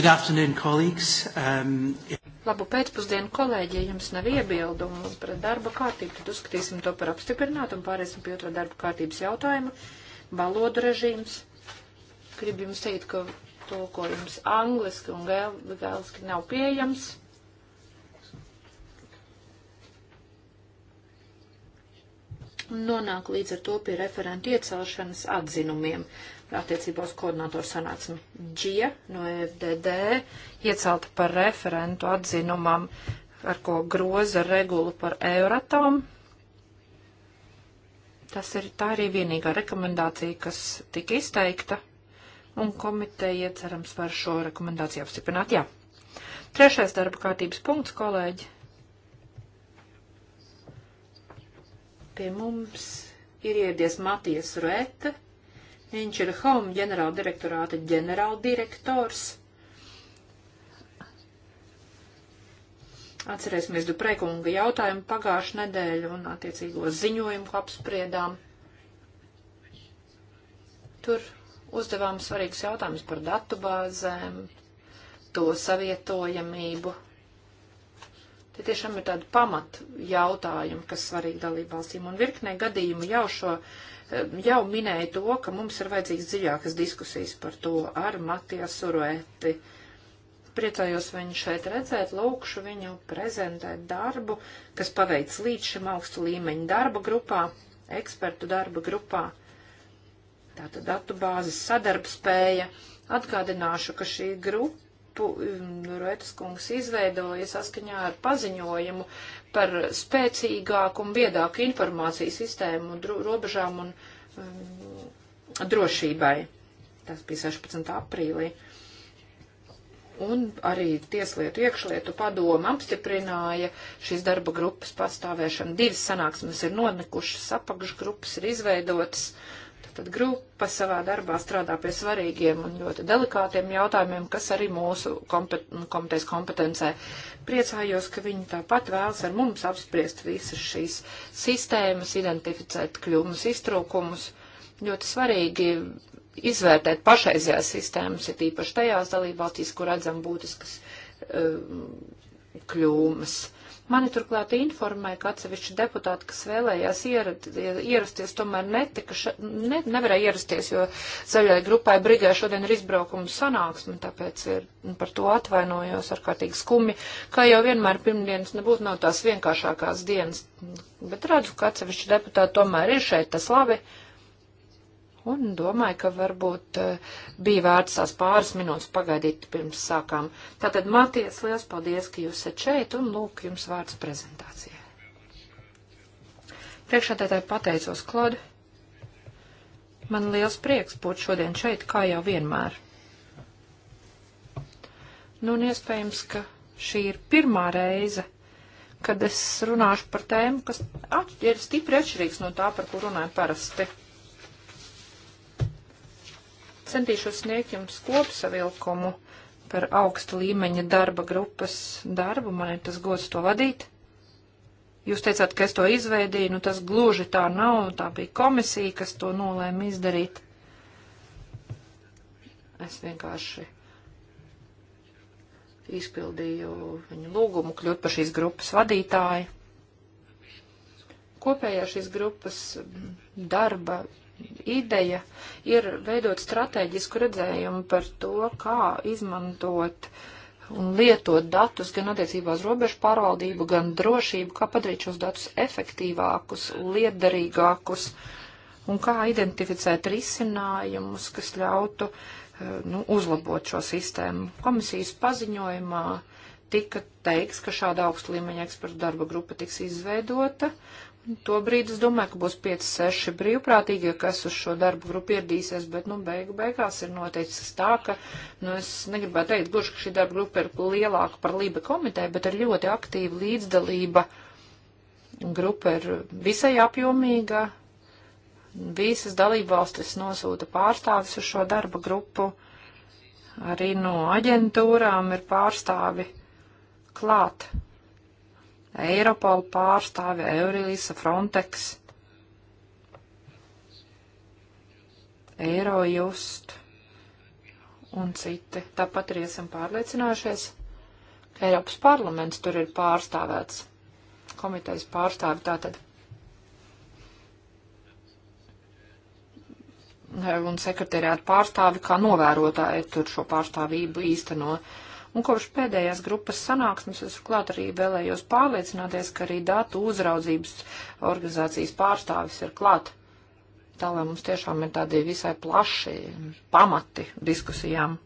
Good afternoon, colleagues. Um, Labu pēcpusdienu, kolēģi, ja jums nav iebildumu pret darba kārtību, tad uzskatīsim to par apstiprinātu un pārēsim pie otrā darba kārtības jautājuma. Valodu režīms. Gribu jums teikt, ka tulkojums angliski un gēliski nav pieejams. un nonāk līdz ar to pie referentu iecelšanas atzinumiem attiecībā uz koordinātoru sanāksmi. Džija no FDD iecelta par referentu atzinumam, ar ko groza regulu par Euratom. Tas ir tā arī vienīgā rekomendācija, kas tika izteikta, un komiteja cerams var šo rekomendāciju apstiprināt. Jā. Trešais darba kārtības punkts, kolēģi Pie mums ir ieradies Matijas Ruete. Viņš ir Home ģenerāldirektorāta ģenerāldirektors. Atcerēsimies Duprekunga jautājumu pagājušu nedēļu un attiecīgo ziņojumu, ko apspriedām. Tur uzdevām svarīgus jautājumus par datubāzēm, to savietojamību Tie tiešām ir tādi pamat jautājumi, kas svarīgi dalībvalstīm. Un virknē gadījumu jau šo, eh, jau minēja to, ka mums ir vajadzīgs dziļākas diskusijas par to ar Matijas Surueti. Priecājos viņu šeit redzēt, lūkšu viņu prezentēt darbu, kas paveic līdz šim augstu līmeņu darba grupā, ekspertu darba grupā. Tātad datu bāzes sadarbspēja. Atgādināšu, ka šī grupa Mm, Roetas kungs izveidoja saskaņā ar paziņojumu par spēcīgāku un biedāku informācijas sistēmu dro, robežām un um, drošībai. Tas bija 16. aprīlī. Un arī Tieslietu iekšlietu padoma apstiprināja šīs darba grupas pastāvēšanu. Divas sanāksmes ir nonikušas, apakšgrupas ir izveidotas. Uh, Tātad grupa savā darbā strādā pie svarīgiem un ļoti delikātiem jautājumiem, kas arī mūsu kompet nu, komitejas kompetencē. Priecājos, ka viņi tāpat vēlas ar mums apspriest visas šīs sistēmas, identificēt kļūmus, iztrūkumus. Ļoti svarīgi izvērtēt pašreizējās sistēmas, ir tīpaši tajās dalībvalstīs, kur redzam būtiskas uh, eh, kļūmas. Uh, Mani turklāt informēja, ka atsevišķi deputāti, kas vēlējās ierad, ierasties, tomēr netika, ša, ne, nevarēja ierasties, jo zaļai grupai brigē šodien ir izbraukuma sanāksme, tāpēc ir, par to atvainojos ar kārtīgi skumi, kā jau vienmēr pirmdienas nebūtu nav tās vienkāršākās dienas, bet redzu, ka atsevišķi deputāti tomēr ir šeit, tas labi. Uh, Un domāju, ka varbūt eh, bija vērts tās pāris minūtes pagaidīt pirms sākām. Tātad, Maties, liels paldies, ka jūs esat šeit un lūk jums vārds prezentācijai. Priekšādētāji pateicos, Klod. Man liels prieks būt šodien šeit, kā jau vienmēr. Nu, un iespējams, ka šī ir pirmā reize, kad es runāšu par tēmu, kas ir stipri atšķirīgs no tā, par ko runāju parasti. Centīšos sniegt jums kopsavilkumu par augsta līmeņa darba grupas darbu. Man ir tas gods to vadīt. Jūs teicāt, ka es to izveidīju, nu tas gluži tā nav, tā bija komisija, kas to nolēma izdarīt. Es vienkārši izpildīju viņu lūgumu kļūt par šīs grupas vadītāju. Kopējā šīs grupas darba ideja ir veidot strateģisku redzējumu par to, kā izmantot un lietot datus gan attiecībā uz robežu pārvaldību, gan drošību, kā padarīt šos datus efektīvākus, liederīgākus un kā identificēt risinājumus, kas ļautu eh, nu, uzlabot šo sistēmu. Komisijas paziņojumā tika teiks, ka šāda augsta līmeņa ekspertu darba grupa tiks izveidota, Tobrīd es domāju, ka būs 5-6 brīvprātīgie, kas uz šo darbu grupu ieradīsies, bet, nu, beigu beigās ir noteicis tā, ka, nu, es negribētu teikt, gluži, ka šī darba grupa ir lielāka par Lība komiteju, bet ir ļoti aktīva līdzdalība. Grupa ir visai apjomīga, visas dalībvalstis nosūta pārstāvis uz šo darba grupu, arī no aģentūrām ir pārstāvi klāt. Eiropola pārstāve, Eurīsa, Frontex, Eirojust un citi. Tāpat arī esam pārliecinājušies, ka Eiropas parlaments tur ir pārstāvēts, komitejas pārstāvi tātad. Un sekretariāta pārstāvi kā novērotāji tur šo pārstāvību īsteno. No Un kopš pēdējās grupas sanāksmes es klāt arī vēlējos pārliecināties, ka arī datu uzraudzības organizācijas pārstāvis ir klāt. Tā lai mums tiešām ir tādi visai plaši pamati diskusijām.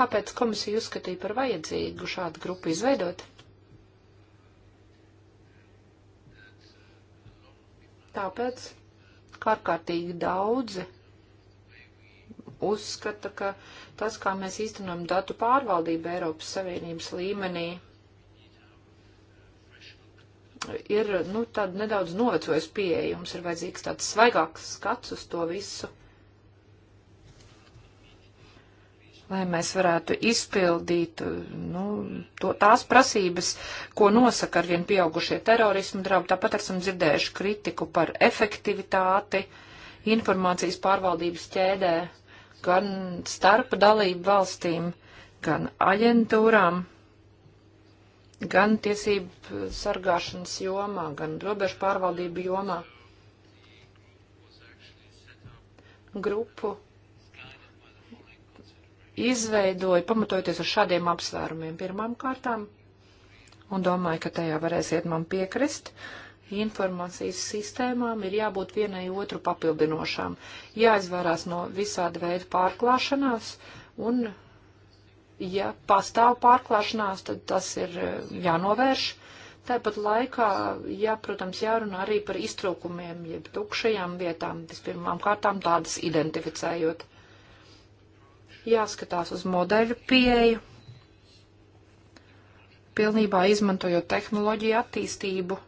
Kāpēc komisija uzskatīja par vajadzīgu šādu grupu izveidot? Tāpēc, kā ārkārtīgi daudzi uzskata, ka tas, kā mēs īstenam datu pārvaldību Eiropas Savienības līmenī, ir, nu, tāda nedaudz novecojis pieeja. Mums ir vajadzīgs tāds svaigāks skats uz to visu. lai mēs varētu izpildīt nu, to, tās prasības, ko nosaka ar vien pieaugušie terorismu draudi. Tāpat esam dzirdējuši kritiku par efektivitāti informācijas pārvaldības ķēdē gan starp dalību valstīm, gan aģentūrām, gan tiesību sargāšanas jomā, gan robežu pārvaldību jomā. Grupu izveidoju, pamatojoties uz šādiem apsvērumiem pirmām kārtām, un domāju, ka tajā varēsiet man piekrist. Uh, informācijas sistēmām ir jābūt vienai otru papildinošām, jāizvērās no visāda veida pārklāšanās un, ja pastāv pārklāšanās, tad tas ir eh, jānovērš. Tāpat laikā, jā, protams, jārunā arī par iztrūkumiem, jeb tukšajām vietām, vispirmām kārtām tādas identificējot. Jāskatās uz modeļu pieeju, pilnībā izmantojot tehnoloģiju attīstību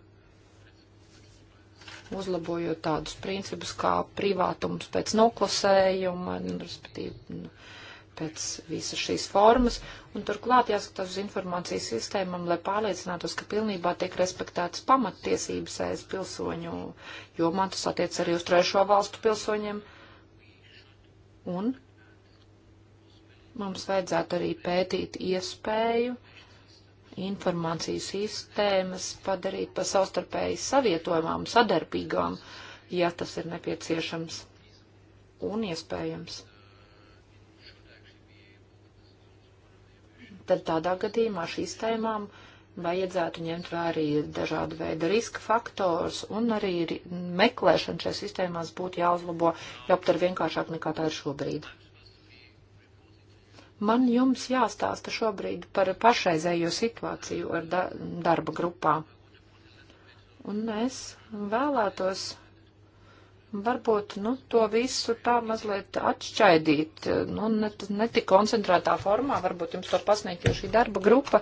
uzlabojot tādus principus kā privātums pēc noklasējuma, nu, respektīvi nu, pēc visas šīs formas, un turklāt jāskatās uz informācijas sistēmām, lai pārliecinātos, ka pilnībā tiek respektētas pamattiesības ēst pilsoņu, jo man tas attiec arī uz trešo valstu pilsoņiem. Un mums vajadzētu arī pētīt iespēju informācijas sistēmas padarīt pa savstarpēji savietojumām, sadarbīgām, ja tas ir nepieciešams un iespējams. Tad tādā gadījumā šīs tēmām vajadzētu ņemt vērā dažādu veidu riska faktors un arī meklēšana šajās sistēmās būtu jāuzlabo, jāaptver vienkāršāk nekā tā ir šobrīd. Man jums jāstāsta šobrīd par pašreizējo situāciju ar da darba grupā. Un es vēlētos varbūt, nu, to visu tā mazliet atšķaidīt, nu, net, netik koncentrētā formā, varbūt jums to pasniegt, jo šī darba grupa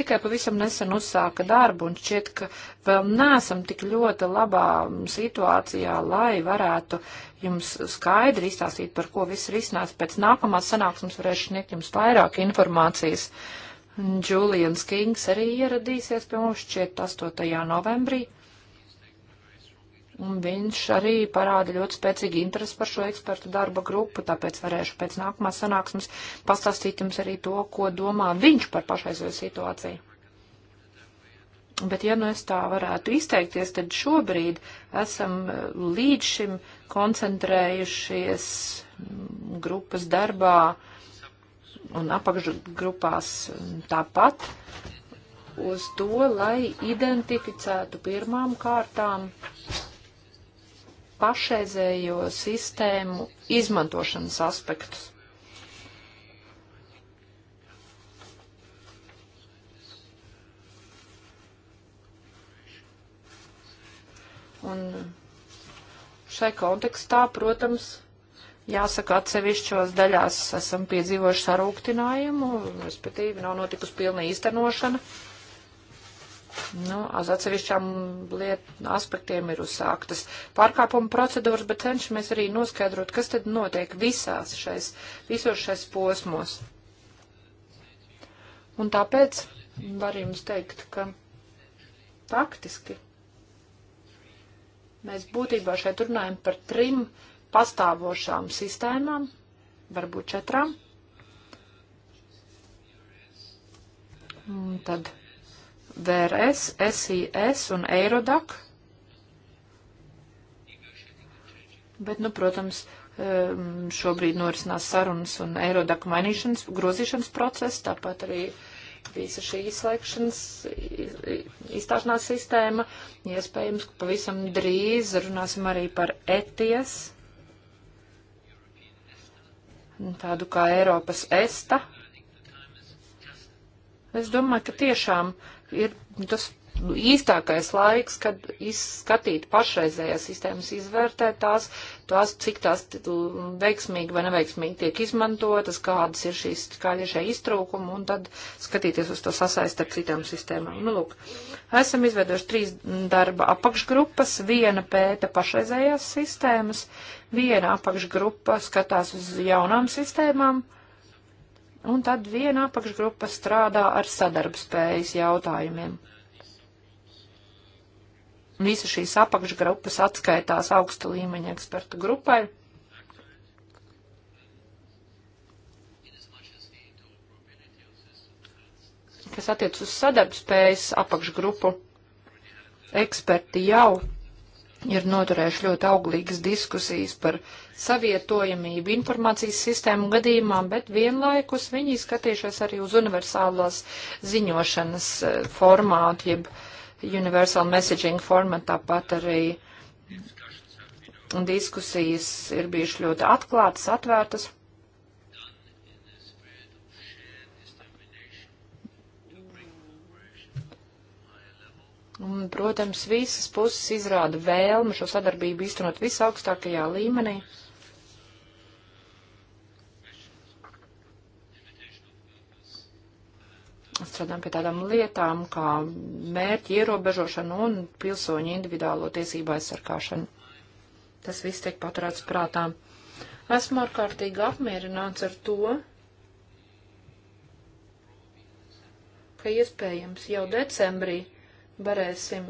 tikai pavisam nesen uzsāka darbu un šķiet, ka vēl neesam tik ļoti labā situācijā, lai varētu jums skaidri izstāstīt, par ko viss risinās. Pēc nākamās sanāksmes varēšu sniegt jums vairāk informācijas. Džulians Kings arī ieradīsies pie mums šķiet 8. novembrī Un viņš arī parāda ļoti spēcīgi interesi par šo ekspertu darba grupu, tāpēc varēšu pēc nākamās sanāksmes pastāstīt jums arī to, ko domā viņš par pašreizējo situāciju. Bet, ja nu es tā varētu izteikties, tad šobrīd esam eh, līdz šim koncentrējušies mm, grupas darbā un apakšgrupās mm, tāpat uz to, lai identificētu pirmām kārtām pašreizējo sistēmu izmantošanas aspektus. Un šai kontekstā, protams, jāsaka, atsevišķos daļās esam piedzīvojuši sarūktinājumu, respektīvi nav notikusi pilna īstenošana. Uh, Nu, uz atsevišķām liet, aspektiem ir uzsāktas pārkāpuma procedūras, bet cenšamies arī noskaidrot, kas tad notiek visās šais, visos šais posmos. Un tāpēc var jums teikt, ka faktiski mēs būtībā šeit runājam par trim pastāvošām sistēmām, varbūt četrām. Un tad VRS, SIS un Eirodak. Bet, nu, protams, um, šobrīd norisinās sarunas un Eirodak mainīšanas, grozīšanas process, tāpat arī visa šī izslēgšanas, izstāšanās sistēma. Iespējams, ka pavisam drīz runāsim arī par ETIES, tādu kā Eiropas ESTA. Es domāju, ka tiešām uh, ir tas īstākais laiks, kad izskatīt pašreizējās sistēmas, izvērtēt tās, tās, cik tās veiksmīgi vai neveiksmīgi tiek izmantotas, kādas ir šīs, kādi ir šie iztrūkumi, un tad skatīties uz to sasaist ar citām sistēmām. Nu, lūk, esam izveidojuši trīs darba apakšgrupas, viena pēta pašreizējās sistēmas, viena apakšgrupa skatās uz jaunām sistēmām un tad viena apakšgrupa strādā ar sadarbspējas jautājumiem. Visa šīs apakšgrupas atskaitās augsta līmeņa ekspertu grupai. kas attiec uz sadarbspējas apakšgrupu. Eksperti jau ir noturējuši ļoti auglīgas diskusijas par savietojamību informācijas sistēmu gadījumā, bet vienlaikus viņi skatījušies arī uz universālās ziņošanas eh, formātu, jeb universal messaging formātu, tāpat arī diskusijas ir bijušas ļoti atklātas, atvērtas. Un, protams, visas puses izrāda vēlmu šo sadarbību īstenot visaugstākajā līmenī. Strādājam pie tādām lietām kā mērķi ierobežošana un pilsoņu individuālo tiesību aizsargāšana. Tas viss tiek paturēts prātā. Esmu ārkārtīgi apmierināts ar to, ka iespējams jau decembrī varēsim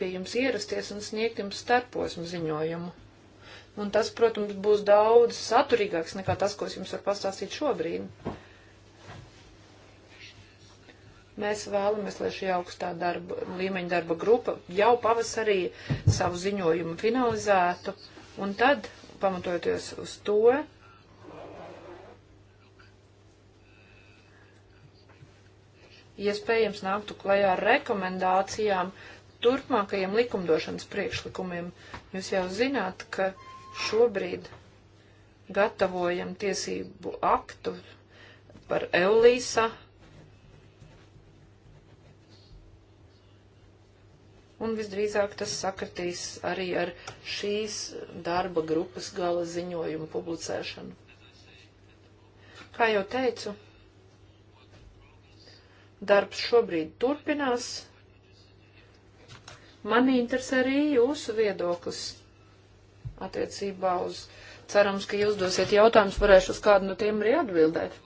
pie jums ierasties un sniegt jums starposmu ziņojumu. Un tas, protams, būs daudz saturīgāks nekā tas, ko es jums varu pastāstīt šobrīd. Mēs vēlamies, lai šī augstā darba, līmeņa darba grupa jau pavasarī savu ziņojumu finalizētu, un tad, pamatojoties uz to, iespējams ja nāktu klajā ar rekomendācijām turpmākajiem likumdošanas priekšlikumiem. Jūs jau zināt, ka šobrīd gatavojam tiesību aktu par Eulīsa. Un visdrīzāk tas sakritīs arī ar šīs darba grupas gala ziņojumu publicēšanu. Kā jau teicu, Darbs šobrīd turpinās. Mani interesē arī jūsu viedoklis attiecībā uz cerams, ka jūs dosiet jautājumus, varēšu uz kādu no tiem arī atbildēt.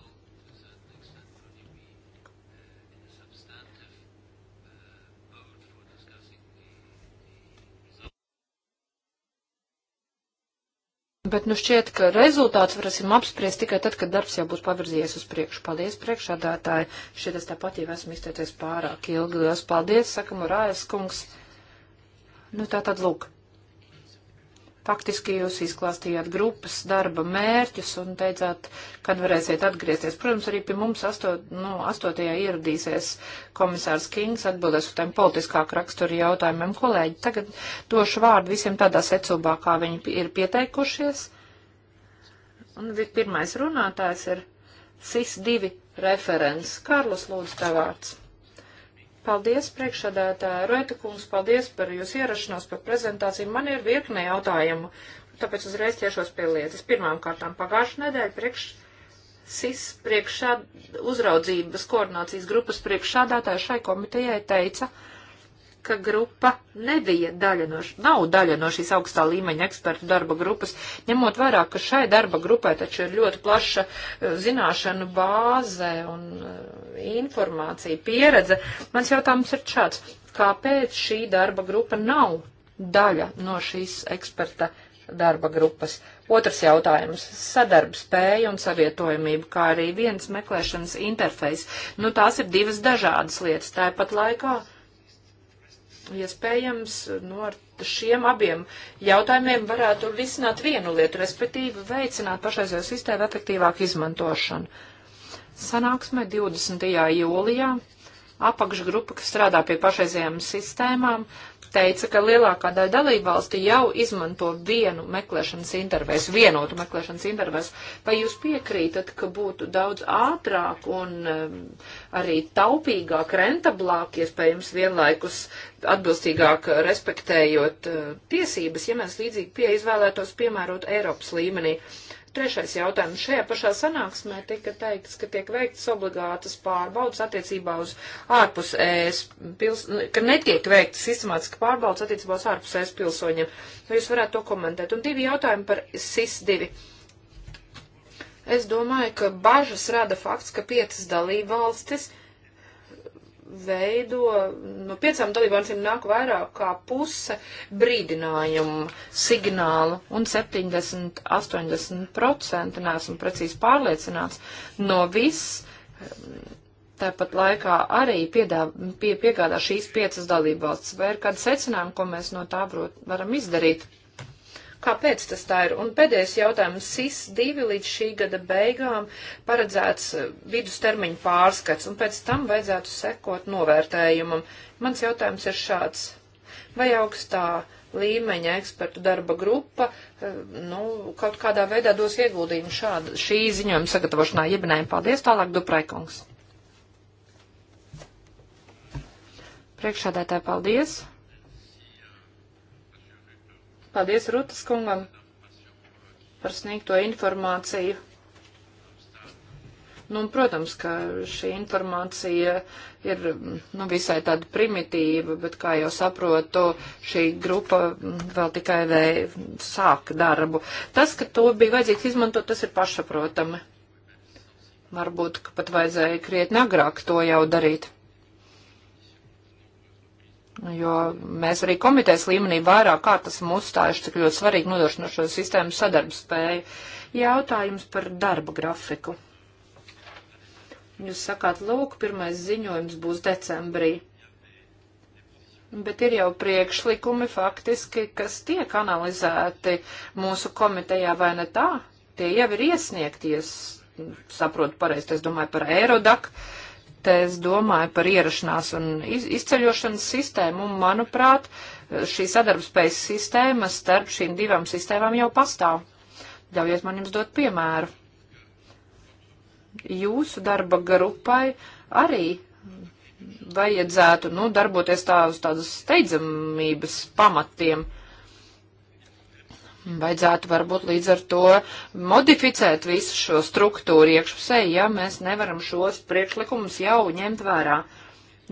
Bet nu šķiet, ka rezultāts varēsim apspriest tikai tad, kad darbs jau būs pavirzījies uz priekšu. Paldies, priekšādātāji. Šķiet, es tāpat jau esmu izteicies pārāk ilgi. Lielas paldies, sakam, Rājas kungs. Nu tā tad lūk. Faktiski jūs izklāstījāt grupas darba mērķus un teicāt, kad varēsiet atgriezties. Protams, arī pie mums astot, nu, astotajā ieradīsies komisārs Kings, atbildēs uz tiem politiskāk raksturu jautājumiem. Kolēģi, tagad došu vārdu visiem tādā secībā, kā viņi ir pieteikušies. Un pirmais runātājs ir SIS-2 referents. Kārlis Lūdzu, tev vārds. Paldies, priekšsādātāja Roita kungs, paldies par jūsu ierašanos, par prezentāciju. Man ir virkne jautājumu, tāpēc uzreiz tiešos pie lietas. Pirmām kārtām pagājušā nedēļa priekš SIS priekšād, uzraudzības koordinācijas grupas priekšsādātāja šai komitejai teica, uh, ka grupa nebija daļa no, nav daļa no šīs augstā līmeņa ekspertu darba grupas, ņemot vairāk, ka šai darba grupai taču ir ļoti plaša eh, zināšanu bāze un eh, informācija, pieredze. Mans jautājums ir šāds, kāpēc šī darba grupa nav daļa no šīs eksperta darba grupas. Otrs jautājums - sadarba spēja un savietojamība, kā arī viens meklēšanas interfejs. Nu, tās ir divas dažādas lietas. Tāpat laikā iespējams, ja nu, ar šiem abiem jautājumiem varētu risināt vienu lietu, respektīvi veicināt pašreizējo sistēmu efektīvāku izmantošanu. Sanāksmē 20. jūlijā apakšgrupa, kas strādā pie pašreizējām sistēmām, teica, ka lielākā daļa dalībvalsti jau izmanto vienu meklēšanas intervēs, vienotu meklēšanas intervēs. Vai jūs piekrītat, ka būtu daudz ātrāk un um, arī taupīgāk, rentablāk, iespējams, vienlaikus atbilstīgāk respektējot uh, tiesības, ja mēs līdzīgi pie izvēlētos piemērot Eiropas līmenī? Uh, Trešais jautājums. Šajā pašā sanāksmē tika teikts, ka tiek veikts obligātas pārbaudas attiecībā uz ārpus ES, pils, ka netiek veikts sistemātiski pārbaudas attiecībā uz ārpus ES pilsoņiem. Vai jūs varētu to komentēt? Un divi jautājumi par SIS-2. Es domāju, ka bažas rada fakts, ka piecas dalībvalstis valstis veido, no nu, piecām dalībvalstīm nāk vairāk kā puse brīdinājumu signālu, un 70-80% nesmu precīzi pārliecināts no viss. Tāpat laikā arī piedā, pie, piegādā šīs piecas dalībvalstis. Vai ir kāda secinājuma, ko mēs no tā varam izdarīt? Kāpēc tas tā ir? Un pēdējais jautājums. SIS 2 līdz šī gada beigām paredzēts eh, vidustermiņu pārskats, un pēc tam vajadzētu sekot novērtējumam. Mans jautājums ir šāds. Vai augstā līmeņa ekspertu darba grupa, eh, nu, kaut kādā veidā dos ieguldījumu šāda, šī ziņojuma sagatavošanā. Iebinējumi paldies, tālāk Dupraikungs. Priekšādētāji, paldies. Paldies Rutas kungam par sniegto informāciju. Nu, un, protams, ka šī informācija ir nu, visai tāda primitīva, bet, kā jau saprotu, šī grupa vēl tikai vēl sāk darbu. Tas, ka to bija vajadzīgs izmantot, tas ir pašsaprotami. Varbūt, ka pat vajadzēja krietni agrāk to jau darīt. Jo mēs arī komitejas līmenī vairāk kārt esam uzstājuši, cik ļoti svarīgi nodrošināt šo sistēmu sadarbspēju. Jautājums par darba grafiku. Jūs sakāt, lūk, pirmais ziņojums būs decembrī. Bet ir jau priekšlikumi faktiski, kas tiek analizēti mūsu komitejā, vai ne tā? Tie jau ir iesniegties, saprotu pareizi, es domāju par Eirodaku Te es domāju par ierašanās un iz, izceļošanas sistēmu, un, manuprāt, šī sadarbspējas sistēma starp šīm divām sistēmām jau pastāv. Ļaujiet man jums dot piemēru. Jūsu darba grupai arī vajadzētu, nu, darboties tā uz tādas steidzamības pamatiem. Uh, Vajadzētu varbūt līdz ar to modificēt visu šo struktūru iekšpusē, ja mēs nevaram šos priekšlikumus jau ņemt vērā.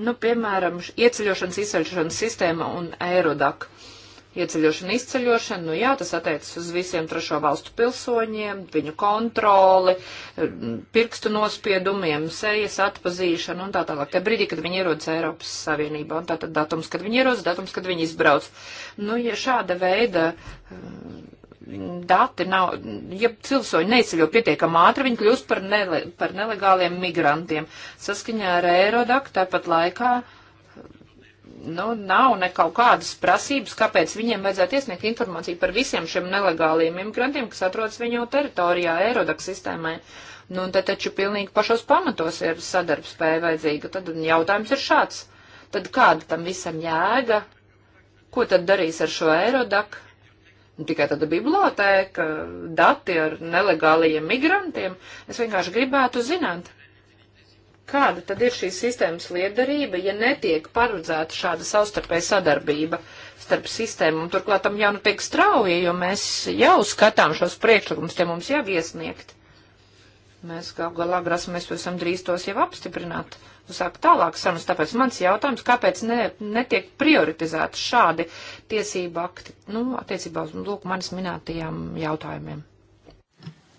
Nu, piemēram, ieceļošanas, izceļošanas sistēma un aerodak. Uh, Ieceļošana, izceļošana, nu jā, tas attiecas uz visiem trešo valstu pilsoņiem, viņu kontroli, pirkstu nospiedumiem, sejas atpazīšanu un tā tālāk. Te brīdī, kad viņi ierodas Eiropas Savienībā, un tātad datums, kad viņi ierodas, datums, kad viņi izbrauc. Nu, ja šāda veida um, dati nav, ja pilsoņi neizceļo pietiekam ātri, viņi kļūst par, nele, par nelegāliem migrantiem. Saskaņā ar Eirodak tāpat laikā nu, nav nekaut kādas prasības, kāpēc viņiem vajadzētu iesniegt informāciju par visiem šiem nelegāliem imigrantiem, kas atrodas viņu teritorijā, Eirodax sistēmai. Nu, un te taču pilnīgi pašos pamatos ir sadarbspēja vajadzīga. Tad jautājums ir šāds. Tad kāda tam visam jēga? Ko tad darīs ar šo Eirodaku? Nu, tikai tāda bibliotēka, dati ar nelegālajiem migrantiem. Es vienkārši gribētu zināt, Kāda tad ir šīs sistēmas liederība, ja netiek paredzēta šāda savstarpēja sadarbība starp sistēmu? Un turklāt tam jānotiek strauji, jo mēs jau skatām šos priekšlikumus, tie mums jau iesniegt. Mēs gal galā grasamies, jo esam drīz tos jau apstiprināt, uzsākt tālāk sarunas. Tāpēc mans jautājums, kāpēc ne, netiek prioritizēti šādi tiesība akti, nu, attiecībā uz, lūk, manis minētajām jautājumiem.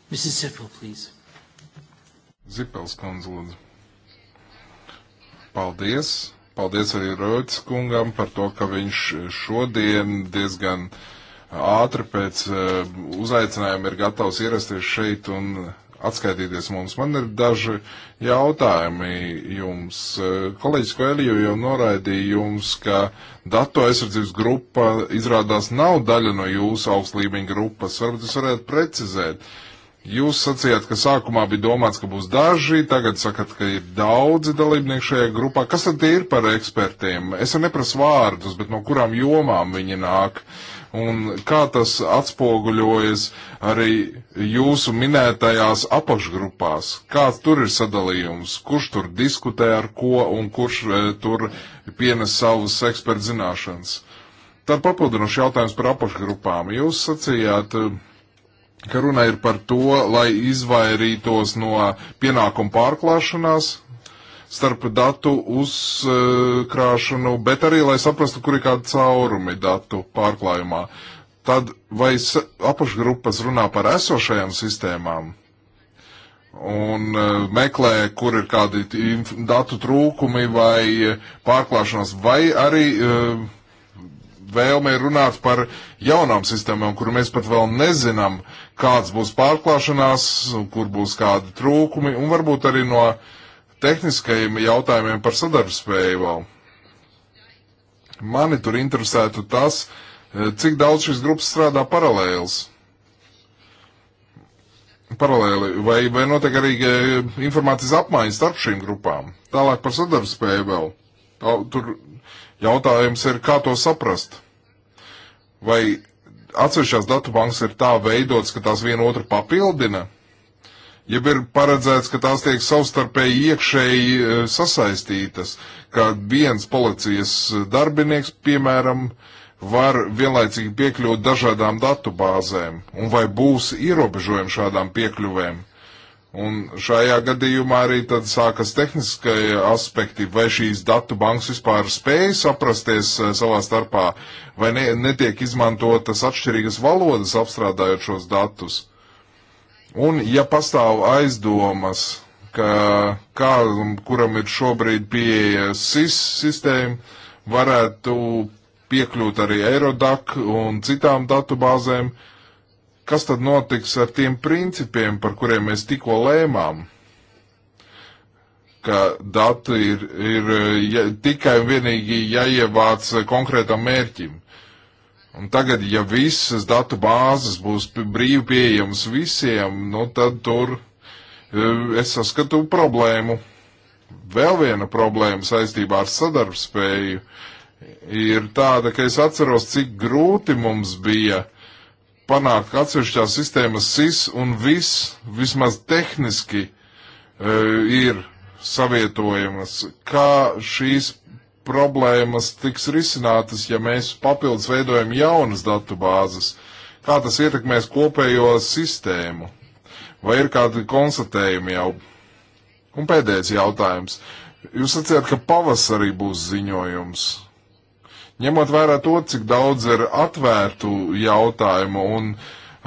Mrs. Zippel, please. Zippels, kundze, lūdzu. Paldies! Paldies arī Roits kungam par to, ka viņš šodien diezgan ātri pēc e, uzaicinājuma ir gatavs ierasties šeit un atskaitīties mums. Man ir daži jautājumi jums. E, kolēģis Koeliju jau noraidīja jums, ka datu aizsardzības grupa izrādās nav daļa no jūsu augstlīmeņa grupas. Varbūt jūs varētu precizēt, Jūs sacījāt, ka sākumā bija domāts, ka būs daži, tagad sakat, ka ir daudzi dalībnieki šajā grupā. Kas tad ir par ekspertiem? Es neprasu vārdus, bet no kurām jomām viņi nāk. Un kā tas atspoguļojas arī jūsu minētajās apakšgrupās? Kāds tur ir sadalījums? Kurš tur diskutē ar ko un kurš e, tur pienes savas ekspertzināšanas? Tad papildinošs jautājums par apakšgrupām. Jūs sacījāt. E, ka runa ir par to, lai izvairītos no pienākumu pārklāšanās starp datu uzkrāšanu, bet arī, lai saprastu, kur ir kādi caurumi datu pārklājumā. Tad vai apakšgrupas runā par esošajām sistēmām un e, meklē, kur ir kādi datu trūkumi vai e, pārklāšanās, vai arī uh, vēlme ir runāt par jaunām sistēmām, kur mēs pat vēl nezinām, kāds būs pārklāšanās, kur būs kādi trūkumi, un varbūt arī no tehniskajiem jautājumiem par sadarbspēju vēl. Mani tur interesētu tas, eh, cik daudz šīs grupas strādā paralēls paralēli, vai, vai notiek arī eh, informācijas apmaiņa starp šīm grupām. Tālāk par sadarbspēju vēl. Tur Jautājums ir, kā to saprast? Vai atsevišķās datubankas ir tā veidotas, ka tās viena otru papildina? Ja ir paredzēts, ka tās tiek savstarpēji iekšēji e, sasaistītas, ka viens policijas darbinieks, piemēram, var vienlaicīgi piekļūt dažādām datubāzēm, un vai būs ierobežojumi šādām piekļuvēm? Un šajā gadījumā arī tad sākas tehniskie aspekti, vai šīs datu bankas vispār spēja saprasties eh, savā starpā, vai ne, netiek izmantotas atšķirīgas valodas apstrādājot šos datus. Un ja pastāv aizdomas, ka kādam, kuram ir šobrīd pieeja SIS sistēma, varētu piekļūt arī Eurodac un citām datu bāzēm, uh, kas tad notiks ar tiem principiem, par kuriem mēs tikko lēmām? ka dati ir, ir ja, tikai un vienīgi jāievāc konkrētam mērķim. Un tagad, ja visas datu bāzes būs brīvi pieejamas visiem, nu tad tur e, es saskatu problēmu. Vēl viena problēma saistībā ar sadarbspēju ir tāda, ka es atceros, cik grūti mums bija uh, panākt, ka atsevišķās sistēmas SIS un VIS vismaz tehniski uh, ir savietojamas. Kā šīs problēmas tiks risinātas, ja mēs papildus veidojam jaunas datu bāzes? Kā tas ietekmēs kopējo sistēmu? Vai ir kādi konstatējumi jau? Un pēdējais jautājums. Jūs sacījāt, ka pavasarī būs ziņojums. Ņemot vērā to, cik daudz ir atvērtu jautājumu un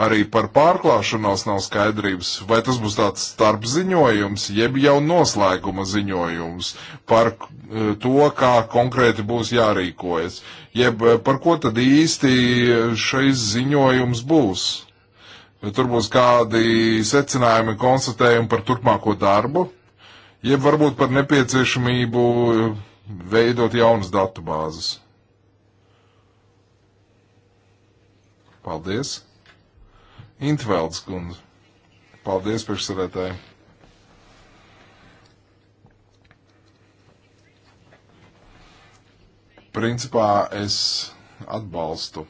arī par pārklāšanos nav skaidrības, vai tas būs tāds starpziņojums, jeb jau noslēguma ziņojums par eh, to, kā konkrēti būs jārīkojas, jeb eh, par ko tad īsti šais ziņojums būs. Tur būs kādi secinājumi, konstatējumi par turpmāko darbu, jeb varbūt par nepieciešamību eh, veidot jaunas datu bāzes. Paldies. Intvelds kundze. Paldies, priekšsarētāji. Principā es atbalstu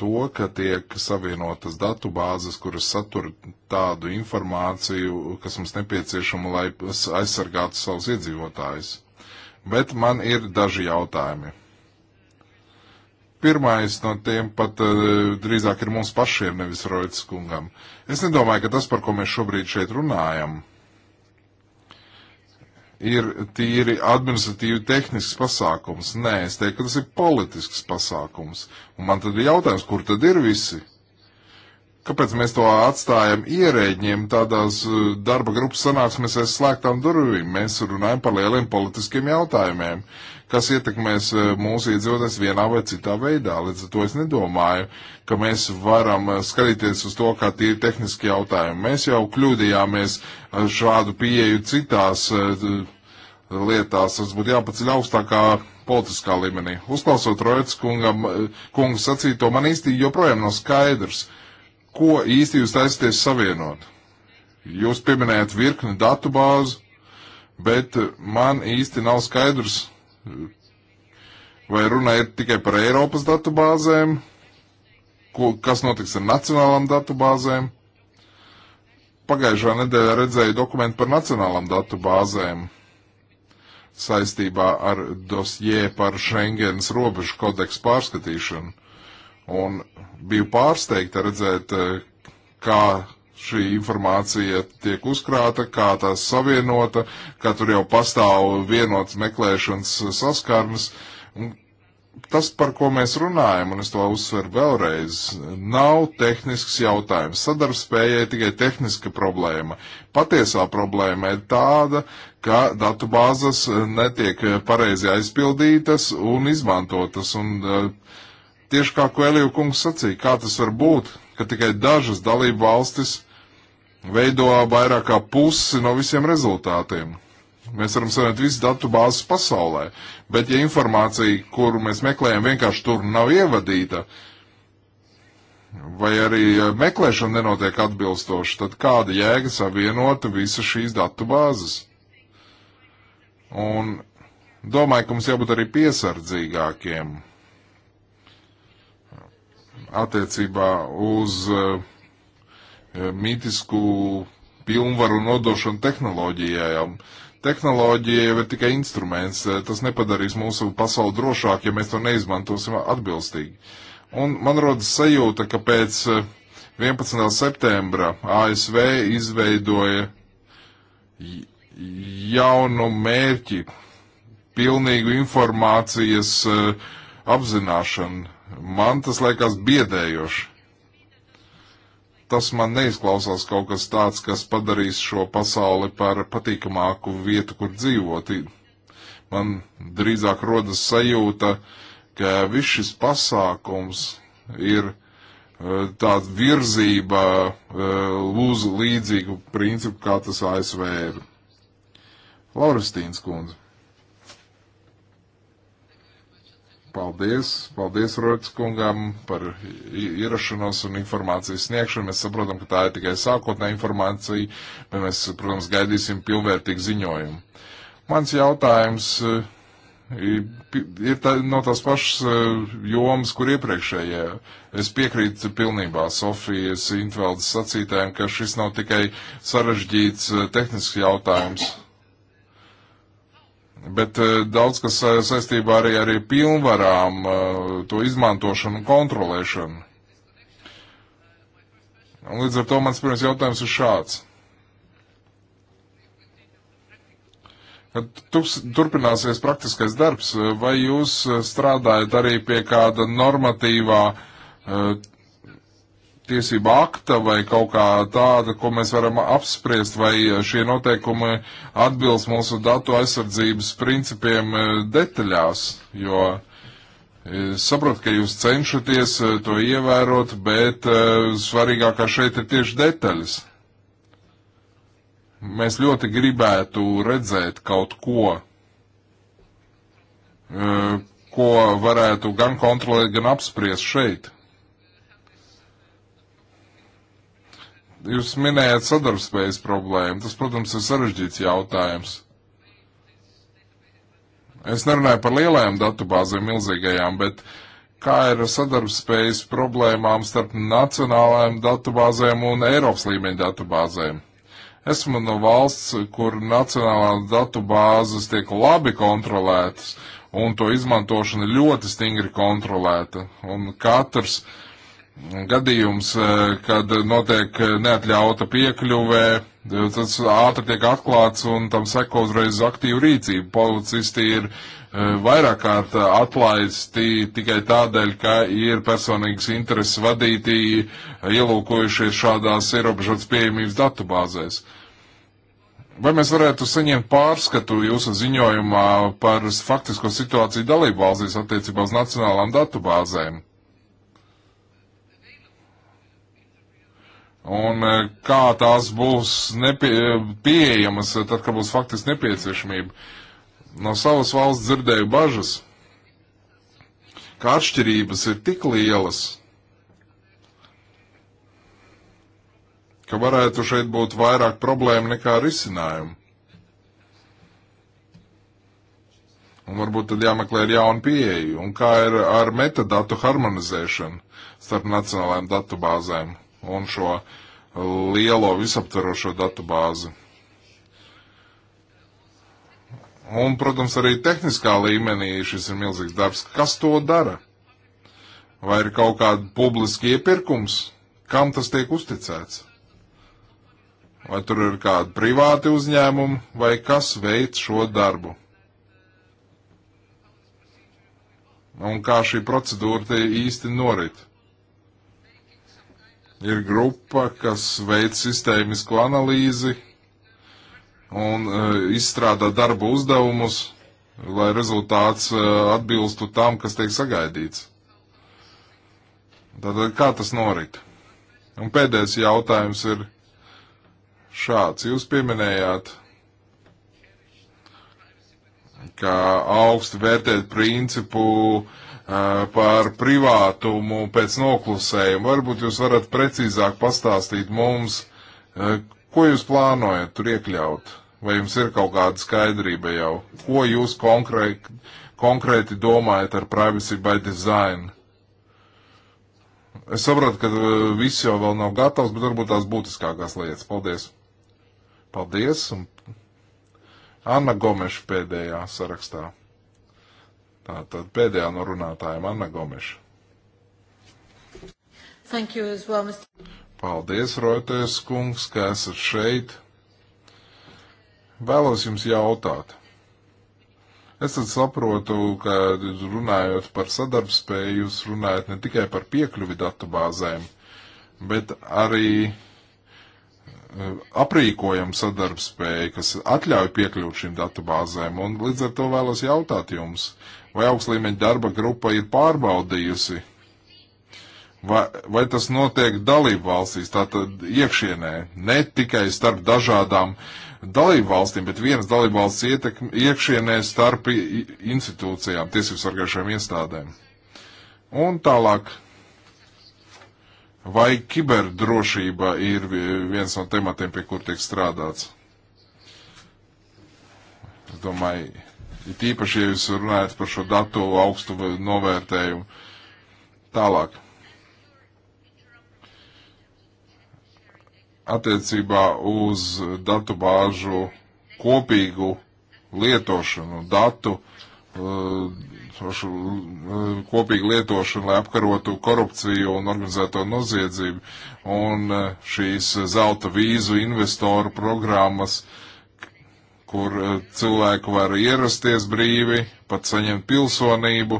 to, ka tiek savienotas datu bāzes, kuras satur tādu informāciju, kas mums nepieciešama, lai aizsargātu savus iedzīvotājus. Bet man ir daži jautājumi. Pirmais no tiem pat uh, drīzāk ir mums pašiem, nevis Roits kungam. Es nedomāju, ka tas, par ko mēs šobrīd šeit runājam, ir tīri administratīvi tehnisks pasākums. Nē, es teiktu, ka tas ir politisks pasākums. Un man tad ir jautājums, kur tad ir visi? Kāpēc mēs to atstājam ierēģiem tādās eh, darba grupas sanāksmēs aiz slēgtām durvīm? Mēs runājam par lieliem politiskiem jautājumiem, kas ietekmēs eh, mūsu iedzīvotājs vienā vai citā veidā. Līdz ar to es nedomāju, ka mēs varam eh, skatīties uz to, kā tie ir tehniski jautājumi. Mēs jau kļūdījāmies šādu pieeju citās eh, lietās. Tas būtu jāpaceļ augstākā politiskā līmenī. Uzklausot Roets kungam, kungu sacīto, man īsti joprojām nav skaidrs, ko īsti jūs taisaties savienot. Jūs pieminējat virkni datu bāzu, bet man īsti nav skaidrs, Vai runa ir tikai par Eiropas datubāzēm? Ko, kas notiks ar nacionālām datubāzēm? Pagājušā nedēļā redzēju dokumentu par nacionālām datubāzēm saistībā ar dosjē par Schengens robežu kodeksu pārskatīšanu. Un biju pārsteigta redzēt, eh, kā šī informācija tiek uzkrāta, kā tās savienota, kā tur jau pastāv vienots meklēšanas saskarnes. Un tas, par ko mēs runājam, un es to uzsveru vēlreiz, nav tehnisks jautājums. Sadarbspējai tikai tehniska problēma. Patiesā problēma ir tāda, ka datubāzes netiek pareizi aizpildītas un izmantotas. Un, uh, Tieši kā Koeliju kungs sacīja, kā tas var būt, ka tikai dažas dalību valstis uh, veido vairāk kā pusi no visiem rezultātiem. Mēs varam saņemt visu datu bāzes pasaulē, bet ja informācija, kuru mēs meklējam, vienkārši tur nav ievadīta, vai arī meklēšana nenotiek atbilstoši, tad kāda jēga savienot visas šīs datu bāzes? Un domāju, ka mums jābūt arī piesardzīgākiem attiecībā uz uh, Eh, mītisku pilnvaru nodošanu tehnoloģijām. Tehnoloģija jau ir tikai instruments, eh, tas nepadarīs mūsu pasauli drošāk, ja mēs to neizmantosim atbilstīgi. Un man rodas sajūta, ka pēc 11. Eh, septembra ASV izveidoja jaunu mērķi, pilnīgu informācijas apzināšanu. Man tas liekas biedējoši tas man neizklausās kaut kas tāds, kas padarīs šo pasauli par patīkamāku vietu, kur dzīvot. Man drīzāk rodas sajūta, ka viss šis pasākums ir eh, tāda virzība uz eh, līdzīgu principu, kā tas ASV ir. Lauristīns kundze. Paldies, paldies Rots kungam par ierašanos un informācijas sniegšanu. Mēs saprotam, ka tā ir tikai sākotnē informācija, bet mēs, protams, gaidīsim pilnvērtīgu ziņojumu. Mans jautājums ir tā, no tās pašas e, jomas, kur iepriekšējie. Es piekrītu pilnībā Sofijas Intveldes sacītājiem, ka šis nav tikai sarežģīts e, tehnisks jautājums Bet eh, daudz kas eh, saistībā arī ar pilnvarām, eh, to izmantošanu un kontrolēšanu. Un līdz ar to mans pirmais jautājums ir šāds. Kad turpināsies praktiskais darbs, vai jūs strādājat arī pie kāda normatīvā tiesība akta vai kaut kā tāda, ko mēs varam apspriest, vai eh, šie noteikumi atbilst mūsu datu aizsardzības principiem eh, detaļās, jo es eh, saprotu, ka jūs cenšaties to ievērot, bet svarīgākā šeit ir tieši detaļas. Mēs ļoti gribētu redzēt kaut ko, ko varētu gan kontrolēt, gan apspriest šeit. Jūs minējāt sadarbspējas problēmu. Tas, protams, ir sarežģīts jautājums. Es nerunāju par lielajām datubāzēm, milzīgajām, bet kā ir sadarbspējas problēmām starp nacionālajām datubāzēm un Eiropas līmeņa datubāzēm? Esmu no valsts, kur nacionālās datubāzes tiek labi kontrolētas, un to izmantošana ļoti stingri kontrolēta. Un katrs uh, gadījums, eh, kad notiek eh, neatļauta piekļuvē, eh, tas ātri tiek atklāts un tam seko uzreiz aktīva rīcība. Policisti ir vairāk kārt atlaisti tikai tādēļ, ka ir personīgas intereses vadītī ielūkojušies šādās ierobežotas pieejamības datubāzēs. Vai mēs varētu saņemt pārskatu jūsu ziņojumā par faktisko situāciju dalību valstīs attiecībā uz nacionālām datubāzēm? un e, kā tās būs nepie, e, pieejamas, e, tad, kad būs faktiski nepieciešamība. No savas valsts dzirdēju bažas, ka atšķirības ir tik lielas, ka varētu šeit būt vairāk problēma nekā risinājumu. Un varbūt tad jāmeklē ar jaunu pieeju. Un kā ir ar metadatu harmonizēšanu starp nacionālajām datubāzēm un šo uh, lielo visaptverošo datu bāzi. Un, protams, arī tehniskā līmenī šis ir milzīgs darbs. Kas to dara? Vai ir kaut kāda publiska iepirkums? Kam tas tiek uzticēts? Vai tur ir kādi privāti uzņēmumi, vai kas veic šo darbu? Un kā šī procedūra te īsti norit? ir grupa, kas veic sistēmisku analīzi un uh, izstrādā darba uzdevumus, lai rezultāts uh, atbilstu tam, kas tiek sagaidīts. Tātad kā tas norit? Un pēdējais jautājums ir šāds. Jūs pieminējāt, ka augstu vērtēt principu uh, par privātumu pēc noklusējuma. Varbūt jūs varat precīzāk pastāstīt mums, ko jūs plānojat tur iekļaut? Vai jums ir kaut kāda skaidrība jau? Ko jūs konkrēti, konkrēti domājat ar privacy by design? Es saprotu, ka viss jau vēl nav gatavs, bet varbūt tās būtiskākās lietas. Paldies! Paldies! Un Anna Gomeša pēdējā sarakstā. Tātad pēdējā no runātājiem Anna Gomeša. Thank you as well, Mr. Paldies, Roitēs kungs, ka esat šeit. Vēlos jums jautāt. Es tad saprotu, ka runājot par sadarbspēju, jūs runājat ne tikai par piekļuvi datubāzēm, bet arī eh, aprīkojam sadarbspēju, kas atļauj piekļūt šīm datubāzēm. Un līdz ar to vēlos jautāt jums, Vai augstlīmeņa darba grupa ir pārbaudījusi? Vai, vai tas notiek dalību valstīs, tātad iekšienē, ne tikai starp dažādām dalību valstīm, bet vienas dalību valsts ietekmi, iekšienē starp institūcijām, tiesību sargājušajām iestādēm? Un tālāk Vai kiberdrošība ir viens no tematiem, pie kur tiek strādāts? Es domāju, It īpaši, ja jūs runājat par šo datu augstu novērtējumu. Tālāk. Attiecībā uz datu bāžu kopīgu lietošanu, datu eh, šo eh, kopīgu lietošanu, lai apkarotu korupciju un organizēto noziedzību, un eh, šīs zelta vīzu investoru programmas uh, kur eh, cilvēki var ierasties brīvi, pat saņemt pilsonību.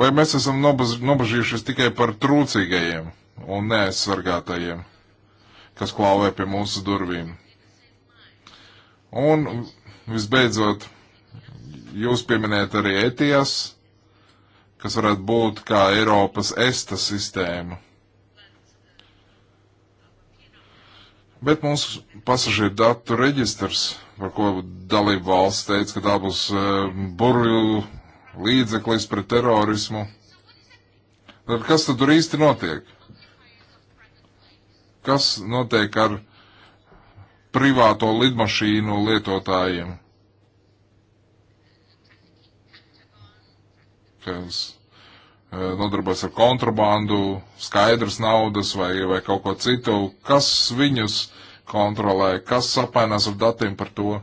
Vai mēs esam nobaž, nobažījušies tikai par trūcīgajiem un neaizsargātajiem, kas klāvē pie mūsu durvīm? Un visbeidzot, jūs pieminējat arī ETIAS, kas varētu būt kā Eiropas ESTA sistēma Bet mūsu pasažieru datu reģistrs, par ko dalību valsts teica, ka tā būs eh, burvju līdzeklis pret terorismu. Tad kas tad tur īsti notiek? Kas notiek ar privāto lidmašīnu lietotājiem? Kas Eh, nodarbojas ar kontrabandu, skaidrs naudas vai, vai kaut ko citu. Kas viņus kontrolē, kas apmainās ar datiem par to?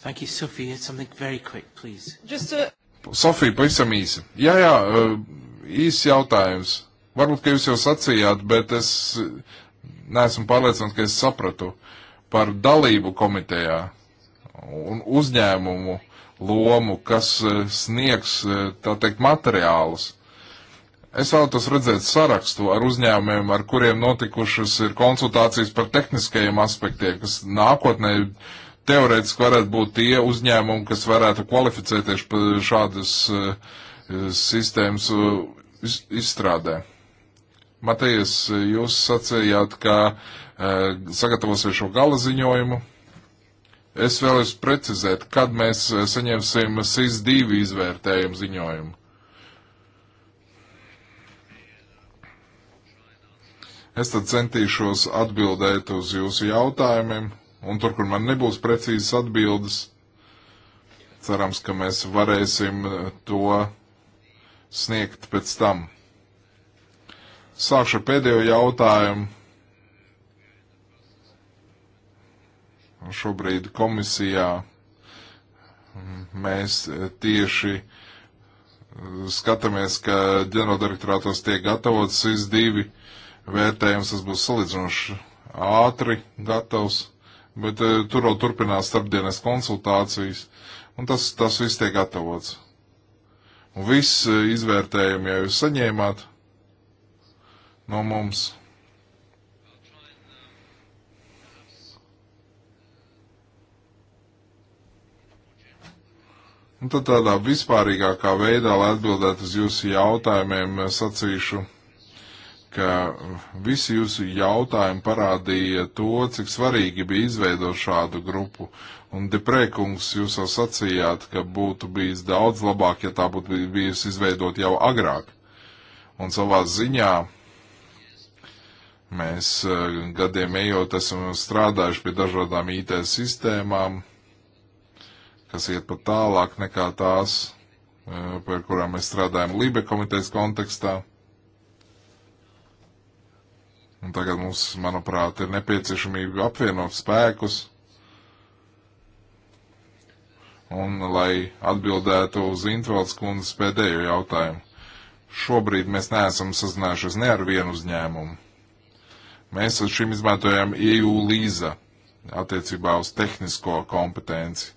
Thank you, Sophie. Something very quick, please. Just a... Sofija, pavisam īsi. Jā, jā, eh, īsi jautājums. Varbūt, ka jūs jau sacījāt, bet es eh, neesmu pārliecināts, ka es sapratu par dalību komitejā un uzņēmumu lomu, kas sniegs, tā teikt, materiālus Es vēlētos redzēt sarakstu ar uzņēmumiem, ar kuriem notikušas ir konsultācijas par tehniskajiem aspektiem, kas nākotnē teorētiski varētu būt tie uzņēmumi, kas varētu kvalificēties šādas uh, sistēmas uh, iz, izstrādē. Matejas, eh, jūs sacījāt, ka uh, sagatavosiet šo gala ziņojumu. Es vēlos precizēt, kad mēs saņemsim SIS-2 izvērtējumu ziņojumu. Es tad centīšos atbildēt uz jūsu jautājumiem, un tur, kur man nebūs precīzas atbildes, cerams, ka mēs varēsim eh, to sniegt pēc tam. Sākšu ar pēdējo jautājumu. Šobrīd komisijā mēs eh, tieši eh, skatāmies, ka ģenerāldirektorātos tiek gatavots SIS 2 vērtējums, tas būs salīdzinoši ātri gatavs, bet e, tur vēl turpinās starpdienas konsultācijas, un tas, tas viss tiek gatavots. Un viss eh, izvērtējumi, ja jūs saņēmāt no mums. Un tad tādā vispārīgākā veidā, lai atbildētu uz jūsu jautājumiem, eh, sacīšu ka visi jūsu jautājumi parādīja to, cik svarīgi bija izveidot šādu grupu. Un deprēkungs jūs jau sacījāt, ka būtu bijis daudz labāk, ja tā būtu bijusi izveidot jau agrāk. Un savā ziņā mēs eh, gadiem ejot esam strādājuši pie dažādām IT sistēmām, kas iet pat tālāk nekā tās, eh, par kurām mēs strādājam Lībe komitejas kontekstā Un tagad mums, manuprāt, ir nepieciešamība apvienot spēkus un lai atbildētu uz Intvalds kundzes pēdējo jautājumu. Šobrīd mēs neesam sazinājušies ne ar vienu uzņēmumu. Mēs ar šim izmantojam EU līza attiecībā uz tehnisko kompetenci.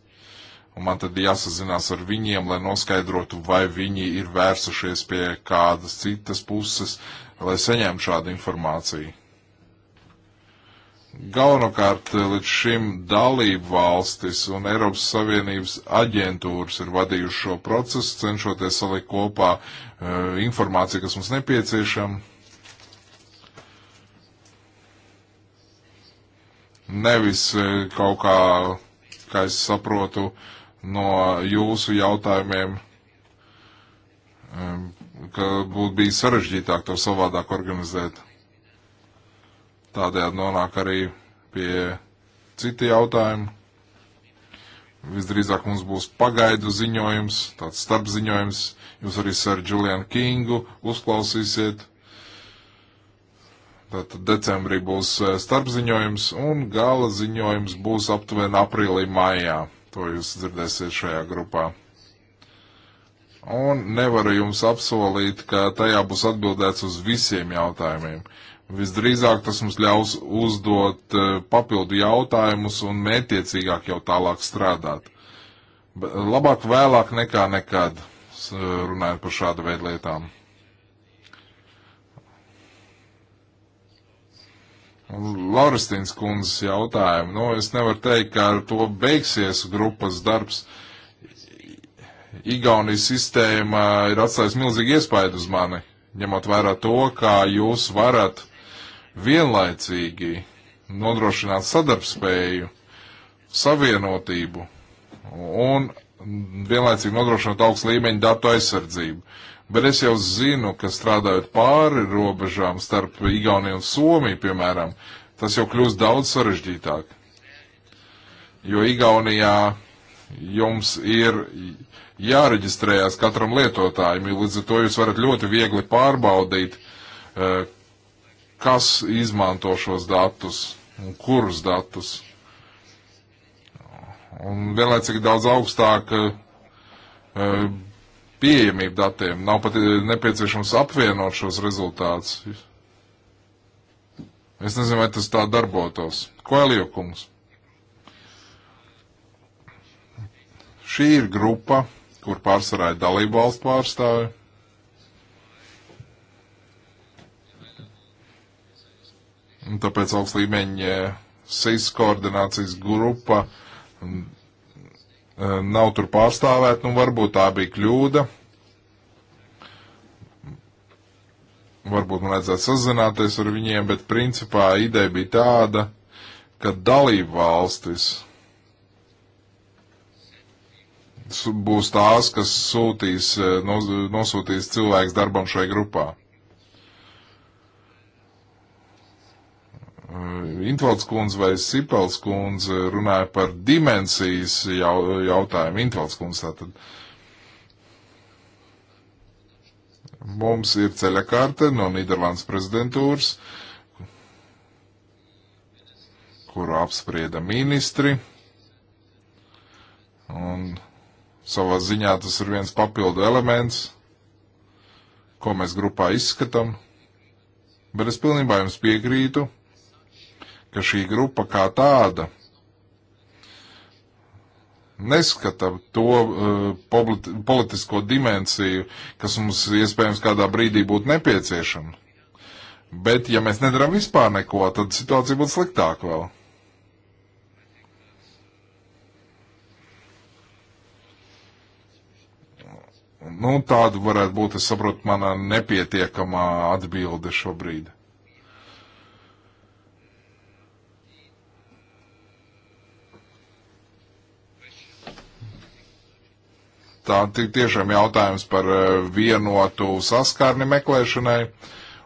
Un man tad jāsazinās ar viņiem, lai noskaidrotu, vai viņi ir vērsušies pie kādas citas puses, lai saņemtu šādu informāciju. Galvenokārt eh, līdz šim dalību valstis un Eiropas Savienības aģentūras ir vadījuši šo procesu, cenšoties salikt kopā uh, informāciju, kas mums nepieciešama. Nevis uh, kaut kā, kā es saprotu, no jūsu jautājumiem um, ka būtu bijis sarežģītāk to savādāk organizēt. Tādējādi nonāk arī pie citi jautājumi. Visdrīzāk mums būs pagaidu ziņojums, tāds starpziņojums. Jūs arī ar Julianu Kingu uzklausīsiet. Tātad decembrī būs eh, starpziņojums un gala ziņojums būs aptuveni aprīlī mājā. To jūs dzirdēsiet šajā grupā un nevaru jums apsolīt, ka tajā būs atbildēts uz visiem jautājumiem. Visdrīzāk tas mums ļaus uzdot eh, papildu jautājumus un mētiecīgāk jau tālāk strādāt. Labāk vēlāk nekā nekad, runājot par šādu veidu lietām. Lauristīnas kundzes jautājumu. Nu, es nevaru teikt, ka ar to beigsies grupas darbs. Uh, Igaunijas sistēma ir atstājusi milzīgi iespaidu uz mani, ņemot vērā to, kā jūs varat vienlaicīgi nodrošināt sadarbspēju, savienotību un vienlaicīgi nodrošināt augstu līmeņu datu aizsardzību. Bet es jau zinu, ka strādājot pāri robežām starp Igauniju un Somiju, piemēram, tas jau kļūst daudz sarežģītāk. Jo Igaunijā jums ir jāreģistrējās katram lietotājam, līdz ar to jūs varat ļoti viegli pārbaudīt, eh, kas izmanto šos datus un kurus datus. Un vienlaicīgi daudz augstāka eh, eh, pieejamība datiem. Nav pat nepieciešams apvienot šos rezultātus. Es nezinu, vai tas tā darbotos. Ko Elio kungs? Šī ir grupa, kur pārsvarā ir dalību valstu pārstāvi. Un tāpēc augsts līmeņa eh, SIS koordinācijas grupa mm, eh, nav tur pārstāvēta, nu varbūt tā bija kļūda. varbūt man vajadzētu sazināties ar viņiem, bet principā ideja bija tāda, ka dalību valstis būs tās, kas sūtīs, eh, nosūtīs cilvēks darbam šai grupā. Eh, Intvalds kundze vai Sipels kundze runāja par dimensijas jautājumu. Intvalds kundze tātad. Mums ir ceļakārte no Nīderlandes prezidentūras, kuru apsprieda ministri. Un Savā ziņā tas ir viens papildu elements, ko mēs grupā izskatām, bet es pilnībā jums piekrītu, ka šī grupa kā tāda neskata to uh, politisko dimensiju, kas mums iespējams kādā brīdī būtu nepieciešama. Bet, ja mēs nedaram vispār neko, tad situācija būtu sliktāka vēl. Nu, tāda varētu būt, es saprotu, manā nepietiekamā atbilde šobrīd. Tā tiešām jautājums par eh, vienotu saskārni meklēšanai.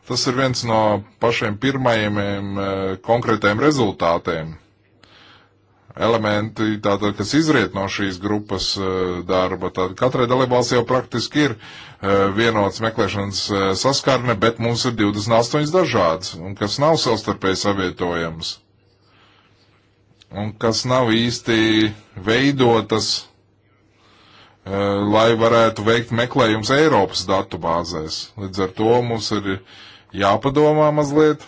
Tas ir viens no pašiem pirmajiem eh, konkrētajiem rezultātiem elementi, tātad, kas izriet no šīs grupas eh, darba. Tātad katrai dalībvalsts jau praktiski ir eh, vienots meklēšanas eh, saskarne, bet mums ir 28 dažādas, un kas nav savstarpēji savietojams, un kas nav īsti veidotas, lai varētu veikt meklējums Eiropas datu bāzēs. Līdz ar to mums ir jāpadomā mazliet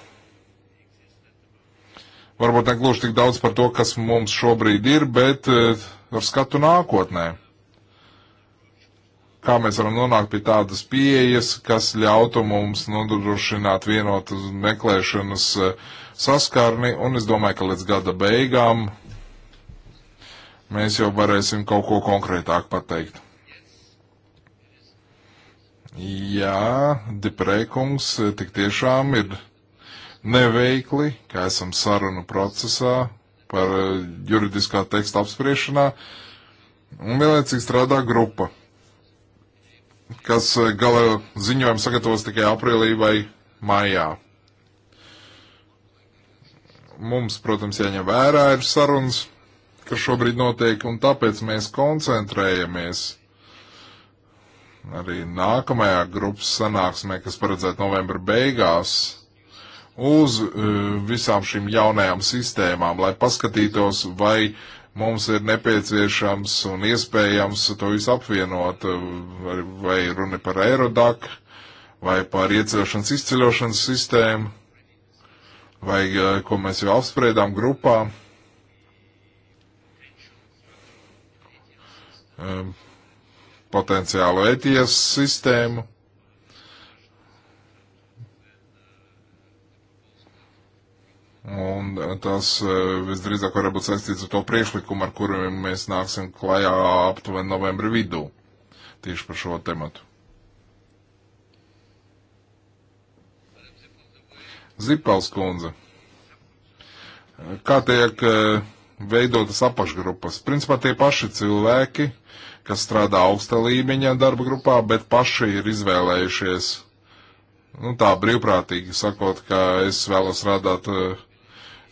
Varbūt negluži tik daudz par to, kas mums šobrīd ir, bet eh, ar skatu nākotnē. Kā mēs varam nonākt pie tādas pieejas, kas ļautu mums nodrošināt vienotu meklēšanas eh, saskarni, un es domāju, ka līdz gada beigām mēs jau varēsim kaut ko konkrētāk pateikt. Jā, Deprēkungs eh, tik tiešām ir neveikli, ka esam sarunu procesā par eh, juridiskā teksta apspriešanā, un vienlaicīgi strādā grupa, kas eh, gala ziņojumu sagatavos tikai aprīlī vai maijā. Mums, protams, jāņem vērā ir sarunas, kas šobrīd notiek, un tāpēc mēs koncentrējamies arī nākamajā grupas sanāksmē, kas paredzēta novembra beigās uz eh, visām šīm jaunajām sistēmām, lai paskatītos, vai mums ir nepieciešams un iespējams to visu apvienot, eh, vai runa par aerodaku, vai par ieceļošanas izceļošanas sistēmu, vai eh, ko mēs jau apspriedām grupā. potenciālo ETS sistēmu, Un uh, tas uh, visdrīzāk var būt saistīts ar to priekšlikumu, ar kuru mēs nāksim klajā aptuveni novembra vidū tieši par šo tematu. Zipels kundze. Kā tiek uh, veidotas apašgrupas? Principā tie paši cilvēki, kas strādā augsta līmeņa darba grupā, bet paši ir izvēlējušies, nu tā brīvprātīgi sakot, ka es vēlos strādāt uh,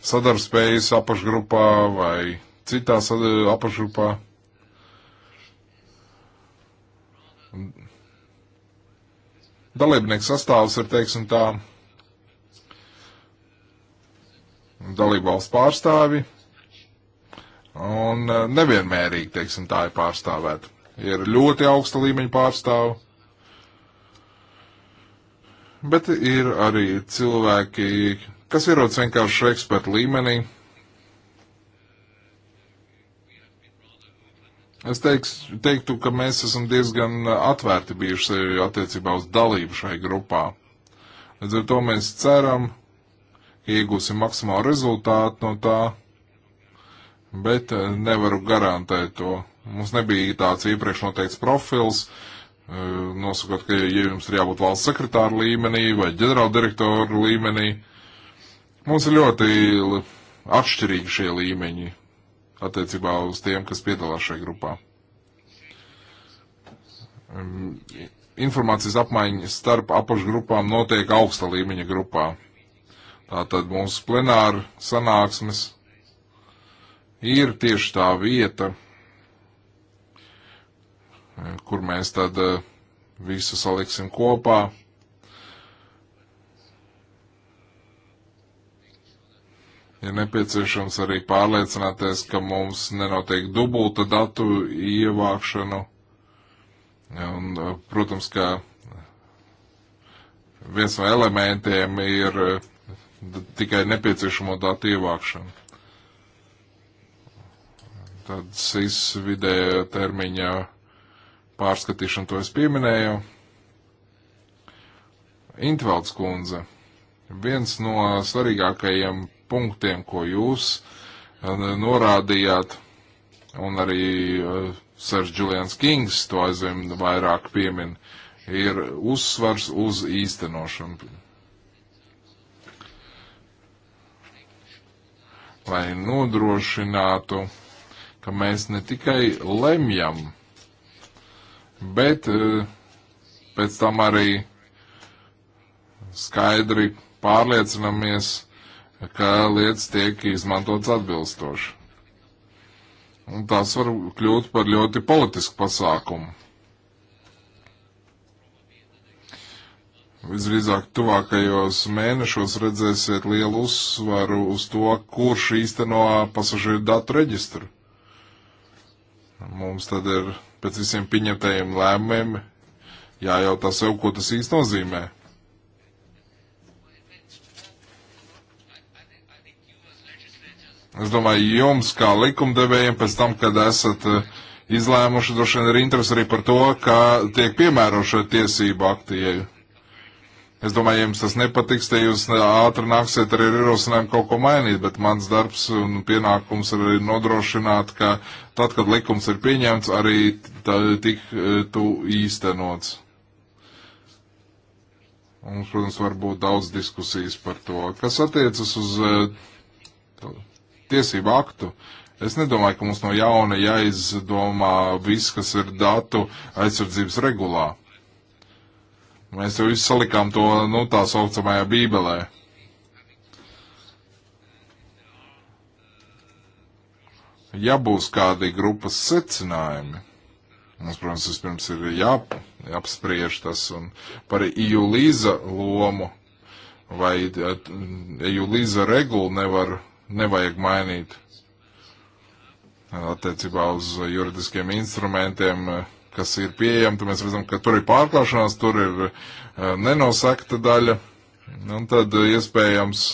sadarbspējas apakšgrupā vai citā apakšgrupā. Dalībnieku sastāvs ir, teiksim tā, dalību valsts pārstāvi un eh, nevienmērīgi, teiksim tā, ir pārstāvēt. Ir ļoti augsta līmeņa pārstāvu, bet ir arī cilvēki, kas ierodas vienkārši ekspertu līmenī. Es teiks, teiktu, ka mēs esam diezgan atvērti bijuši attiecībā uz dalību šai grupā. Līdz ar to mēs ceram, ka iegūsim maksimālu rezultātu no tā, bet eh, nevaru garantēt to. Mums nebija tāds iepriekš noteikts profils, eh, nosakot, ka ja jums ir jābūt valsts sekretāra līmenī vai ģenerāldirektora līmenī, Mums ir ļoti atšķirīgi šie līmeņi attiecībā uz tiem, kas piedalās šajā grupā. Informācijas apmaiņa starp apakšgrupām notiek augsta līmeņa grupā. Tātad mūsu plenāra sanāksmes ir tieši tā vieta, kur mēs tad eh, visu saliksim kopā ir nepieciešams arī pārliecināties, ka mums nenotiek dubulta datu ievākšanu. Un, eh, protams, ka viens no elementiem ir eh, tikai nepieciešamo datu ievākšana. Tad SIS vidēja termiņa pārskatīšanu to es pieminēju. Intvalds kundze. Viens no svarīgākajiem punktiem, ko jūs eh, norādījāt, un arī eh, Serge Julians Kings to aizvien vairāk piemin, ir uzsvars uz īstenošanu. Lai nodrošinātu, ka mēs ne tikai lemjam, bet eh, pēc tam arī skaidri pārliecinamies, ka lietas tiek izmantotas atbilstoši. Un tās var kļūt par ļoti politisku pasākumu. Visdrīzāk tuvākajos mēnešos redzēsiet lielu uzsvaru uz to, kurš īsteno pasažieru datu reģistru. Mums tad ir pēc visiem pieņemtajiem lēmumiem jājautā sev, ko tas īsti nozīmē. Es domāju, jums kā likumdevējiem pēc tam, kad esat eh, izlēmuši, droši vien ir interesi arī par to, kā tiek piemēroša tiesība aktie. Es domāju, jums tas nepatiks, te jūs ātri nāksiet arī ar ierosinājumu kaut ko mainīt, bet mans darbs un pienākums ir arī nodrošināt, ka tad, kad likums ir pieņemts, arī tik tu īstenots. Un, protams, var būt daudz diskusijas par to. Kas attiecas uz uh, tiesību aktu. Es nedomāju, ka mums no jauna jāizdomā viss, kas ir datu aizsardzības regulā. Mēs jau visu salikām to, nu, tā saucamajā bībelē. Ja būs kādi grupas secinājumi, mums, protams, vispirms ir jā, jāapspriež tas un par Iju Līza lomu vai Iju Līza regulu nevar nevajag mainīt eh, attiecībā uz juridiskiem instrumentiem, eh, kas ir pieejami, tad mēs redzam, ka tur ir pārklāšanās, tur ir eh, nenosakta daļa, un tad iespējams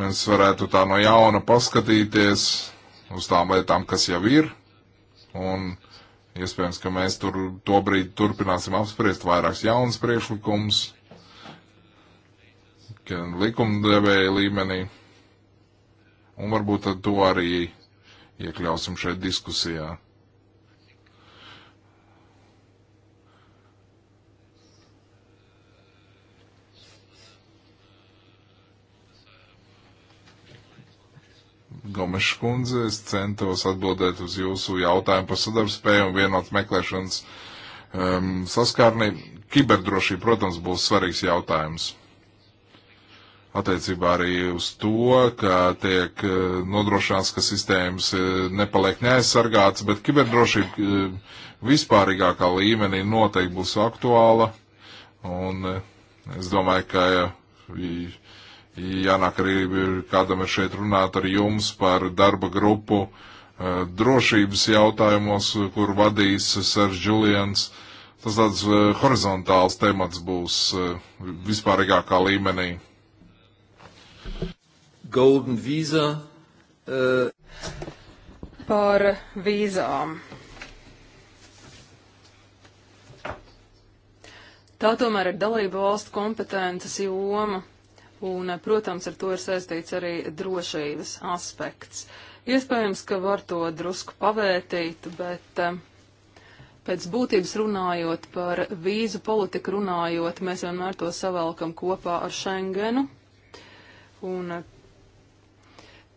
mēs varētu tā no jauna paskatīties uz tām lietām, kas jau ir, un iespējams, ka mēs tur to brīdi turpināsim apspriest vairākus jaunus priekšlikumus gan likumdevēja līmenī. Un varbūt tad to arī iekļausim šeit diskusijā. Gomeša kundze, es centos atbildēt uz jūsu jautājumu par sadarbspēju un vienot meklēšanas um, saskārni. Kiberdrošība, protams, būs svarīgs jautājums attiecībā arī uz to, ka tiek eh, nodrošināts, ka sistēmas eh, nepaliek neaizsargātas, bet kiberdrošība eh, vispārīgākā līmenī noteikti būs aktuāla. Un es domāju, ka jānāk arī kādam ir šeit runāt ar jums par darba grupu drošības jautājumos, kur vadīs Sērs Džulians. Tas tāds horizontāls temats būs vispārīgākā līmenī. Golden Visa. Uh... Par vīzām. Tā tomēr ir dalība valstu kompetences joma, un, uh, protams, ar to ir saistīts arī drošības aspekts. Iespējams, ka var to drusku pavērtīt, bet uh, pēc būtības runājot par vīzu politiku runājot, mēs vienmēr to savelkam kopā ar Schengenu, un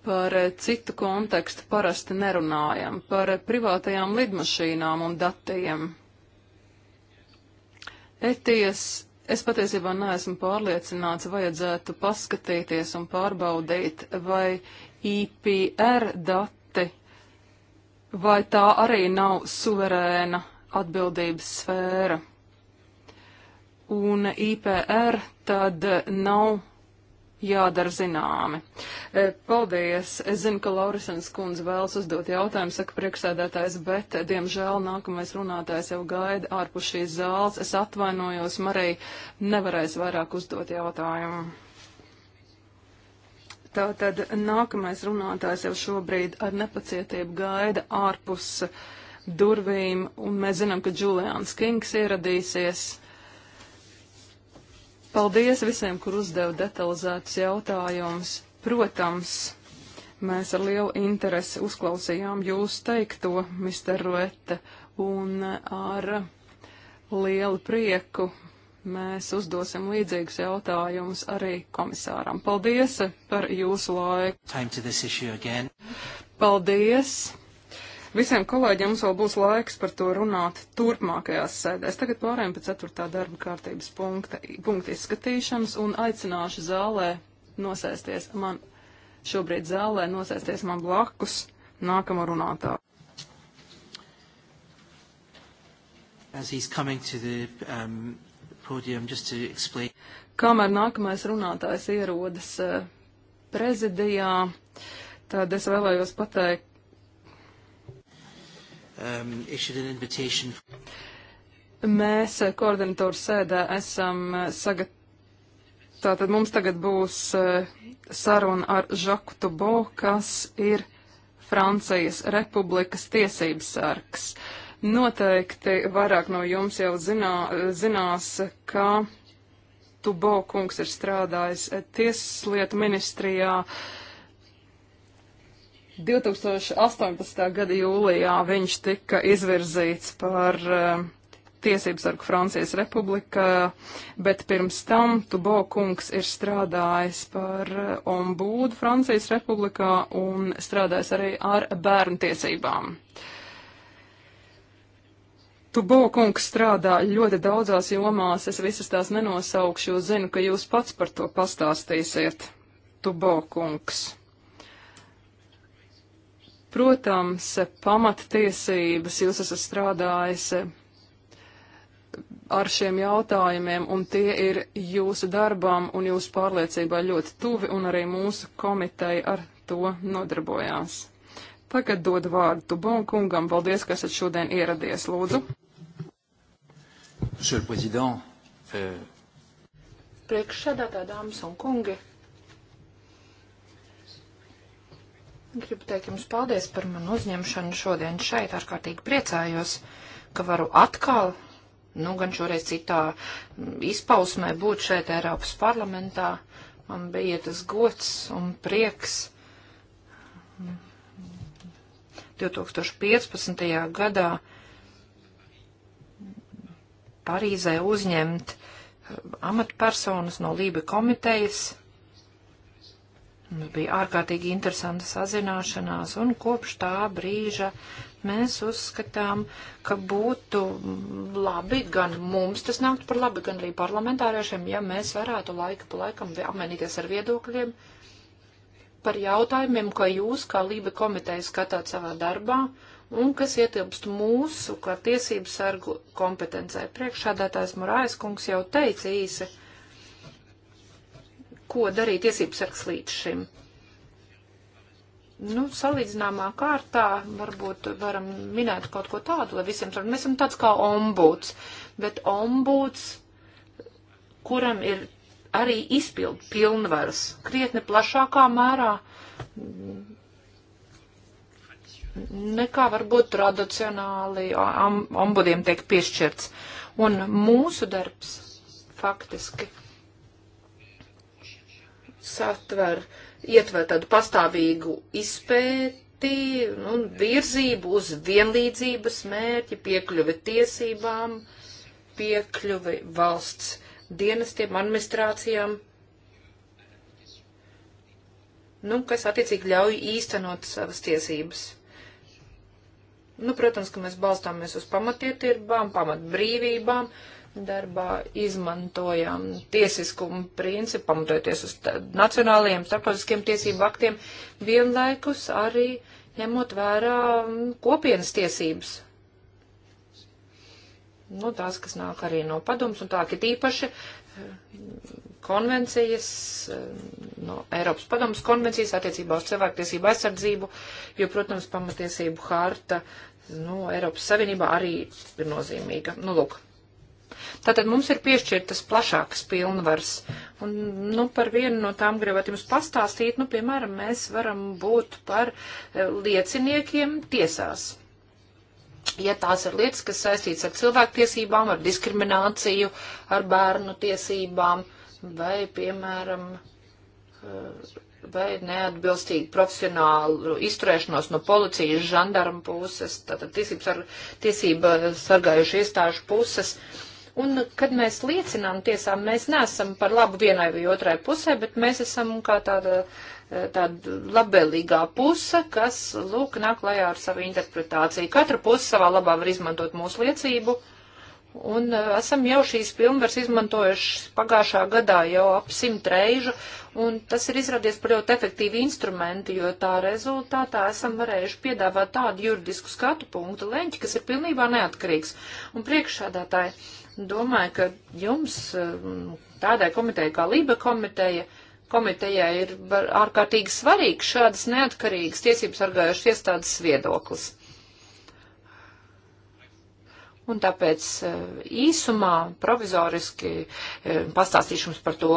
par citu kontekstu parasti nerunājam, par privātajām lidmašīnām un datiem. Eties, es patiesībā neesmu pārliecināts, vajadzētu paskatīties un pārbaudīt, vai IPR dati, vai tā arī nav suverēna atbildības sfēra. Un IPR tad nav jādara zināmi. E, paldies! Es zinu, ka Laurisens kundze vēlas uzdot jautājumu, saka priekšsēdētājs, bet, e, diemžēl, nākamais runātājs jau gaida ārpus šīs zāles. Es atvainojos, Marija nevarēs vairāk uzdot jautājumu. Tātad nākamais runātājs jau šobrīd ar nepacietību gaida ārpus durvīm, un mēs zinām, ka Julians Kings ieradīsies. Paldies visiem, kur uzdeva detalizētus jautājumus. Protams, mēs ar lielu interesi uzklausījām jūs teikto, Mr. Ruete, un ar lielu prieku mēs uzdosim līdzīgus jautājumus arī komisāram. Paldies par jūsu laiku. Paldies! Visiem kolēģiem mums vēl būs laiks par to runāt turpmākajās sēdēs. Tagad pārējām pie 4. darba kārtības punkta, punkta izskatīšanas un aicināšu zālē nosēsties man šobrīd zālē, nosēsties man blakus nākamo runātāju. As he's coming to the um, podium, just to explain. Kamēr nākamais runātājs ierodas eh, prezidijā, tad es vēlējos pateikt, um, issued an invitation. Mēs uh, koordinatoru sēdē esam uh, sagat... Tātad mums tagad būs uh, saruna ar Žaku Tubo, kas ir Francijas Republikas tiesības sargs. Noteikti vairāk no jums jau zinā, zinās, ka Tubo kungs ir strādājis tieslietu ministrijā. Uh, 2018. gada jūlijā viņš tika izvirzīts par uh, eh, tiesības sargu Francijas republikā, bet pirms tam Tubo kungs ir strādājis par eh, ombūdu Francijas republikā un strādājis arī ar bērnu tiesībām. Tubo kungs strādā ļoti daudzās jomās, es visas tās nenosaukšu, jo zinu, ka jūs pats par to pastāstīsiet. Tubo kungs. Protams, pamattiesības jūs esat strādājis ar šiem jautājumiem, un tie ir jūsu darbam un jūsu pārliecībai ļoti tuvi, un arī mūsu komiteja ar to nodarbojās. Tagad dodu vārdu Tubon kungam. Paldies, ka esat šodien ieradies, lūdzu. Euh, Priekšsēdētāji, dāmas un kungi, Gribu teikt jums paldies par manu uzņemšanu šodien šeit. Ārkārtīgi priecājos, ka varu atkal, nu gan šoreiz citā izpausmē, būt šeit Eiropas parlamentā. Man bija tas gods un prieks 2015. gadā Parīzē uzņemt amatpersonas no Lība komitejas Nu, bija ārkārtīgi interesanta sazināšanās, un kopš tā brīža mēs uzskatām, ka būtu labi gan mums tas nākt par labi, gan arī parlamentāriešiem, ja mēs varētu laika pa laikam apmainīties ar viedokļiem par jautājumiem, ko jūs kā Lība komiteja skatāt savā darbā un kas ietilpst mūsu kā tiesību sargu kompetencē. Priekšādātājs Morājas kungs jau teica īsi ko darīja tiesības sargs līdz šim. Nu, salīdzināmā kārtā varbūt varam minēt kaut ko tādu, lai visiem saprotu. Mēs esam tāds kā ombuds, bet ombuds, kuram ir arī izpildu pilnvaras krietni plašākā mērā nekā varbūt tradicionāli ombudiem tiek piešķirts. Un mūsu darbs faktiski satver, ietver tādu pastāvīgu izpēti un nu, virzību uz vienlīdzības mērķi, piekļuvi tiesībām, piekļuvi valsts dienestiem, administrācijām, nu, kas attiecīgi ļauj īstenot savas tiesības. Nu, protams, ka mēs balstāmies uz pamatietībām, pamatbrīvībām, brīvībām, darbā izmantojām tiesiskumu principu, pamatojoties uz nacionālajiem starptautiskiem tiesību aktiem, vienlaikus arī ņemot vērā mm, kopienas tiesības. Nu, tās, kas nāk arī no padoms, un tā, ka tīpaši mm, konvencijas, mm, no Eiropas padomas konvencijas attiecībā uz cilvēktiesību aizsardzību, jo, protams, pamatiesību harta, nu, Eiropas Savienībā arī ir nozīmīga. Nu, lūk. Tātad mums ir piešķirtas plašākas pilnvaras. Un, nu, par vienu no tām gribētu jums pastāstīt. Nu, piemēram, mēs varam būt par eh, lieciniekiem tiesās. Ja tās ir lietas, kas saistīts ar cilvēktiesībām, ar diskrimināciju, ar bērnu tiesībām vai, piemēram, eh, vai neatbilstīgi profesionālu izturēšanos no policijas, žandarma puses, tātad tiesības ar, tiesība sargājuši iestāžu puses. Uh, Un, kad mēs liecinām tiesām, mēs neesam par labu vienai vai otrai pusē, bet mēs esam kā tāda, eh, tāda labvēlīgā puse, kas, lūk, nāk lajā ar savu interpretāciju. Katra puse savā labā var izmantot mūsu liecību. Un eh, esam jau šīs pilnvars izmantojuši pagājušā gadā jau ap simt reižu, un tas ir izrādies par ļoti efektīvu instrumentu, jo tā rezultātā esam varējuši piedāvāt tādu juridisku skatu punktu leņķi, kas ir pilnībā neatkarīgs. Un priekšādātāji Domāju, ka jums um, tādai komitejai kā Lība komiteja, komitejai ir ārkārtīgi svarīgs šādas neatkarīgas tiesības argājušas iestādes viedoklis. Un tāpēc uh, īsumā provizoriski uh, pastāstīšu jums par to,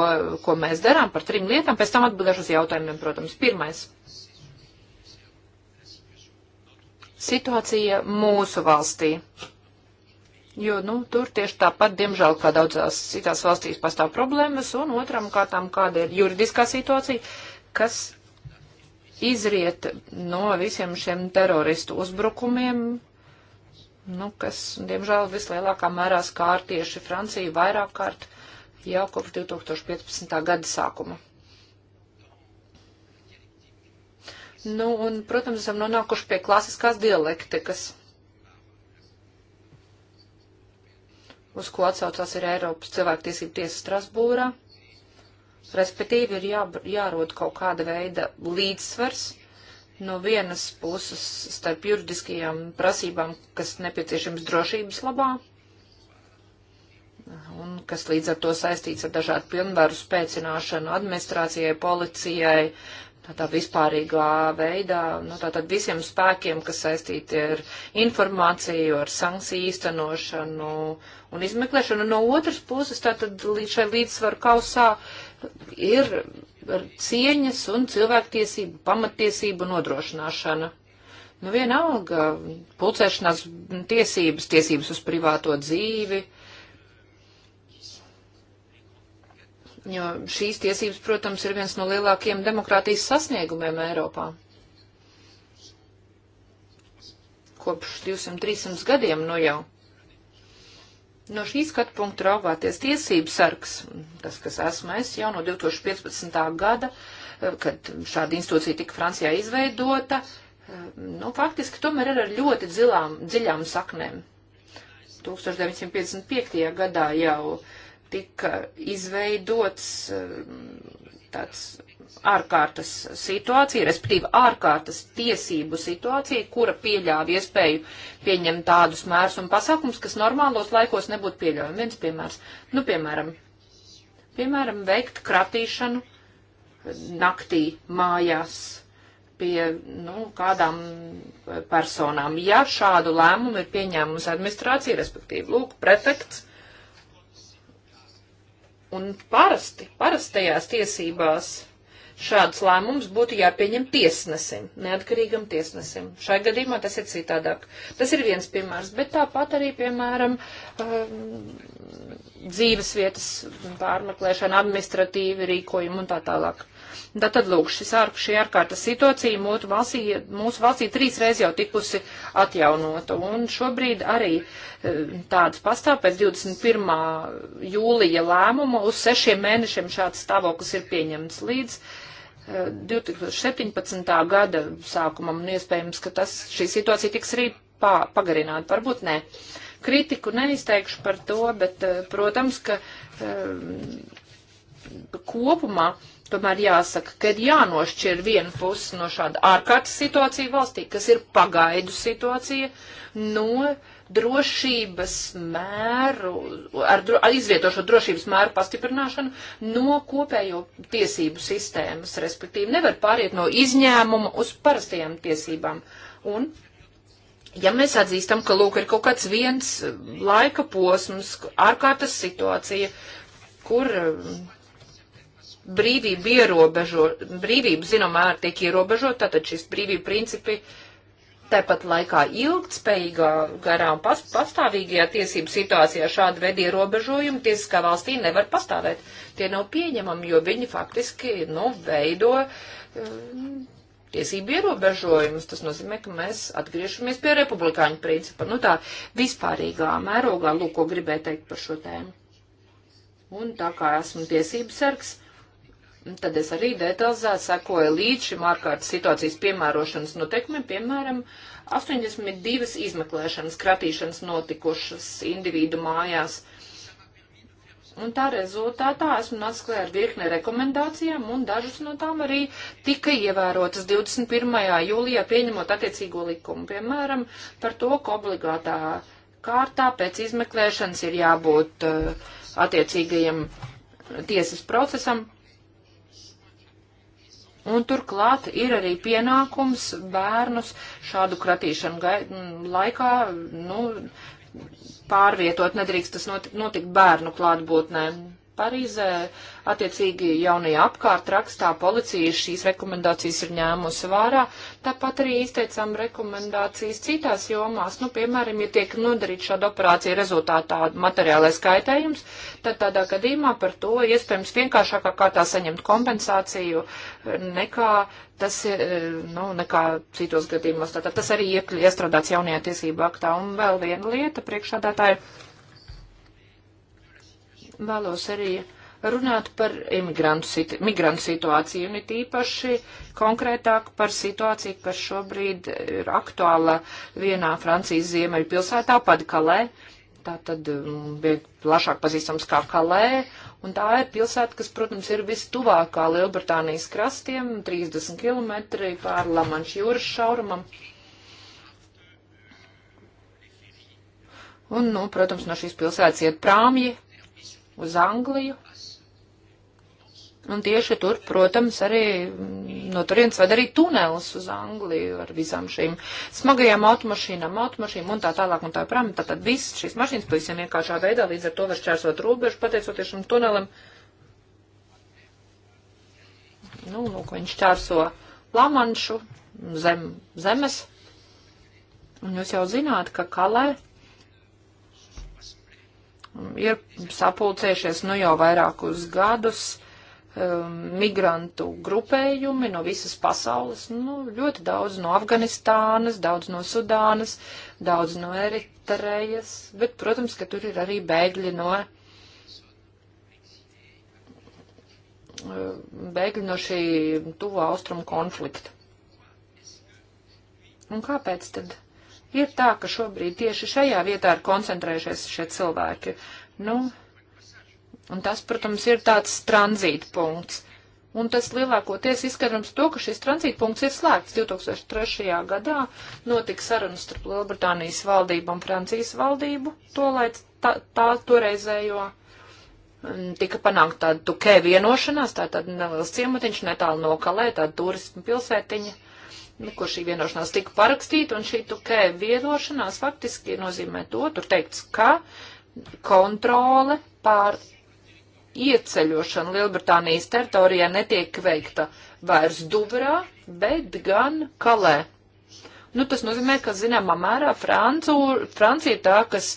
ko mēs darām, par trim lietām, pēc tam atbildēšu uz jautājumiem, protams. Pirmais. Situācija mūsu valstī. Jo, nu, tur tieši tāpat, diemžēl, kā daudzās citās valstīs pastāv problēmas, un otram kārtām kāda ir juridiskā situācija, kas izriet no visiem šiem teroristu uzbrukumiem, nu, kas, diemžēl, vislielākā mērā skār tieši Franciju vairāk kārt jau kopš 2015. gada sākuma. Nu, un, protams, esam nonākuši pie klasiskās dialektikas uz ko atsaucās ir Eiropas cilvēktiesība tiesa Strasbūrā. Respektīvi ir jā, jārod kaut kāda veida līdzsvars no vienas puses starp juridiskajām prasībām, kas nepieciešams drošības labā, un kas līdz ar to saistīts ar dažādu pilnvaru spēcināšanu administrācijai, policijai, tādā vispārīgā veidā, nu, tātad visiem spēkiem, kas saistīti ar informāciju, ar sankciju īstenošanu un izmeklēšanu. No otras puses, tātad līdz šai līdzsvaru kausā ir cieņas un cilvēktiesību, pamatiesību nodrošināšana. Nu, vienalga, pulcēšanās tiesības, tiesības uz privāto dzīvi. Uh, jo šīs tiesības, protams, ir viens no lielākajiem demokrātijas sasniegumiem Eiropā. Kopš 200-300 gadiem nu jau. No šī skatu punkta raugāties tiesības sargs, tas, kas esmu es jau no 2015. gada, eh, kad šāda institūcija tika Francijā izveidota, eh, nu, faktiski tomēr ir ar ļoti dzilām, dziļām saknēm. 1955. gadā jau uh, tika izveidots eh, tāds ārkārtas situācija, respektīvi ārkārtas tiesību situācija, kura pieļāva iespēju pieņemt tādus mērs un pasākums, kas normālos laikos nebūtu pieļaujami. Viens piemērs, nu, piemēram, piemēram, veikt kratīšanu naktī mājās pie, nu, kādām personām. Ja šādu lēmumu ir pieņēmusi administrācija, respektīvi, lūk, prefekts, Un parasti, parastajās tiesībās šāds lēmums būtu jāpieņem tiesnesim, neatkarīgam tiesnesim. Šai gadījumā tas ir citādāk. Tas ir viens piemērs, bet tāpat arī, piemēram, um, dzīvesvietas pārmeklēšana, administratīvi rīkojumi un tā tālāk. Tad, tad lūk, šis ār, šī ārkārtas situācija mūsu valstī, mūsu valstī trīsreiz jau tikusi atjaunota. Un šobrīd arī e, tāds pastāv pēc 21. jūlija lēmuma uz sešiem mēnešiem šāds stāvoklis ir pieņemts līdz. 2017. E, gada sākumam, un iespējams, ka tas, šī situācija tiks arī pā, pagarināta, varbūt nē. Kritiku neizteikšu par to, bet, e, protams, ka kopumā tomēr jāsaka, ka ir jānošķir viena puse no šāda ārkārtas situācija valstī, kas ir pagaidu situācija, no drošības mēru, ar, dro, ar izvietošo drošības mēru pastiprināšanu no kopējo tiesību sistēmas, respektīvi nevar pāriet no izņēmuma uz parastajām tiesībām. Un ja mēs atzīstam, ka lūk ir kaut kāds viens laika posms, ārkārtas situācija, kur brīvība ierobežo, brīvība zināmā mērā tiek ierobežota, tātad šis brīvība principi tāpat laikā ilgtspējīgā, garām pas, pastāvīgajā tiesību situācijā šāda veida ierobežojumi tiesiskā valstī nevar pastāvēt. Tie nav pieņemami, jo viņi faktiski, nu, veido um, tiesību ierobežojumus. Tas nozīmē, ka mēs atgriežamies pie republikāņu principa. Nu tā vispārīgā mērogā, lūk, ko gribēju teikt par šo tēmu. Un tā kā esmu tiesības sargs, Tad es arī detalizēti sekoju līdz šim ārkārtas situācijas piemērošanas noteikumiem, piemēram, 82 izmeklēšanas, kratīšanas notikušas individu mājās. Un tā rezultātā esmu atklājis ar virkni rekomendācijām, un dažas no tām arī tika ievērotas 21. jūlijā pieņemot attiecīgo likumu, piemēram, par to, ka obligātā kārtā pēc izmeklēšanas ir jābūt uh, attiecīgajam tiesas procesam un turklāt ir arī pienākums bērnus šādu kratīšanu gai, laikā, nu, pārvietot, nedrīkst tas notikt, notikt bērnu klātbūtnē. Parīzē. Attiecīgi jaunajā apkārtrakstā policija šīs rekomendācijas ir ņēmusi vērā. Tāpat arī izteicām rekomendācijas citās jomās. Nu, piemēram, ja tiek nodarīta šāda operācija rezultātā materiālais kaitējums, tad tādā gadījumā par to iespējams vienkāršākā kārtā saņemt kompensāciju nekā tas ir, e, nu, nekā citos gadījumos. Tātad tas arī iestrādāts jaunajā tiesību aktā. Un vēl viena lieta priekšādātāja. Ir vēlos arī runāt par imigrantu situ, migrantu situāciju un it īpaši konkrētāk par situāciju, kas šobrīd ir aktuāla vienā Francijas ziemeļu pilsētā, Padkalē. Tā tad mm, bija plašāk pazīstams kā Kalē, un tā ir pilsēta, kas, protams, ir vistuvākā Lielbritānijas krastiem, 30 km pāri Lamanšu jūras šaurumam. Un, nu, protams, no šīs pilsētas iet prāmji, uz Angliju. Un tieši tur, protams, arī no turienes ved arī tunels uz Angliju ar visām šīm smagajām automašīnām, automašīnām un tā tālāk un tā joprojām. Tātad viss šīs mašīnas pavisam vienkāršā veidā līdz ar to var šķērsot robežu pateicoties šim tunelim. Nu, lūk, viņš čērso Lamanšu zem, zemes. Un jūs jau zināt, ka Kalē ir sapulcējušies nu jau vairākus gadus um, migrantu grupējumi no visas pasaules, nu, ļoti daudz no Afganistānas, daudz no Sudānas, daudz no Eritrejas, bet, protams, ka tur ir arī bēgļi no, uh, bēgļi no šī tuvā austrumu konflikta. Un kāpēc tad? Ir tā, ka šobrīd tieši šajā vietā ir koncentrējušies šie cilvēki. Nu, un tas, protams, ir tāds tranzīta punkts. Un tas lielākoties izskatrams to, ka šis tranzītpunkts ir slēgts 2003. gadā. Notika sarunas starp Lielbritānijas valdību un Francijas valdību. Tolaid tā, tā toreizējo mm, tika panākt tāda tukē vienošanās, tā tad neliels ciematiņš netālu no Kalē, tāda turismu pilsētiņa nu, kur šī vienošanās tika parakstīta, un šī tukē vienošanās faktiski nozīmē to, tur teikts, ka kontrole pār ieceļošanu Lielbritānijas teritorijā netiek veikta vairs Dubrā, bet gan Kalē. Nu, tas nozīmē, ka zināmā mērā Francu, Francija ir tā, kas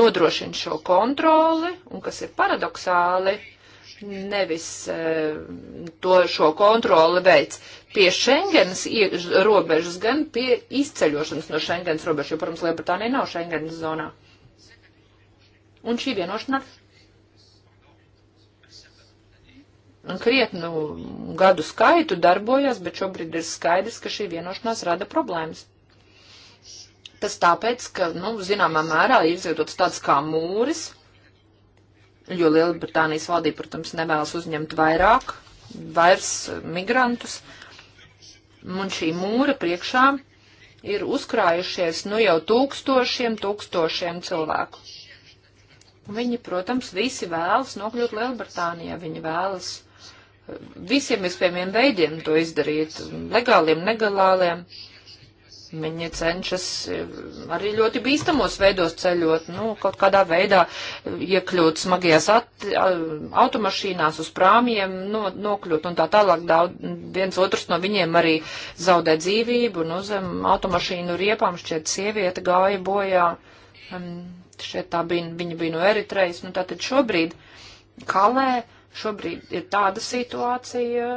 nodrošina šo kontroli, un kas ir paradoxāli, nevis e, to šo kontroli veids pie Schengenas robežas, gan pie izceļošanas no Schengenas robežas, jo, protams, Lielbritānija nav Schengenas zonā. Un šī vienošanās krietnu gadu skaitu darbojas, bet šobrīd ir skaidrs, ka šī vienošanās rada problēmas. Tas tāpēc, ka, nu, zināmā mērā ir izvietots tāds kā mūris, jo Lielbritānijas valdība, protams, nevēlas uzņemt vairāk, vairs eh, migrantus. Un šī mūra priekšā ir uzkrājušies nu jau tūkstošiem, tūkstošiem cilvēku. Viņi, protams, visi vēlas nokļūt Lielbritānijā, viņi vēlas eh, visiem iespējamiem veidiem to izdarīt, legāliem, negalāliem. Viņa cenšas eh, arī ļoti bīstamos veidos ceļot, nu, kaut kādā veidā iekļūt smagajās at, automašīnās, uz prāmjiem, no, nokļūt un tā tālāk. Daudz, viens otrs no viņiem arī zaudē dzīvību, nu, zem automašīnu riepām šķiet sieviete gāja bojā. Šeit tā bija, viņa bija no Eritrejas, nu, tātad šobrīd Kalē, šobrīd ir tāda situācija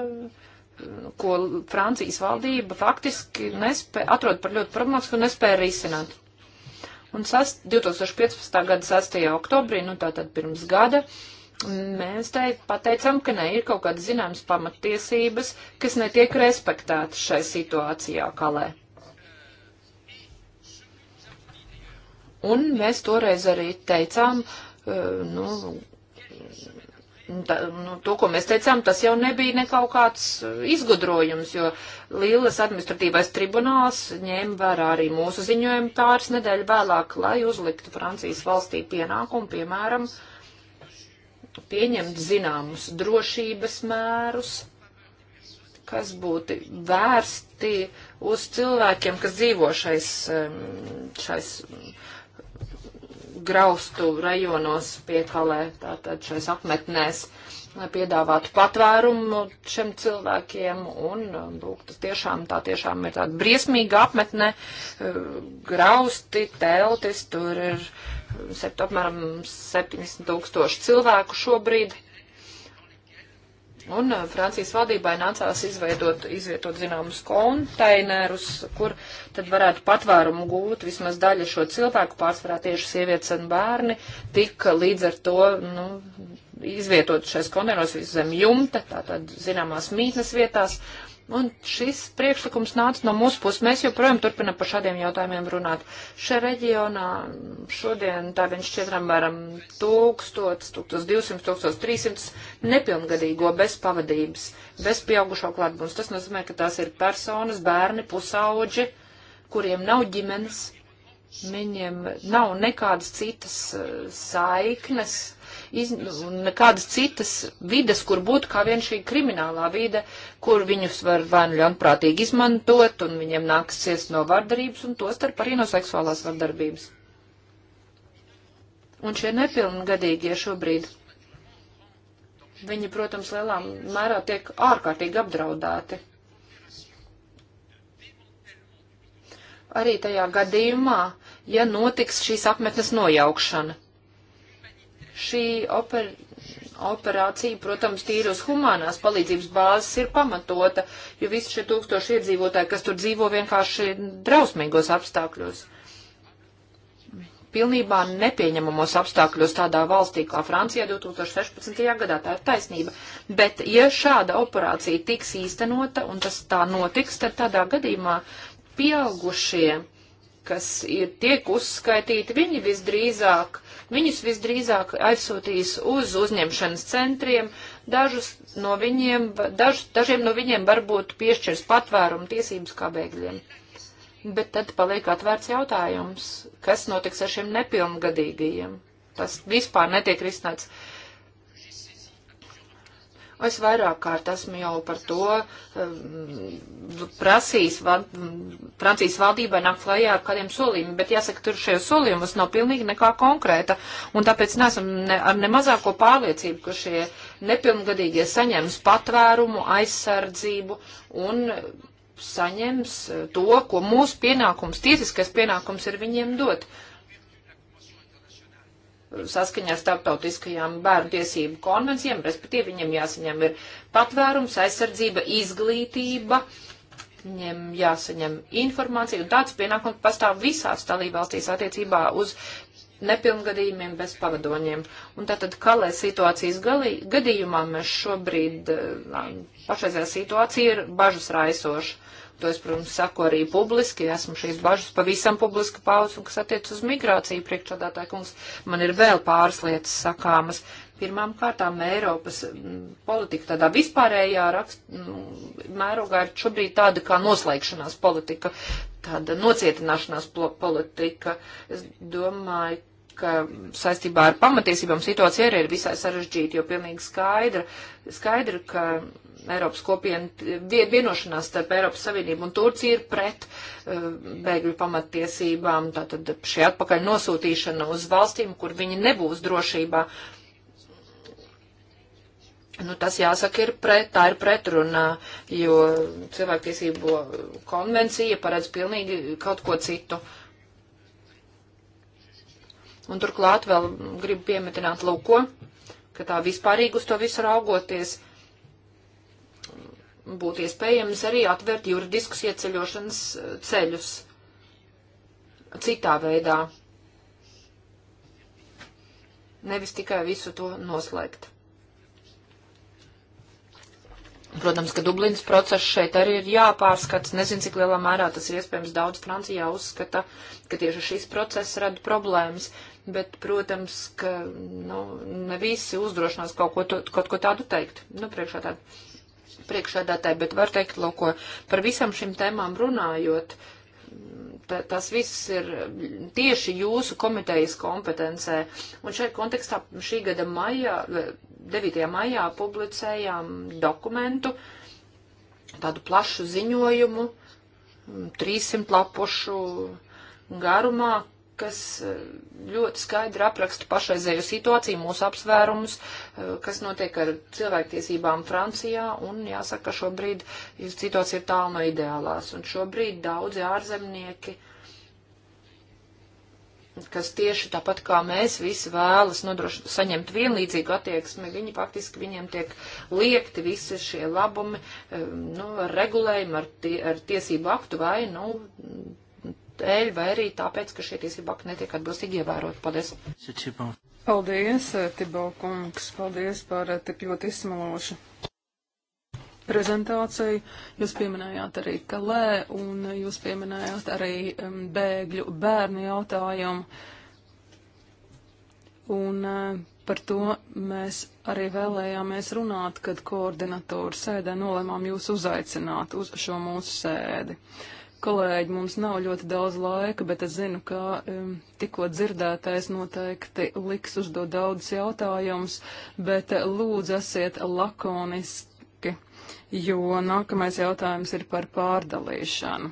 ko Francijas valdība faktiski nespēja, atrod par ļoti problemātisku un nespēja risināt. Un sas, 2015. gada 6. oktobrī, nu tātad pirms gada, mēs te pateicām, ka ne ir kaut kādas zināmas pamatiesības, kas netiek respektētas šai situācijā kalē. Un mēs toreiz arī teicām, eh, nu, tā, nu, to, ko mēs teicām, tas jau nebija nekaut kāds uh, izgudrojums, jo Lielas administratīvais tribunāls ņēma vērā arī mūsu ziņojumu pāris nedēļu vēlāk, lai uzliktu Francijas valstī pienākumu, piemēram, pieņemt zināmus drošības mērus, kas būtu vērsti uz cilvēkiem, kas dzīvo šais, um, šais graustu rajonos piekalē, tātad šais apmetnēs, lai piedāvātu patvērumu šiem cilvēkiem. Un, um, lūk, tas tiešām, tā tiešām ir tāda briesmīga apmetne, uh, grausti, teltis, tur ir um, sept, apmēram 70 tūkstoši cilvēku šobrīd. Un uh, Francijas valdībai nācās izveidot, izvietot zināmus konteinerus, kur tad varētu patvērumu gūt vismaz daļa šo cilvēku, pārsvarā tieši sievietes un bērni, tika līdz ar to, nu, izvietot šais konteineros zem jumta, tātad zināmās mītnes vietās. Uh, Un šis priekšlikums nāca no mūsu puses. Mēs joprojām turpinam par šādiem jautājumiem runāt. Šajā reģionā šodien tā viņš šķietram varam 1000, 1200, 1300 nepilngadīgo bez pavadības, bez pieaugušo klātbūnes. Tas nozīmē, ka tās ir personas, bērni, pusauģi, kuriem nav ģimenes, viņiem nav nekādas citas eh, saiknes iz, nekādas citas vides, kur būtu kā vien šī kriminālā vide, kur viņus var vai nu ļaunprātīgi izmantot, un viņiem nāks ciest no vardarbības, un tostarp arī no seksuālās vardarbības. Un šie nepilngadīgie šobrīd, viņi, protams, lielā mērā tiek ārkārtīgi apdraudēti. Arī tajā gadījumā, ja notiks šīs apmetnes nojaukšana. Šī oper, operācija, protams, tīri uz humanās palīdzības bāzes ir pamatota, jo visi šie tūkstoši iedzīvotāji, kas tur dzīvo vienkārši drausmīgos apstākļos. Pilnībā nepieņemamos apstākļos tādā valstī kā Francijā 2016. gadā, tā ir taisnība. Bet, ja šāda operācija tiks īstenota, un tas tā notiks, tad tādā gadījumā pieaugušie, kas ir tiek uzskaitīti, viņi visdrīzāk Viņus visdrīzāk aizsūtīs uz uzņemšanas centriem. Dažus no viņiem, daž, dažiem no viņiem varbūt piešķirs patvērumu tiesības kā bēgļiem. Bet tad paliek atvērts jautājums, kas notiks ar šiem nepilngadīgajiem. Tas vispār netiek risināts. Uh, Es vairāk kārt esmu jau par to um, prasījis vad, Francijas valdībai nāk klajā ar kādiem solījumiem, bet jāsaka, tur šajos solījumus nav pilnīgi nekā konkrēta, un tāpēc nesam ne, ar nemazāko pārliecību, ka šie nepilngadīgie saņems patvērumu, aizsardzību un saņems to, ko mūsu pienākums, tiesiskais pienākums ir viņiem dot. Uh, saskaņā ar starptautiskajām bērnu tiesību konvencijām, respektīvi viņiem jāsaņem ir patvērums, aizsardzība, izglītība, viņiem jāsaņem informācija, un tāds pienākums pastāv visās dalībvalstīs attiecībā uz nepilngadījumiem bez pavadoņiem. Un tātad, kalē situācijas galī, gadījumā mēs šobrīd, pašreizējā situācija ir bažas raisoša to es, protams, saku arī publiski, esmu šīs bažas pavisam publiski paudz, un kas attiec uz migrāciju priekšādātāju kungs, man ir vēl pāris lietas sakāmas. Pirmām kārtām Eiropas politika tādā vispārējā rakst, mērogā ir šobrīd tāda kā noslēgšanās politika, tāda nocietināšanās politika. Es domāju, ka saistībā ar pamatiesībām situācija arī ir visai sarežģīta, jo pilnīgi skaidra, skaidra ka Eiropas kopiena, vienošanās starp Eiropas Savienību un Turciju ir pret eh, bēgļu pamattiesībām, tātad šī atpakaļ nosūtīšana uz valstīm, kur viņi nebūs drošībā. Nu, tas jāsaka, ir pret, tā ir pretrunā, jo cilvēktiesību konvencija paredz pilnīgi kaut ko citu. Un turklāt vēl gribu piemetināt lūko, ka tā vispārīgi uz to visu raugoties. Uh, būtu iespējams arī atvērt juridiskus ieceļošanas eh, ceļus citā veidā. Nevis tikai visu to noslēgt. Protams, ka Dublinas process šeit arī ir jāpārskats. Nezinu, cik lielā mērā tas ir iespējams. Daudz Francijā uzskata, ka tieši šis process rada problēmas. Bet, protams, ka nu, ne visi uzdrošinās kaut ko, to, kaut ko tādu teikt. Nu, priekšā tādu priekšādātāji, bet var teikt, loko, par visam šim tēmām runājot, tas viss ir tieši jūsu komitejas kompetencē. Un šajā kontekstā šī gada maijā, 9. maijā publicējām dokumentu, tādu plašu ziņojumu, 300 lapušu garumā, kas eh, ļoti skaidri apraksta pašreizējo situāciju, mūsu apsvērumus, eh, kas notiek ar cilvēktiesībām Francijā, un jāsaka, ka šobrīd situācija ir tālu no ideālās, un šobrīd daudzi ārzemnieki kas tieši tāpat kā mēs visi vēlas nodroši, saņemt vienlīdzīgu attieksmi, viņi faktiski viņiem tiek liekti visi šie labumi, eh, nu, ar regulējumu, ar, tie, ar tiesību aktu vai, nu, dēļ, vai arī tāpēc, ka šie tiesību akti netiek atbilstīgi ievērot. Paldies! Paldies, eh, Tibo kungs! Paldies par eh, tik ļoti izsmalošu prezentāciju. Jūs pieminējāt arī Kalē, un jūs pieminējāt arī bēgļu bērnu jautājumu. Un eh, par to mēs arī vēlējāmies runāt, kad koordinatoru sēdē nolēmām jūs uzaicināt uz šo mūsu sēdi. Uh, Kolēģi, mums nav ļoti daudz laika, bet es zinu, ka um, tikko dzirdētais noteikti liks uzdot daudz jautājumus, bet eh, lūdzu esiet lakoniski, jo nākamais jautājums ir par pārdalīšanu.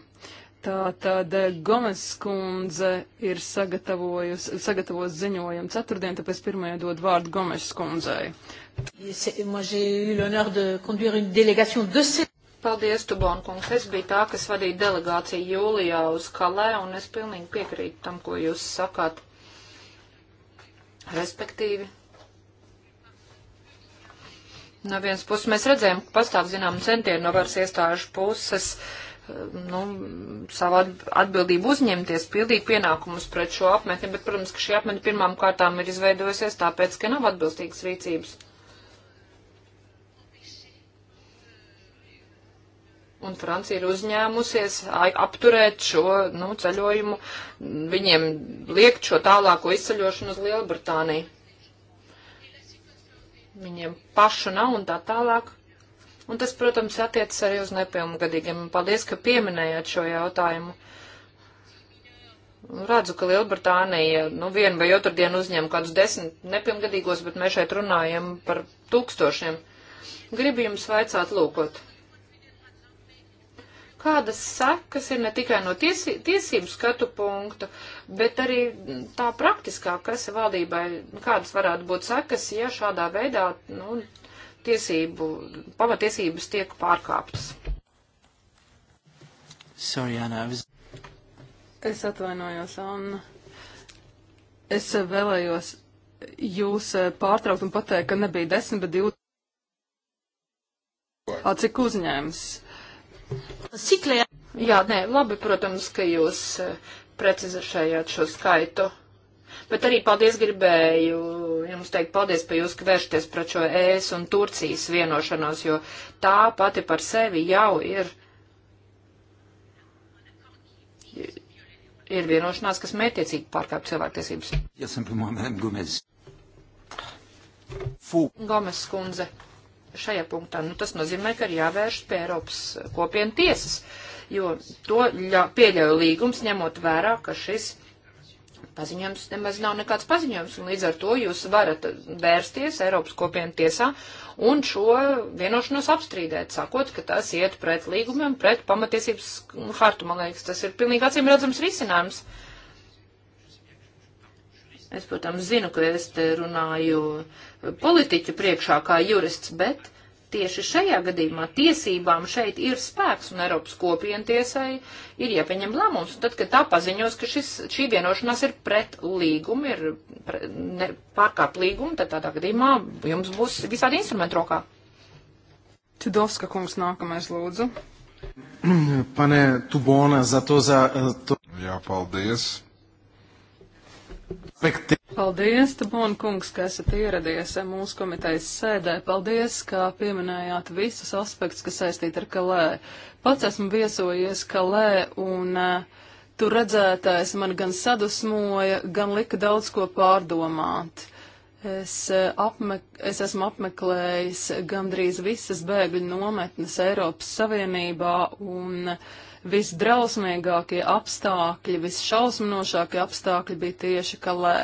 Tā tad eh, Gomes skundze ir sagatavojusi, sagatavos ziņojumu ceturtdien, tāpēc pirmajai dod vārdu Gomes skundzei. Paldies, Tubon kungs. Es biju tā, kas vadīja delegāciju jūlijā uz Kalē, un es pilnīgi piekrītu tam, ko jūs sakāt. Respektīvi. No vienas puses mēs redzējām, ka pastāv zinām centieni no varas iestāžu puses eh, nu, savu atbildību uzņemties, pildīt pienākumus pret šo apmetni, bet, protams, ka šī apmetni pirmām kārtām ir izveidojusies tāpēc, ka nav atbilstīgas rīcības Un Francija ir uzņēmusies apturēt šo nu, ceļojumu, viņiem liekt šo tālāko izceļošanu uz Lielbritāniju. Viņiem pašu nav un tā tālāk. Un tas, protams, attiecas arī uz nepilngadīgiem. Paldies, ka pieminējāt šo jautājumu. Redzu, ka Lielbritānija nu, vienu vai otru dienu uzņem kādus desmit nepilngadīgos, bet mēs šeit runājam par tūkstošiem. Gribu jums vaicāt lūkot kādas sekas ir ne tikai no tiesi, tiesību skatu punktu, bet arī tā praktiskā, kas valdībai, kādas varētu būt sekas, ja šādā veidā nu, tiesību, pamatiesības tiek pārkāptas. Sorry, Anna, was... Es atvainojos, Anna. Es vēlējos jūs eh, pārtraukt un pateikt, ka nebija 10, bet 20. Cik uzņēmums? Siklē. Jā, nē, labi, protams, ka jūs eh, precizēšējāt šo skaitu. Bet arī paldies gribēju jums teikt paldies par jūs, ka vēršaties pret šo ES un Turcijas vienošanos, jo tā pati par sevi jau ir, ir vienošanās, kas mētiecīgi pārkāp cilvēktiesības. Ja, Gomes skundze šajā punktā. Nu, tas nozīmē, ka ir jāvērš pie Eiropas kopienu tiesas, jo to ļa, pieļauj līgums, ņemot vērā, ka šis paziņojums nemaz nav nekāds paziņojums, un līdz ar to jūs varat vērsties Eiropas kopienu tiesā un šo vienošanos apstrīdēt, sakot, ka tas iet pret līgumiem, pret pamatiesības hartu, man liekas, tas ir pilnīgi acīm redzams risinājums. Uh, Es, protams, zinu, ka es te runāju politiķu priekšā kā jurists, bet tieši šajā gadījumā tiesībām šeit ir spēks un Eiropas kopientiesai ir jāpieņem lēmums. Un tad, kad tā paziņos, ka šis, šī vienošanās ir pret līgumu, ir pre, ne, pārkāp līgumu, tad tādā gadījumā jums būs visādi instrumenti rokā. Tudovska kungs nākamais lūdzu. Pane Tubona, za to, za eh, to. Jā, paldies. Paldies, Tabon kungs, ka esat ieradies mūsu komitejas sēdē. Paldies, ka pieminējāt visus aspektus, kas saistīti ar Kalē. Pats esmu viesojies Kalē un uh, tur redzētais man gan sadusmoja, gan lika daudz ko pārdomāt. Es, eh, apmek, es esmu apmeklējis gandrīz visas bēgļu nometnes Eiropas Savienībā un uh, visdrausmīgākie apstākļi, visšausminošākie apstākļi bija tieši Kalē.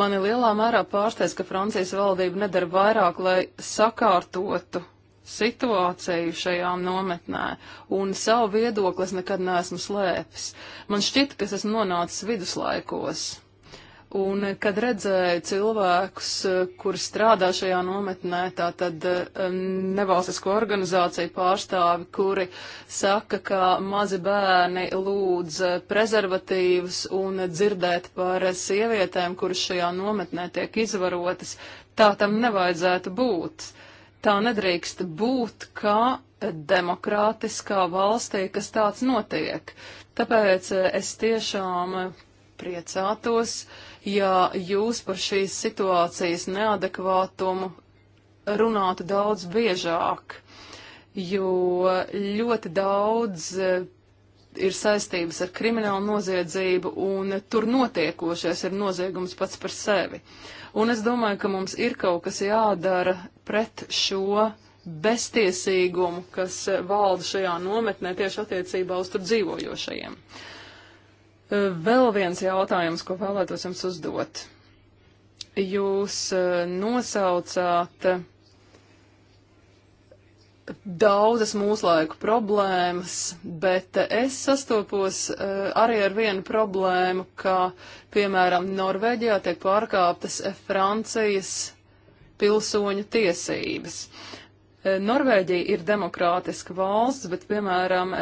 Mani lielā mērā pārsteidz, ka Francijas valdība nedara vairāk, lai sakārtotu situāciju šajā nometnē, un savu viedokli es nekad neesmu slēpis. Man šķita, ka es esmu nonācis viduslaikos. Un, kad redzēju cilvēkus, kur strādā šajā nometnē, tā tad nevalstisko organizāciju pārstāvi, kuri saka, ka mazi bērni lūdz prezervatīvus un dzirdēt par sievietēm, kuras šajā nometnē tiek izvarotas, tā tam nevajadzētu būt. Tā nedrīkst būt, kā demokrātiskā valstī, kas tāds notiek. Tāpēc eh, es tiešām priecātos, uh, ja jūs par šīs situācijas neadekvātumu runātu daudz biežāk, jo ļoti daudz eh, ir saistības ar kriminālu noziedzību, un tur notiekošais ir noziegums pats par sevi. Un es domāju, ka mums ir kaut kas jādara pret šo beztiesīgumu, kas valda šajā nometnē tieši attiecībā uz tur dzīvojošajiem. Uh, Vēl viens jautājums, ko vēlētos jums uzdot. Jūs eh, nosaucāt eh, daudzas mūslaiku problēmas, bet eh, es sastopos arī ar vienu problēmu, ka, piemēram, Norvēģijā tiek pārkāptas Francijas pilsoņu tiesības. Norvēģija ir demokrātiska valsts, bet, piemēram,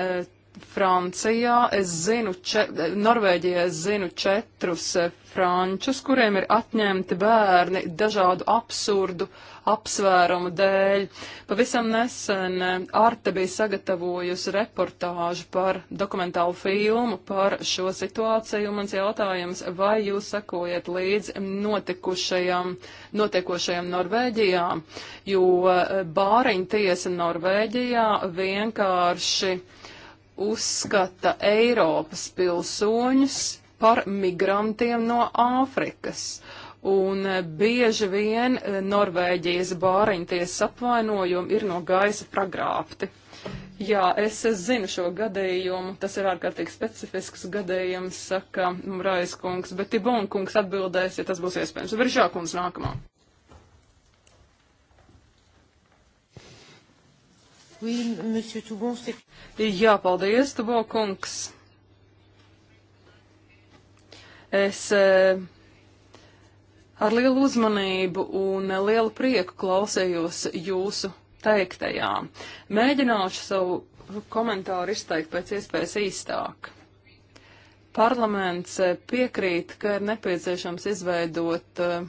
Francijā es zinu, če, Norvēģijā es zinu četrus eh, frančus, kuriem ir atņemti bērni dažādu absurdu apsvērumu dēļ. Pavisam nesen eh, Arte bija sagatavojusi reportāžu par dokumentālu filmu par šo situāciju. Mans jautājums, vai jūs sekojat līdz notikušajam, notiekošajam Norvēģijā, jo eh, bāriņtiesa Norvēģijā vienkārši uzskata Eiropas pilsoņus par migrantiem no Āfrikas. Un eh, bieži vien eh, Norvēģijas bāriņtiesas apvainojumi ir no gaisa pragrābti. Jā, es, es zinu šo gadījumu, tas ir ārkārtīgi specifisks gadījums, saka Murais kungs, bet Tibon kungs atbildēs, ja tas būs iespējams. Viržā kungs nākamā. Jā, paldies, Tubo kungs. Es e, ar lielu uzmanību un lielu prieku klausējos jūsu teiktajā. Mēģināšu savu komentāru izteikt pēc iespējas īstāk. Parlaments e, piekrīt, ka ir nepieciešams izveidot uh,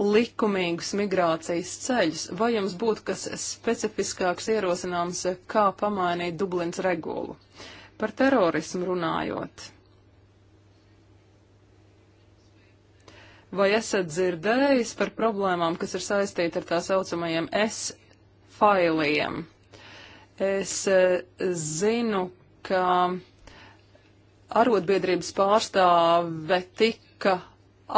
likumīgus migrācijas ceļus, vai jums būtu kas specifiskāks ierosināms, kā pamainīt Dublins regulu? Par terorismu runājot. Vai esat dzirdējis par problēmām, kas ir saistīti ar tā saucamajiem S failiem? Es eh, zinu, ka arotbiedrības pārstāve tika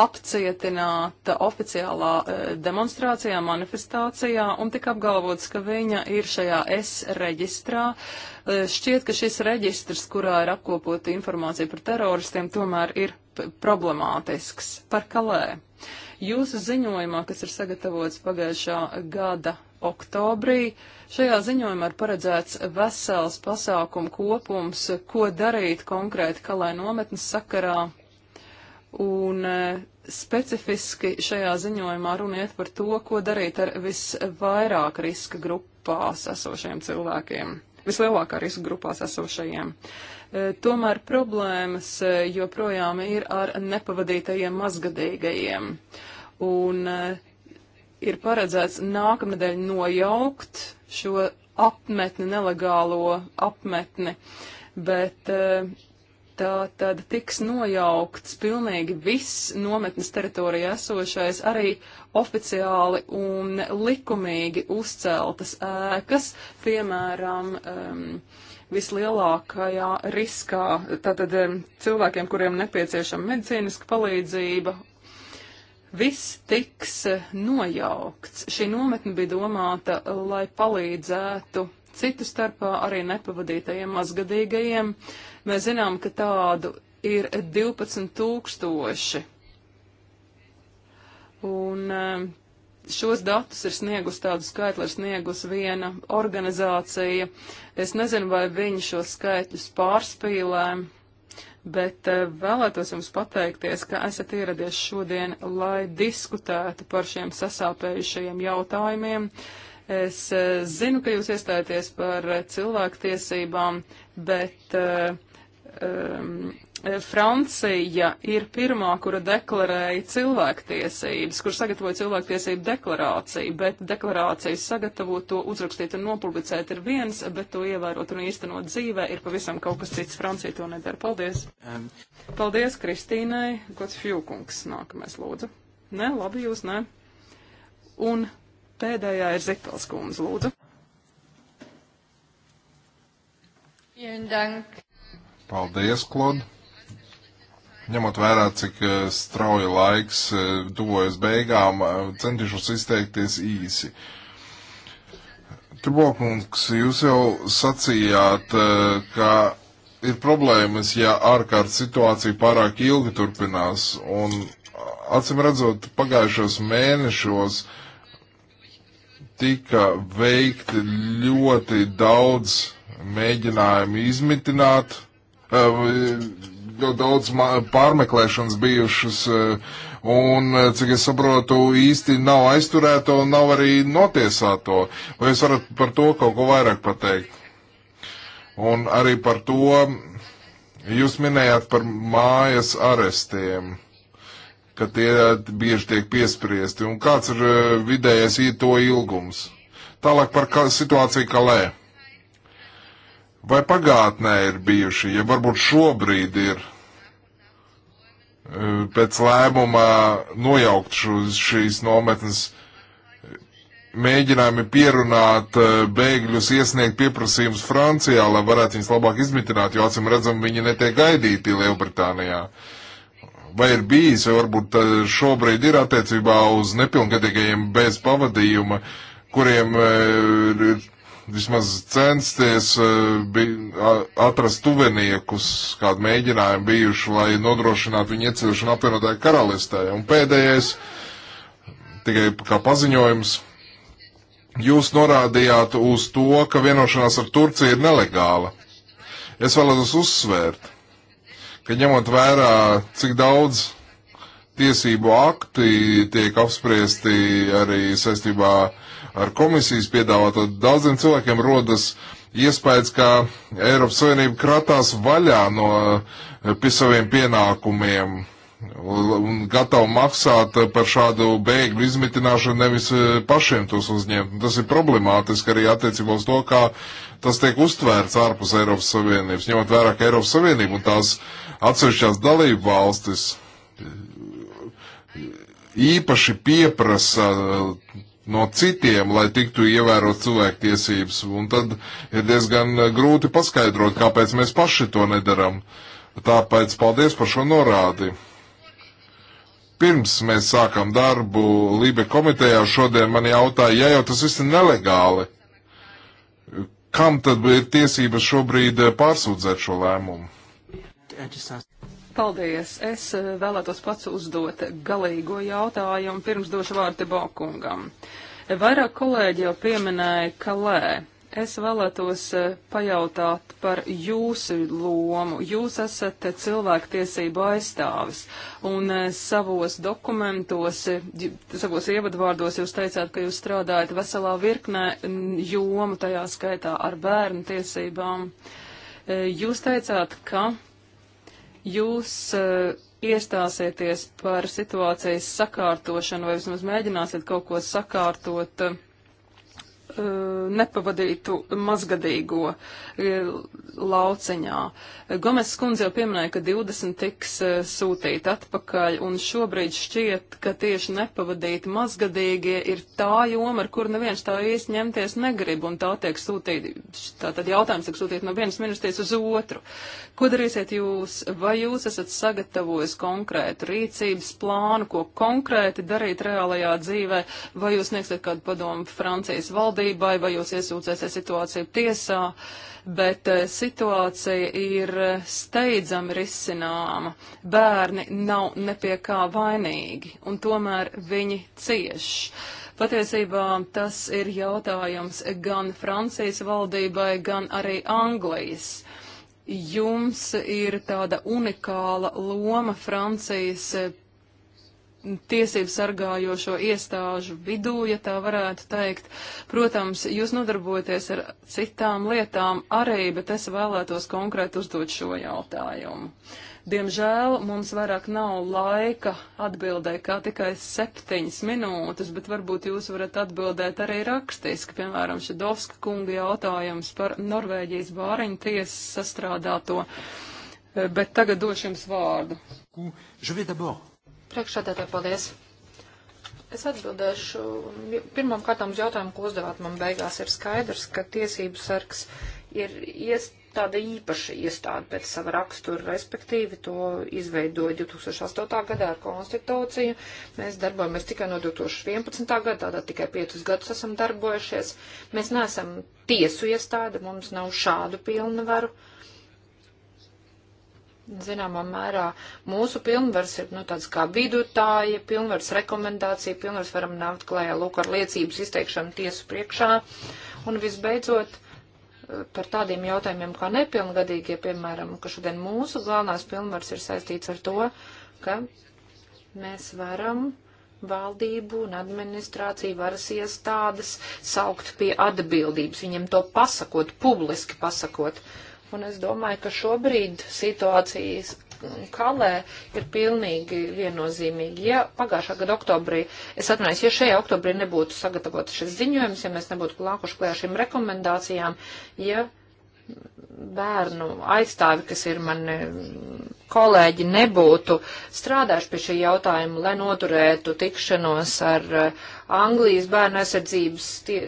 apcietināta oficiālā e, demonstrācijā, manifestācijā un tika apgalvots, ka viņa ir šajā S reģistrā. E, šķiet, ka šis reģistrs, kurā ir apkopota informācija par teroristiem, tomēr ir problemātisks par kalē. Jūsu ziņojumā, kas ir sagatavots pagājušā gada oktobrī, šajā ziņojumā ir paredzēts vesels pasākumu kopums, ko darīt konkrēti kalē nometnes sakarā Un eh, specifiski šajā ziņojumā runiet par to, ko darīt ar visvairāk riska grupās esošajiem cilvēkiem, vislielākā riska grupās esošajiem. E, tomēr problēmas eh, joprojām ir ar nepavadītajiem mazgadīgajiem. Un e, ir paredzēts nākamnedēļ nojaukt šo apmetni, nelegālo apmetni, bet e, Tā tad tiks nojaukts pilnīgi viss nometnes teritorijā esošais, arī oficiāli un likumīgi uzceltas ēkas, piemēram, um, vislielākajā riskā, tātad um, cilvēkiem, kuriem nepieciešama medicīniska palīdzība. Viss tiks nojaukts. Šī nometne bija domāta, lai palīdzētu citu starpā arī nepavadītajiem mazgadīgajiem. Uh, Mēs zinām, ka tādu ir 12 tūkstoši. Un eh, šos datus ir sniegus tādu skaitli, ir sniegus viena organizācija. Es nezinu, vai viņi šos skaitļus pārspīlē, bet eh, vēlētos jums pateikties, ka esat ieradies šodien, lai diskutētu par šiem sasāpējušajiem jautājumiem. Es eh, zinu, ka jūs iestājaties par cilvēku tiesībām, bet uh, um, Francija ir pirmā, kura deklarēja cilvēktiesības, kur sagatavoja cilvēktiesību deklarāciju, bet deklarācijas sagatavot to, uzrakstīt un nopublicēt ir viens, bet to ievērot un īstenot dzīvē ir pavisam kaut kas cits. Francija to nedara. Paldies. Um. Paldies Kristīnai. Gods Fjūkungs nākamais lūdzu. Nē, labi jūs, nē. Un pēdējā ir Zipelskundze lūdzu. Vielen Dank. Paldies, Klod! Ņemot vērā, cik eh, strauji laiks eh, tuvojas beigām, eh, centīšos izteikties īsi. Tribokungs, jūs jau sacījāt, ka ir problēmas, ja ārkārtas situācija pārāk ilgi turpinās, un acim redzot, pagājušos mēnešos tika veikti ļoti daudz mēģinājumu izmitināt ļoti ehm, daudz pārmeklēšanas bijušas, eh, un, eh, cik es saprotu, īsti nav aizturēto un nav arī notiesāto. Vai jūs varat par to kaut ko vairāk pateikt? Un arī par to, jūs minējāt par mājas arestiem, ka tie bieži tiek piespriesti, un kāds ir eh, vidējais to ilgums? Tālāk par situāciju Kalē. Ka vai pagātnē ir bijuši, ja varbūt šobrīd ir e, pēc lēmuma nojaukt šīs nometnes mēģinājumi pierunāt e, bēgļus iesniegt pieprasījumus Francijā, lai varētu viņus labāk izmitināt, jo acīm redzam, viņi netiek gaidīti Lielbritānijā. Vai ir bijis, vai varbūt e, šobrīd ir attiecībā uz nepilngadīgajiem bez pavadījuma, kuriem ir vismaz censties eh, atrast tuveniekus, kādu mēģinājumu bijuši, lai nodrošinātu viņu ieceļšanu apvienotāju karalistē. Un pēdējais, tikai kā paziņojums, jūs norādījāt uz to, ka vienošanās ar Turciju ir nelegāla. Es vēlētos uzsvērt, ka ņemot vērā, cik daudz tiesību akti tiek apspriesti arī saistībā Ar komisijas piedāvāto daudziem cilvēkiem rodas iespējas, ka Eiropas Savienība kratās vaļā no eh, pie saviem pienākumiem un gatavi maksāt eh, par šādu bēgļu izmitināšanu, nevis eh, pašiem tos uzņemt. Tas ir problemātiski arī attiecībā uz to, kā tas tiek uztvērts ārpus Eiropas Savienības, ņemot vērā, ka Eiropas Savienība un tās atsevišķās dalību valstis īpaši pieprasa no citiem, lai tiktu ievērot cilvēktiesības. Un tad ir diezgan eh, grūti paskaidrot, kāpēc mēs paši to nedaram. Tāpēc paldies par šo norādi. Pirms mēs sākam darbu Lībe komitejā, šodien man jautāja, ja jau tas viss ir nelegāli, kam tad ir tiesības šobrīd eh, pārsūdzēt šo lēmumu? Paldies! Es eh, vēlētos pats uzdot galīgo jautājumu pirms došu vārdu Tebokungam. Vairāk kolēģi jau pieminēja Kalē. Es vēlētos eh, pajautāt par jūsu lomu. Jūs esat cilvēktiesību aizstāvis, un eh, savos dokumentos, savos ievadvārdos jūs teicāt, ka jūs strādājat veselā virknē jomu, tajā skaitā ar bērnu tiesībām. Jūs teicāt, ka jūs uh, iestāsieties par situācijas sakārtošanu vai vismaz mēģināsiet kaut ko sakārtot uh, Uh, nepavadītu mazgadīgo uh, lauciņā. Gomes skundze jau pieminēja, ka 20 tiks uh, sūtīti atpakaļ, un šobrīd šķiet, ka tieši nepavadīti mazgadīgie ir tā joma, ar kur neviens tā īsti ņemties negrib, un tā tiek sūtīti, tā tad jautājums tiek sūtīti no vienas ministrijas uz otru. Ko darīsiet jūs? Vai jūs esat sagatavojis konkrētu rīcības plānu, ko konkrēti darīt reālajā dzīvē, vai jūs sniegsiet kādu padomu Francijas valdību? valdībai, vai jūs iesūdzēsiet situāciju tiesā, bet eh, situācija ir eh, steidzami risināma. Bērni nav nepie kā vainīgi, un tomēr viņi cieš. Patiesībā tas ir jautājums gan Francijas valdībai, gan arī Anglijas jums ir tāda unikāla loma Francijas eh, tiesību sargājošo iestāžu vidū, ja tā varētu teikt. Protams, jūs nodarboties ar citām lietām arī, bet es vēlētos konkrēti uzdot šo jautājumu. Diemžēl mums vairāk nav laika atbildēt kā tikai septiņas minūtes, bet varbūt jūs varat atbildēt arī rakstiski, piemēram, Šedovska kunga jautājums par Norvēģijas bāriņu tiesas sastrādāto. Bet tagad došu jums vārdu. Je vais d'abord Priekšādātāji, paldies. Es atbildēšu. Pirmam kārtām uz jautājumu, ko uzdevāt man beigās, ir skaidrs, ka tiesību sargs ir iest, tāda īpaša iestāde pēc sava rakstura, respektīvi to izveidoja 2008. gadā ar konstitūciju. Mēs darbojamies tikai no 2011. gada, tātad tikai piecus gadus esam darbojušies. Mēs neesam tiesu iestāde, mums nav šādu pilnvaru. Uh, zināmā mērā mūsu pilnvars ir, nu, tāds kā vidutāja, pilnvars rekomendācija, pilnvars varam nākt klējā lūk ar liecības izteikšanu tiesu priekšā. Un visbeidzot, eh, par tādiem jautājumiem kā nepilngadīgie, piemēram, ka šodien mūsu galvenās pilnvars ir saistīts ar to, ka mēs varam valdību un administrāciju varas iestādes saukt pie atbildības, viņiem to pasakot, publiski pasakot. Uh, un es domāju, ka šobrīd situācijas Kalē ir pilnīgi viennozīmīgi. Ja pagājušā gada oktobrī, es atminēju, ja šajā oktobrī nebūtu sagatavots šis ziņojums, ja mēs nebūtu klākuši klējā šīm rekomendācijām, ja bērnu aizstāvi, kas ir mani kolēģi, nebūtu strādājuši pie šī jautājuma, lai noturētu tikšanos ar eh, Anglijas bērnu aizsardzības tie,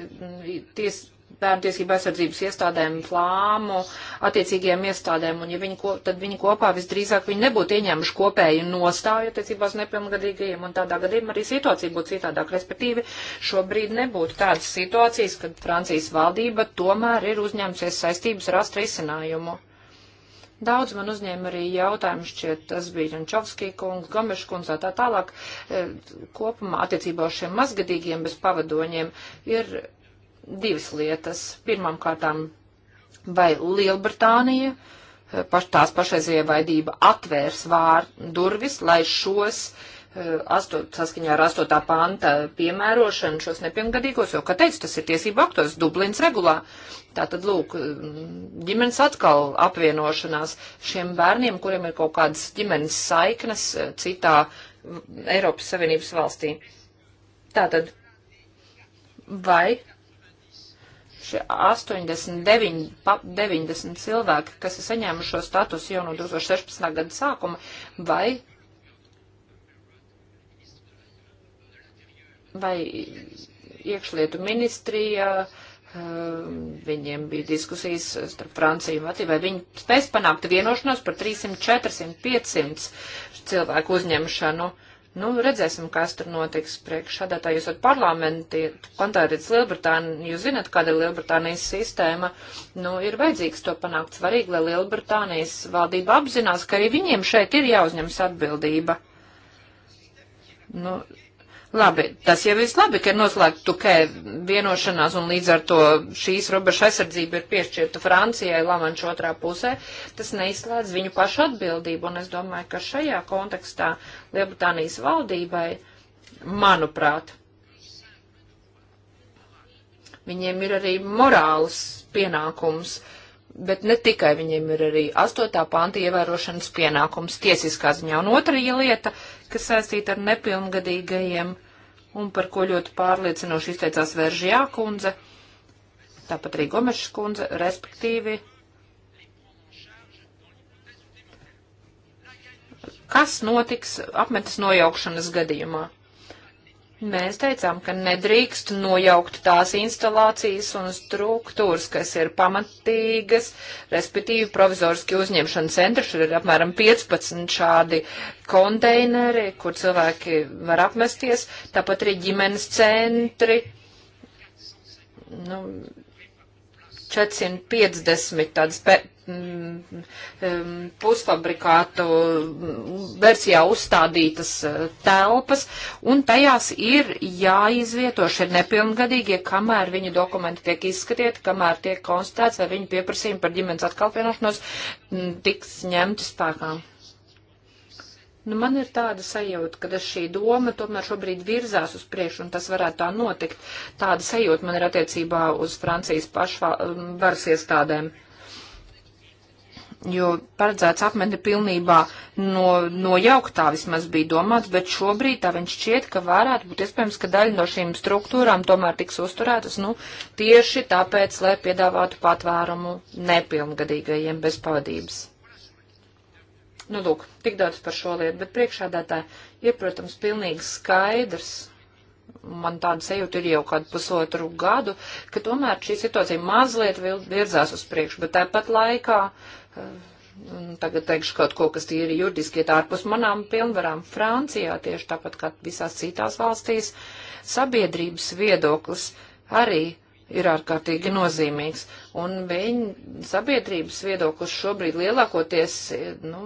ties, bērnu tiesību aizsardzības iestādēm, plāmu, attiecīgajām iestādēm, un ja viņi, ko, tad viņi kopā visdrīzāk viņi nebūtu ieņēmuši kopēju nostāju attiecībās nepilngadīgajiem, un tādā gadījumā arī situācija būtu citādāk. Respektīvi, šobrīd nebūtu tādas situācijas, kad Francijas valdība tomēr ir uzņēmusies saistības rast risinājumu. Daudz man uzņēma arī jautājumu, šķiet, tas bija Jančovskī kungs, Gomeša kungs, tā tālāk. E, kopumā attiecībā uz šiem mazgadīgiem bez pavadoņiem ir divas lietas. Pirmām kārtām, vai Lielbritānija eh, paš, tās pašreizējā vaidība atvērs vār durvis, lai šos eh, astot, saskaņā ar 8. panta piemērošanu šos nepilngadīgos, jo, kā teicu, tas ir tiesību aktos, Dublins regulā. Tātad, lūk, ģimenes atkal apvienošanās šiem bērniem, kuriem ir kaut kādas ģimenes saiknes eh, citā Eiropas Savienības valstī. Tātad, vai šie 89 pa, 90 cilvēki, kas ir saņēmuši šo statusu jau no 2016. gada sākuma, vai, vai iekšlietu ministrija, um, viņiem bija diskusijas starp Franciju un Latviju, vai viņi spēs panākt vienošanos par 300, 400, 500 cilvēku uzņemšanu. No Nu, redzēsim, kas tur notiks priekšādā. Jūs esat parlamenti, kontārīts Lielbritānija, jūs zinat, kāda ir Lielbritānijas sistēma. Nu, ir vajadzīgs to panākt svarīgi, lai Lielbritānijas valdība apzinās, ka arī viņiem šeit ir jāuzņemas atbildība. Nu, Labi, tas jau viss labi, ka ir noslēgta tukē vienošanās un līdz ar to šīs robeža aizsardzība ir piešķirta Francijai, Lamanča otrā pusē. Tas neizslēdz viņu pašu atbildību un es domāju, ka šajā kontekstā Lielbritānijas valdībai, manuprāt, viņiem ir arī morāls pienākums bet ne tikai viņiem ir arī 8. panta ievērošanas pienākums tiesiskā ziņā. Un otra lieta, kas saistīta ar nepilngadīgajiem, un par ko ļoti pārliecinoši izteicās Veržjā kundze, tāpat arī Gomešs kundze, respektīvi, kas notiks apmetas nojaukšanas gadījumā. Mēs teicām, ka nedrīkst nojaukt tās instalācijas un struktūras, kas ir pamatīgas, respektīvi provizoriski uzņemšana centri, šur ir apmēram 15 šādi konteineri, kur cilvēki var apmesties, tāpat arī ģimenes centri. Nu, 450 tādas mm, mm, mm, pusfabrikātu versijā uzstādītas eh, telpas, un tajās ir jāizvieto šie nepilngadīgie, kamēr viņu dokumenti tiek izskatīti, kamēr tiek konstatēts, vai viņu pieprasījumi par ģimenes atkalpienošanos tiks ņemti spēkā. Nu, man ir tāda sajūta, ka šī doma tomēr šobrīd virzās uz priekšu, un tas varētu tā notikt. Tāda sajūta man ir attiecībā uz Francijas pašvaras um, iestādēm. Jo paredzēts apmetni pilnībā no, nojauktā vismaz bija domāts, bet šobrīd tā viņš šķiet, ka varētu būt iespējams, ka daļa no šīm struktūrām tomēr tiks uzturētas, nu, tieši tāpēc, lai piedāvātu patvērumu nepilngadīgajiem bez pavadības. Nu, lūk, tik daudz par šo lietu, bet priekšādātāji ir, protams, pilnīgi skaidrs, man tāda sajūta ir jau kādu pusotru gadu, ka tomēr šī situācija mazliet virzās uz priekšu, bet tāpat laikā, eh, tagad teikšu kaut ko, kas tīri juridiski ir ārpus manām pilnvarām, Francijā tieši tāpat kā visās citās valstīs, sabiedrības viedoklis arī ir ārkārtīgi nozīmīgs un viņa sabiedrības viedoklis šobrīd lielākoties nu,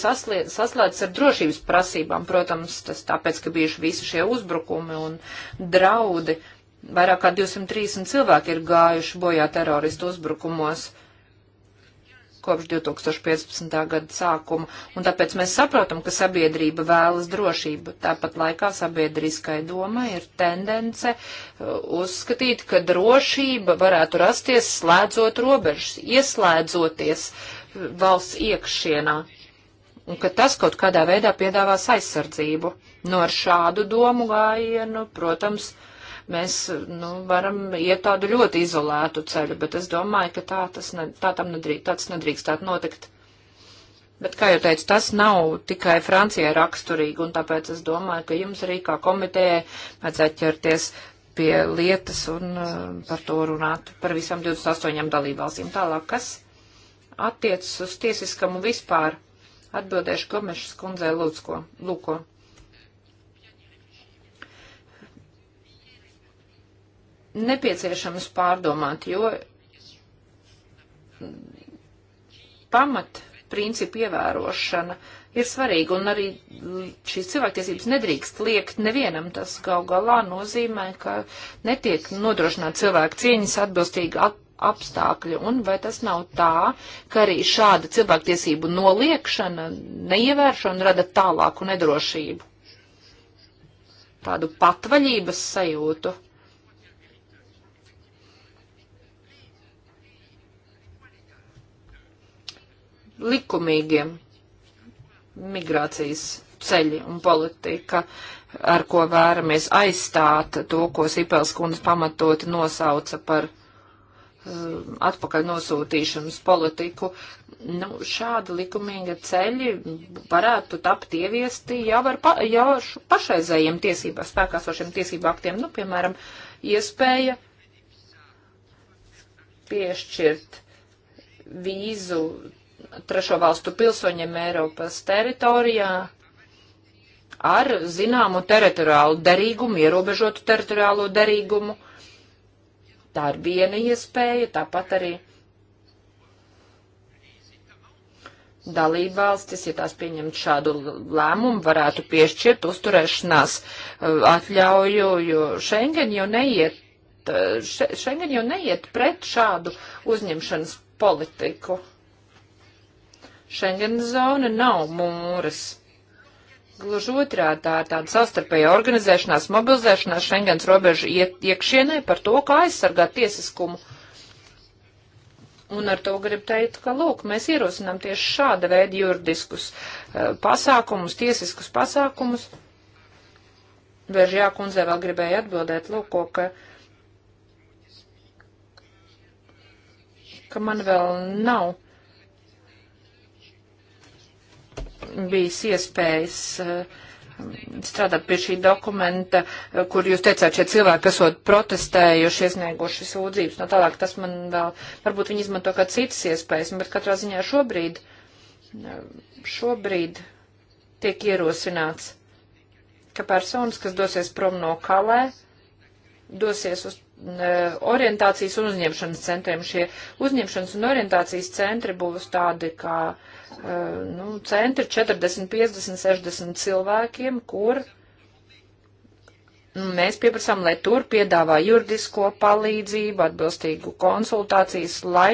saslēdz ar drošības prasībām, protams, tas tāpēc, ka bijuši visi šie uzbrukumi un draudi. Vairāk kā 230 cilvēki ir gājuši bojā teroristu uzbrukumos. Uh, kopš 2015. gada sākuma, un tāpēc mēs saprotam, ka sabiedrība vēlas drošību. Tāpat laikā sabiedriskai doma ir tendence uh, uzskatīt, ka drošība varētu rasties slēdzot robežas, ieslēdzoties uh, valsts iekšienā un ka tas kaut kādā veidā piedāvās aizsardzību. No ar šādu domu gājienu, protams, mēs nu, varam iet tādu ļoti izolētu ceļu, bet es domāju, ka tā, tas ne, tā tam nedrīkst, tāds nedrīkstētu notikt. Bet, kā jau teicu, tas nav tikai Francijai raksturīgi, un tāpēc es domāju, ka jums arī kā komitejai vajadzētu ķerties pie lietas un uh, par to runāt par visām 28 dalībvalstīm. Tālāk, kas attiecas uz tiesiskam un vispār, atbildēšu Gomešas kundzei Lūko. nepieciešams pārdomāt, jo pamat principu ievērošana ir svarīga, un arī šīs cilvēktiesības nedrīkst liekt nevienam. Tas gal galā nozīmē, ka netiek nodrošināt cilvēku cieņas atbilstīgi at apstākļi, un vai tas nav tā, ka arī šāda cilvēktiesību noliekšana, neievēršana rada tālāku nedrošību? Tādu patvaļības sajūtu likumīgiem migrācijas ceļi un politika, ar ko vēramies aizstāt to, ko Sipels kundze pamatoti nosauca par uh, atpakaļ nosūtīšanas politiku. Nu, šādi likumīga ceļi varētu tapt ieviesti jau ar pa, jau pašreizējiem tiesībā spēkā sošiem tiesību aktiem, nu, piemēram, iespēja piešķirt vīzu trešo valstu pilsoņiem Eiropas teritorijā ar zināmu teritoriālu derīgumu, ierobežotu teritoriālo derīgumu. Tā ir viena iespēja, tāpat arī dalībvalstis, ja tās pieņemt šādu lēmumu, varētu piešķirt uzturēšanās uh, atļauju, jo Schengen jau neiet, uh, Schengen jau neiet pret šādu uzņemšanas politiku. Schengen zona nav mūras. Gluži otrādi tā ir tāda savstarpēja organizēšanās, mobilizēšanās Schengens robežu iekšienē par to, kā aizsargāt tiesiskumu. Un ar to gribu teikt, ka, lūk, mēs ierosinām tieši šāda veida juridiskus uh, pasākumus, tiesiskus pasākumus. Veržjā kundzē vēl gribēja atbildēt, lūk, ko, ka, ka man vēl nav bijis iespējas eh, strādāt pie šī dokumenta, eh, kur jūs teicāt, šie cilvēki, kas ir protestējuši, iesnieguši sūdzības, no tālāk tas man vēl, varbūt viņi izmanto kā citas iespējas, bet katrā ziņā šobrīd, eh, šobrīd tiek ierosināts, ka personas, kas dosies prom no kalē, dosies uz E, orientācijas un uzņemšanas centriem. Šie uzņemšanas un orientācijas centri būs tādi kā e, nu, centri 40, 50, 60 cilvēkiem, kur mēs pieprasām, lai tur piedāvā juridisko palīdzību, atbilstīgu konsultācijas, lai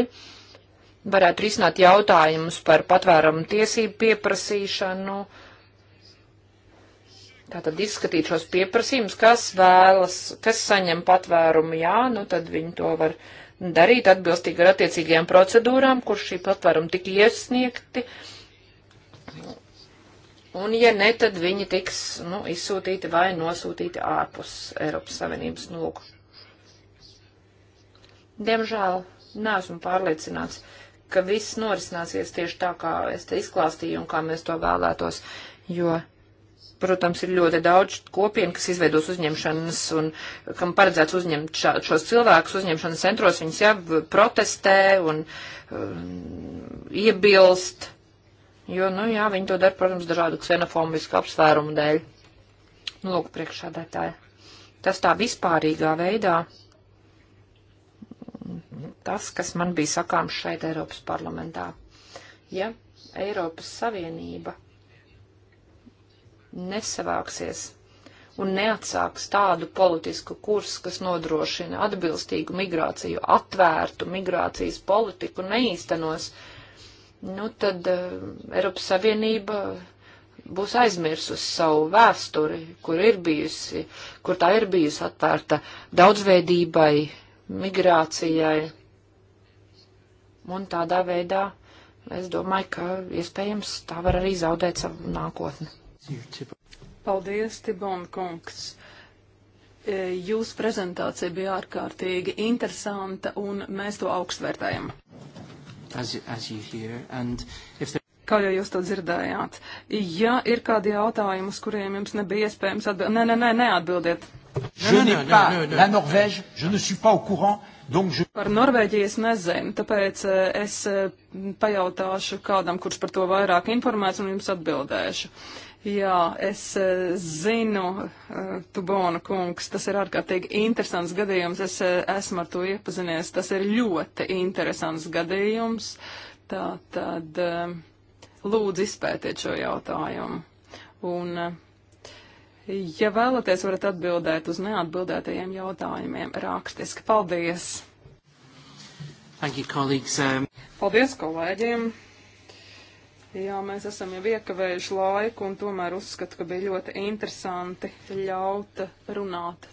varētu risināt jautājumus par patvērumu tiesību pieprasīšanu, uh, Tātad izskatīt šos pieprasījumus, kas vēlas, kas saņem patvērumu, jā, nu tad viņi to var darīt atbilstīgi ar attiecīgajām procedūrām, kur šī patvēruma tika iesniegti. Un, ja ne, tad viņi tiks nu, izsūtīti vai nosūtīti ārpus Eiropas Savienības nolūku. Diemžēl neesmu pārliecināts, ka viss norisināsies tieši tā, kā es te izklāstīju un kā mēs to vēlētos, jo Protams, ir ļoti daudz kopienu, kas izveidos uzņemšanas un kam paredzēts uzņemt šā, šos cilvēkus uzņemšanas centros. Viņas jau protestē un um, iebilst, jo, nu jā, viņi to dara, protams, dažādu ksenofobisku apsvērumu dēļ. Nu, lūk, priekšādētāja. Tas tā vispārīgā veidā tas, kas man bija sakāms šeit Eiropas parlamentā. Ja Eiropas Savienība nesavāksies un neatsāks tādu politisku kursu, kas nodrošina atbilstīgu migrāciju, atvērtu migrācijas politiku neīstenos, nu tad uh, Eiropas Savienība būs aizmirsusi savu vēsturi, kur ir bijusi, kur tā ir bijusi atvērta daudzveidībai, migrācijai. Un tādā veidā es domāju, ka iespējams tā var arī zaudēt savu nākotni. Paldies, Tibon kungs. E, Jūsu prezentācija bija ārkārtīgi interesanta un mēs to augstvērtējam. As, as you hear, and if there kā jau jūs to dzirdējāt. Ja ir kādi jautājumi, uz kuriem jums nebija iespējams atbildēt, nē, nē, nē, neatbildiet. Ne, ne, ne, Norvēģi, courant, je... Par Norvēģiju es nezinu, tāpēc e, es e, pajautāšu kādam, kurš par to vairāk informēts, un jums atbildēšu. Jā, es eh, zinu, eh, Tubona kungs, tas ir ārkārtīgi interesants gadījums. Es eh, esmu ar to iepazinies. Tas ir ļoti interesants gadījums. Tā tad lūdzu izpētiet šo jautājumu. Un, ja vēlaties, varat atbildēt uz neatbildētajiem jautājumiem rakstiski. Paldies! Thank you, colleagues. Um... Paldies kolēģiem! Jā, mēs esam jau iekavējuši laiku, un tomēr uzskatu, ka bija ļoti interesanti ļaut runāt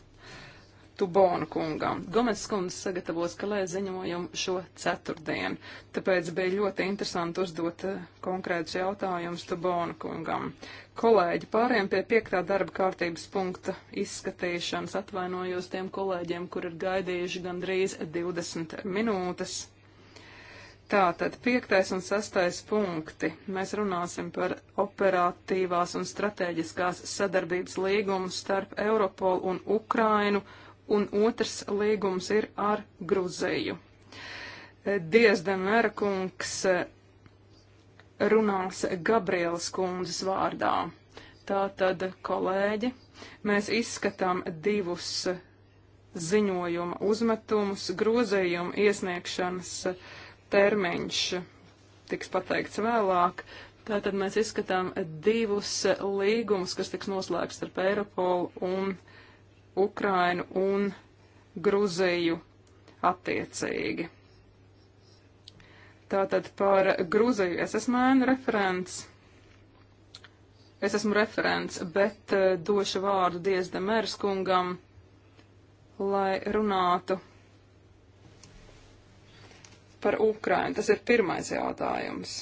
Tubona kungam. Gomes kundze sagatavos kalē ziņojumu šo ceturtdienu, tāpēc bija ļoti interesanti uzdot eh, konkrētus jautājumus Tubona kungam. Kolēģi, pāriem pie piektā darba kārtības punkta izskatīšanas atvainojos tiem kolēģiem, kur ir gaidījuši gandrīz 20 minūtes. Tātad piektais un sastais punkti. Mēs runāsim par operatīvās un strateģiskās sadarbības līgumu starp Europolu un Ukrainu, un otrs līgums ir ar Gruziju. Eh, Diezdemēra kungs eh, runās Gabrielas kundzes vārdā. Tātad, kolēģi, mēs izskatām divus eh, ziņojuma uzmetumus, grozījumu iesniegšanas uh, termiņš tiks pateikts vēlāk. Tātad mēs izskatām divus līgumus, kas tiks noslēgts starp Eiropolu un Ukrainu un Gruziju attiecīgi. Tātad par Gruziju es esmu ēnu referents. Es esmu referents, bet eh, došu vārdu Diezde Mērskungam, lai runātu par Ukrainu. Tas ir pirmais jautājums.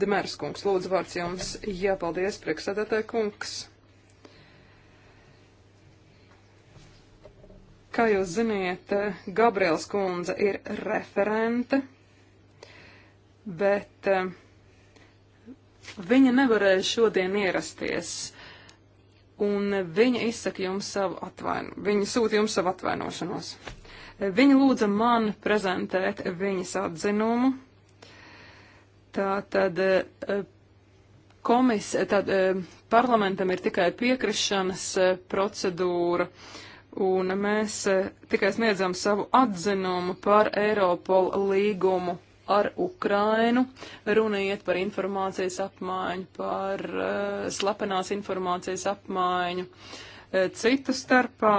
Demērs kungs, lūdzu vārds jums. Jā, paldies, priekšsēdētāji kungs. Kā jūs ziniet, Gabriels kundze ir referente, bet eh, viņa nevarēja šodien ierasties un viņa izsaka jums savu atvainu, viņa sūta jums savu atvainošanos. Viņa lūdza man prezentēt viņas atzinumu. Tā tad eh, komis, tad eh, parlamentam ir tikai piekrišanas eh, procedūra, un mēs tikai sniedzam savu atzinumu par Eiropol līgumu ar Ukrainu. Runa iet par informācijas apmaiņu, par uh, slepenās informācijas apmaiņu. Eh, citu starpā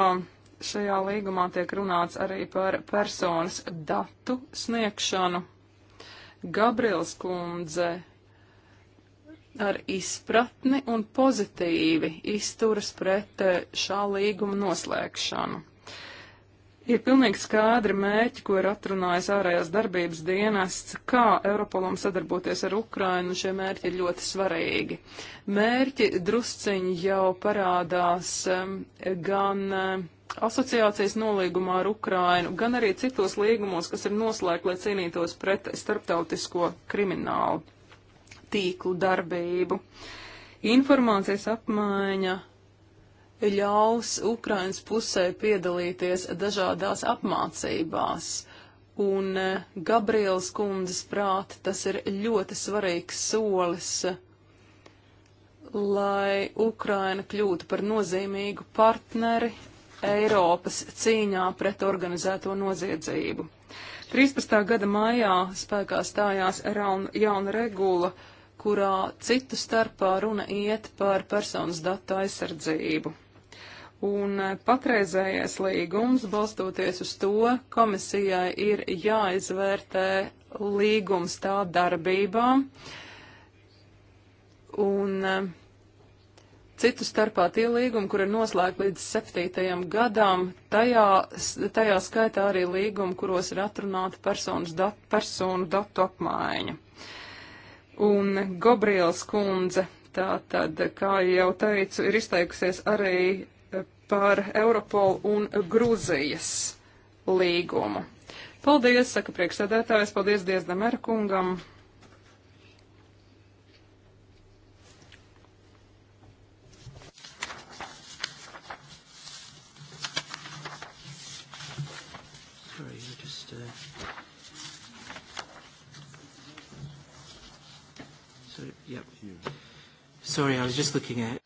šajā līgumā tiek runāts arī par personas datu sniegšanu. Gabriels kundze ar izpratni un pozitīvi izturas pret eh, šā līguma noslēgšanu. Ir pilnīgi skaidri mērķi, ko ir atrunājis ārējās darbības dienests, kā Europolam sadarboties ar Ukrainu, un šie mērķi ir ļoti svarīgi. Mērķi drusciņi jau parādās um, gan um, asociācijas nolīgumā ar Ukrainu, gan arī citos līgumos, kas ir noslēgti, lai cīnītos pret starptautisko kriminālu tīklu darbību. Informācijas apmaiņa ļaus Ukrainas pusē piedalīties dažādās apmācībās. Un e, Gabriels kundzes prāti tas ir ļoti svarīgs solis, lai Ukraina kļūtu par nozīmīgu partneri Eiropas cīņā pret organizēto noziedzību. 13. gada maijā spēkā stājās rauna, jauna regula, kurā citu starpā runa iet par personas datu aizsardzību. Un eh, patreizējais līgums, balstoties uz to, komisijai ir jāizvērtē līgums tā darbībā. Un eh, citu starpā tie līgumi, kur ir noslēgti līdz septītajam gadam, tajā, tajā skaitā arī līgumi, kuros ir atrunāta personas dat, personu datu apmaiņa. Un Gabriels kundze, tā tad, kā jau teicu, ir izteikusies arī par Europolu un Gruzijas līgumu. Paldies, saka priekšsēdētājs, paldies Diezdam Erkungam. Uh, sorry, I was just looking at.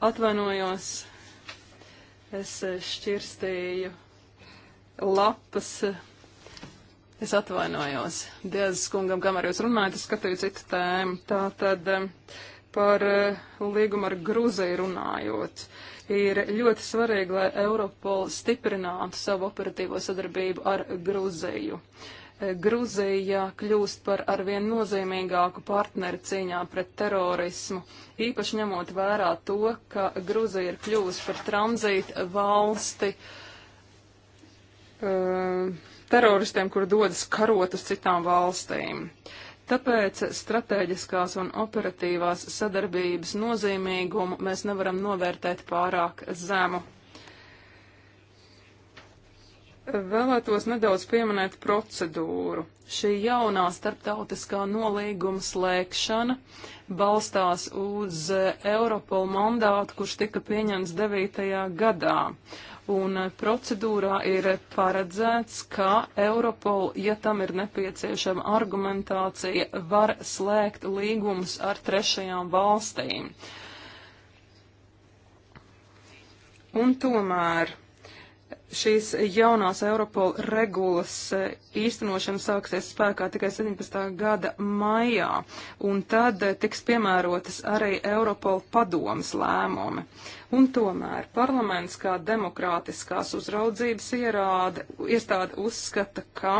Atvainojos, Es šķirstīju lapas. Es atvainojos. Diezas kungam, kamēr jūs runājat, es skatīju citu tēmu. Tā tad par eh, līgumu ar Gruziju runājot. Ir ļoti svarīgi, lai Europol stiprinātu savu operatīvo sadarbību ar Gruziju. Uh, Gruzija kļūst par arvien nozīmīgāku partneri cīņā pret terorismu, īpaši ņemot vērā to, ka Gruzija ir kļūst par tranzīta valsti uh, teroristiem, kur dodas karot uz citām valstīm. Tāpēc strateģiskās un operatīvās sadarbības nozīmīgumu mēs nevaram novērtēt pārāk zemu vēlētos nedaudz pieminēt procedūru. Šī jaunā starptautiskā nolīguma slēgšana balstās uz eh, Europol mandātu, kurš tika pieņemts 9. gadā. Un eh, procedūrā ir paredzēts, ka Europol, ja tam ir nepieciešama argumentācija, var slēgt līgumus ar trešajām valstīm. Un tomēr šīs jaunās Europol regulas eh, īstenošana sāksies spēkā tikai 17. gada maijā, un tad eh, tiks piemērotas arī Europol padomas lēmumi. Un tomēr parlaments kā demokrātiskās uzraudzības ierāde, iestāde uzskata, ka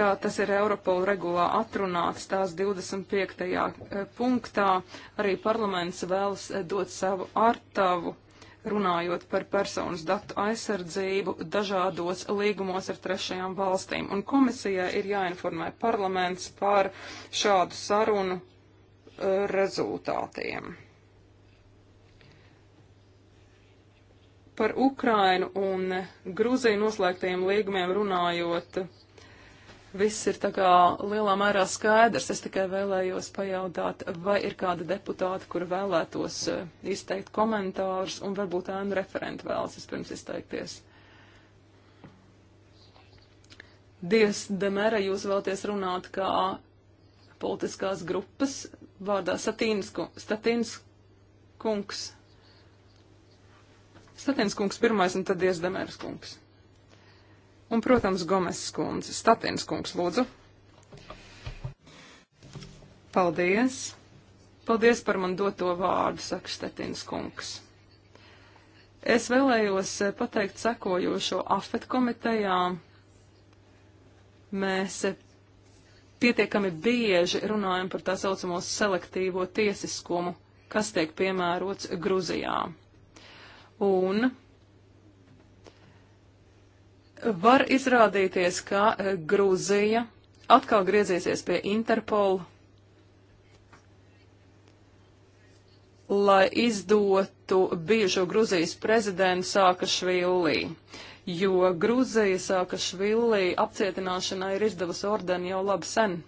kā tas ir Europola regulā atrunāts tās 25. Eh, punktā, arī parlaments vēlas dot savu artavu runājot par personas datu aizsardzību dažādos līgumos ar trešajām valstīm. Un komisijai ir jāinformē parlaments par šādu sarunu uh, rezultātiem. Par Ukrainu un Gruziju noslēgtajiem līgumiem runājot, viss ir tā kā lielā mērā skaidrs. Es tikai vēlējos pajautāt, vai ir kāda deputāta, kura vēlētos eh, izteikt komentārus, un varbūt ēnu referenti vēlas vispirms izteikties. Dievs, Demēra, jūs vēlaties runāt kā politiskās grupas vārdā Satīns kungs. Satīns kungs pirmais un tad Dievs Demēras kungs. Un, protams, Gomes skundze. Statins kungs, lūdzu. Paldies. Paldies par man doto vārdu, saka Statins kungs. Es vēlējos eh, pateikt sekojošo afet komitejā. Mēs eh, pietiekami bieži runājam par tā saucamo selektīvo tiesiskumu, kas tiek piemērots Gruzijā. Un Var izrādīties, ka eh, Grūzija atkal griezīsies pie Interpolu, lai izdotu bijušo Grūzijas prezidentu Sākašvillī, jo Grūzija Sākašvillī apcietināšanai ir izdevusi ordeni jau labi sen.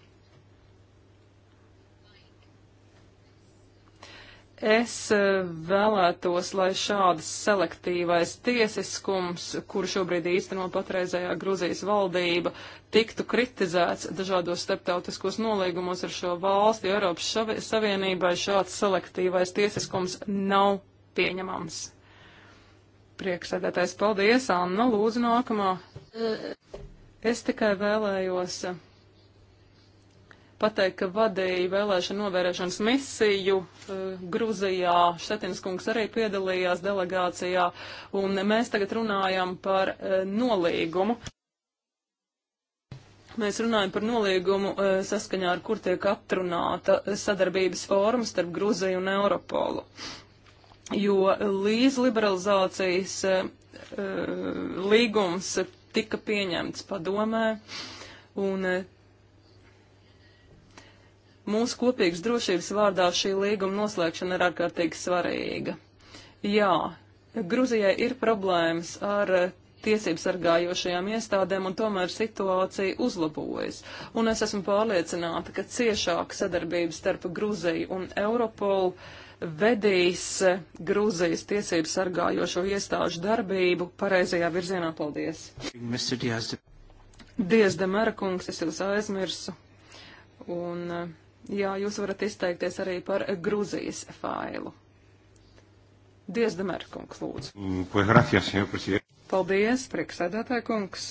Es eh, vēlētos, lai šāds selektīvais tiesiskums, kuru šobrīd īsteno patreizējā Gruzijas valdība, tiktu kritizēts dažādos starptautiskos nolīgumos ar šo valsti, jo Eiropas Savienībai šāds selektīvais tiesiskums nav pieņemams. Prieksēdētais, paldies, Anna, lūdzu nākamā. Uh. Es tikai vēlējos pateikt, ka vadīja vēlēšana novērošanas misiju uh, Gruzijā. Štetinskungs arī piedalījās delegācijā, un mēs tagad runājam par uh, nolīgumu. Mēs runājam par nolīgumu, uh, saskaņā ar kur tiek atrunāta sadarbības forma starp Gruziju un Europolu. Jo līdz liberalizācijas līgums tika pieņemts padomē, un Mūsu kopīgas drošības vārdā šī līguma noslēgšana ir ārkārtīgi svarīga. Jā, Gruzijai ir problēmas ar eh, tiesību sargājošajām iestādēm, un tomēr situācija uzlabojas. Un es esmu pārliecināta, ka ciešāka sadarbība starp Gruziju un Europolu vedīs eh, Grūzijas tiesību sargājošo iestāžu darbību pareizajā virzienā. Paldies! Diezde Merakungs, es jūs aizmirsu. Un eh, Jā, jūs varat izteikties arī par Gruzijas failu. Dievs, Demerkungs, lūdzu. Mm, pues gracias, señor presidente. Paldies, prieksēdētāja kungs.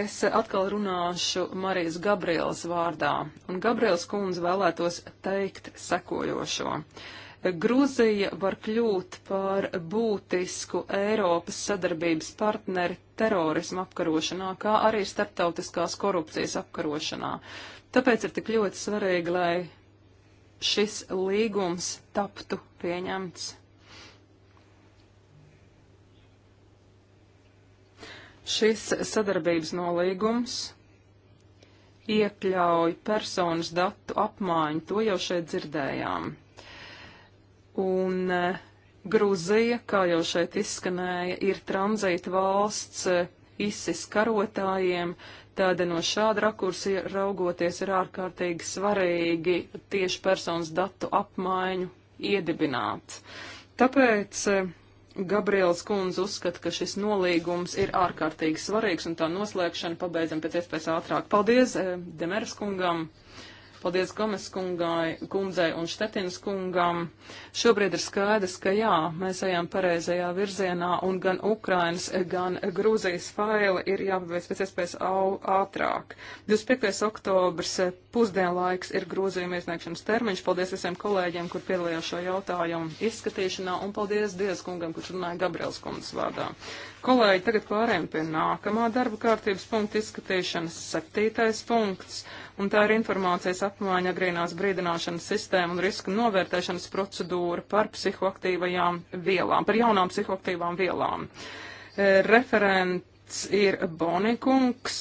Es atkal runāšu Marijas Gabrielas vārdā, un Gabrielas kundze vēlētos teikt sekojošo. Uh, Gruzija var kļūt par būtisku Eiropas sadarbības partneri terorismu apkarošanā, kā arī starptautiskās korupcijas apkarošanā. Tāpēc ir tik ļoti svarīgi, lai šis līgums taptu pieņemts. Šis sadarbības nolīgums iekļauj personas datu apmaiņu, to jau šeit dzirdējām. Un eh, Gruzija, kā jau šeit izskanēja, ir tranzīta valsts eh, ISIS karotājiem, tāda no šāda rakursa raugoties ir ārkārtīgi svarīgi tieši personas datu apmaiņu iedibināt. Tāpēc eh, Gabriels kundze uzskata, ka šis nolīgums ir ārkārtīgi svarīgs un tā noslēgšana pabeidzam pēc iespējas ātrāk. Paldies Demeras kungam! Paldies Gomes kungai, kundzei un Štetinas kungam. Šobrīd ir skaidrs, ka jā, mēs ejam pareizajā virzienā un gan Ukrainas, gan Grūzijas faili ir jāpabeidz pēc iespējas ātrāk. 25. oktobrs eh, pusdienlaiks ir Grūzijuma iesniegšanas termiņš. Paldies visiem kolēģiem, kur piedalījās šo jautājumu izskatīšanā un paldies Dievs kungam, kurš runāja Gabriels kundas vārdā. Kolēģi, tagad pārējām pie nākamā darba kārtības punkta izskatīšanas, septītais punkts, un tā ir informācijas apmaiņa agrīnās brīdināšanas sistēma un riska novērtēšanas procedūra par psihoaktīvajām vielām, par jaunām psihoaktīvām vielām. E, referents ir Bonikungs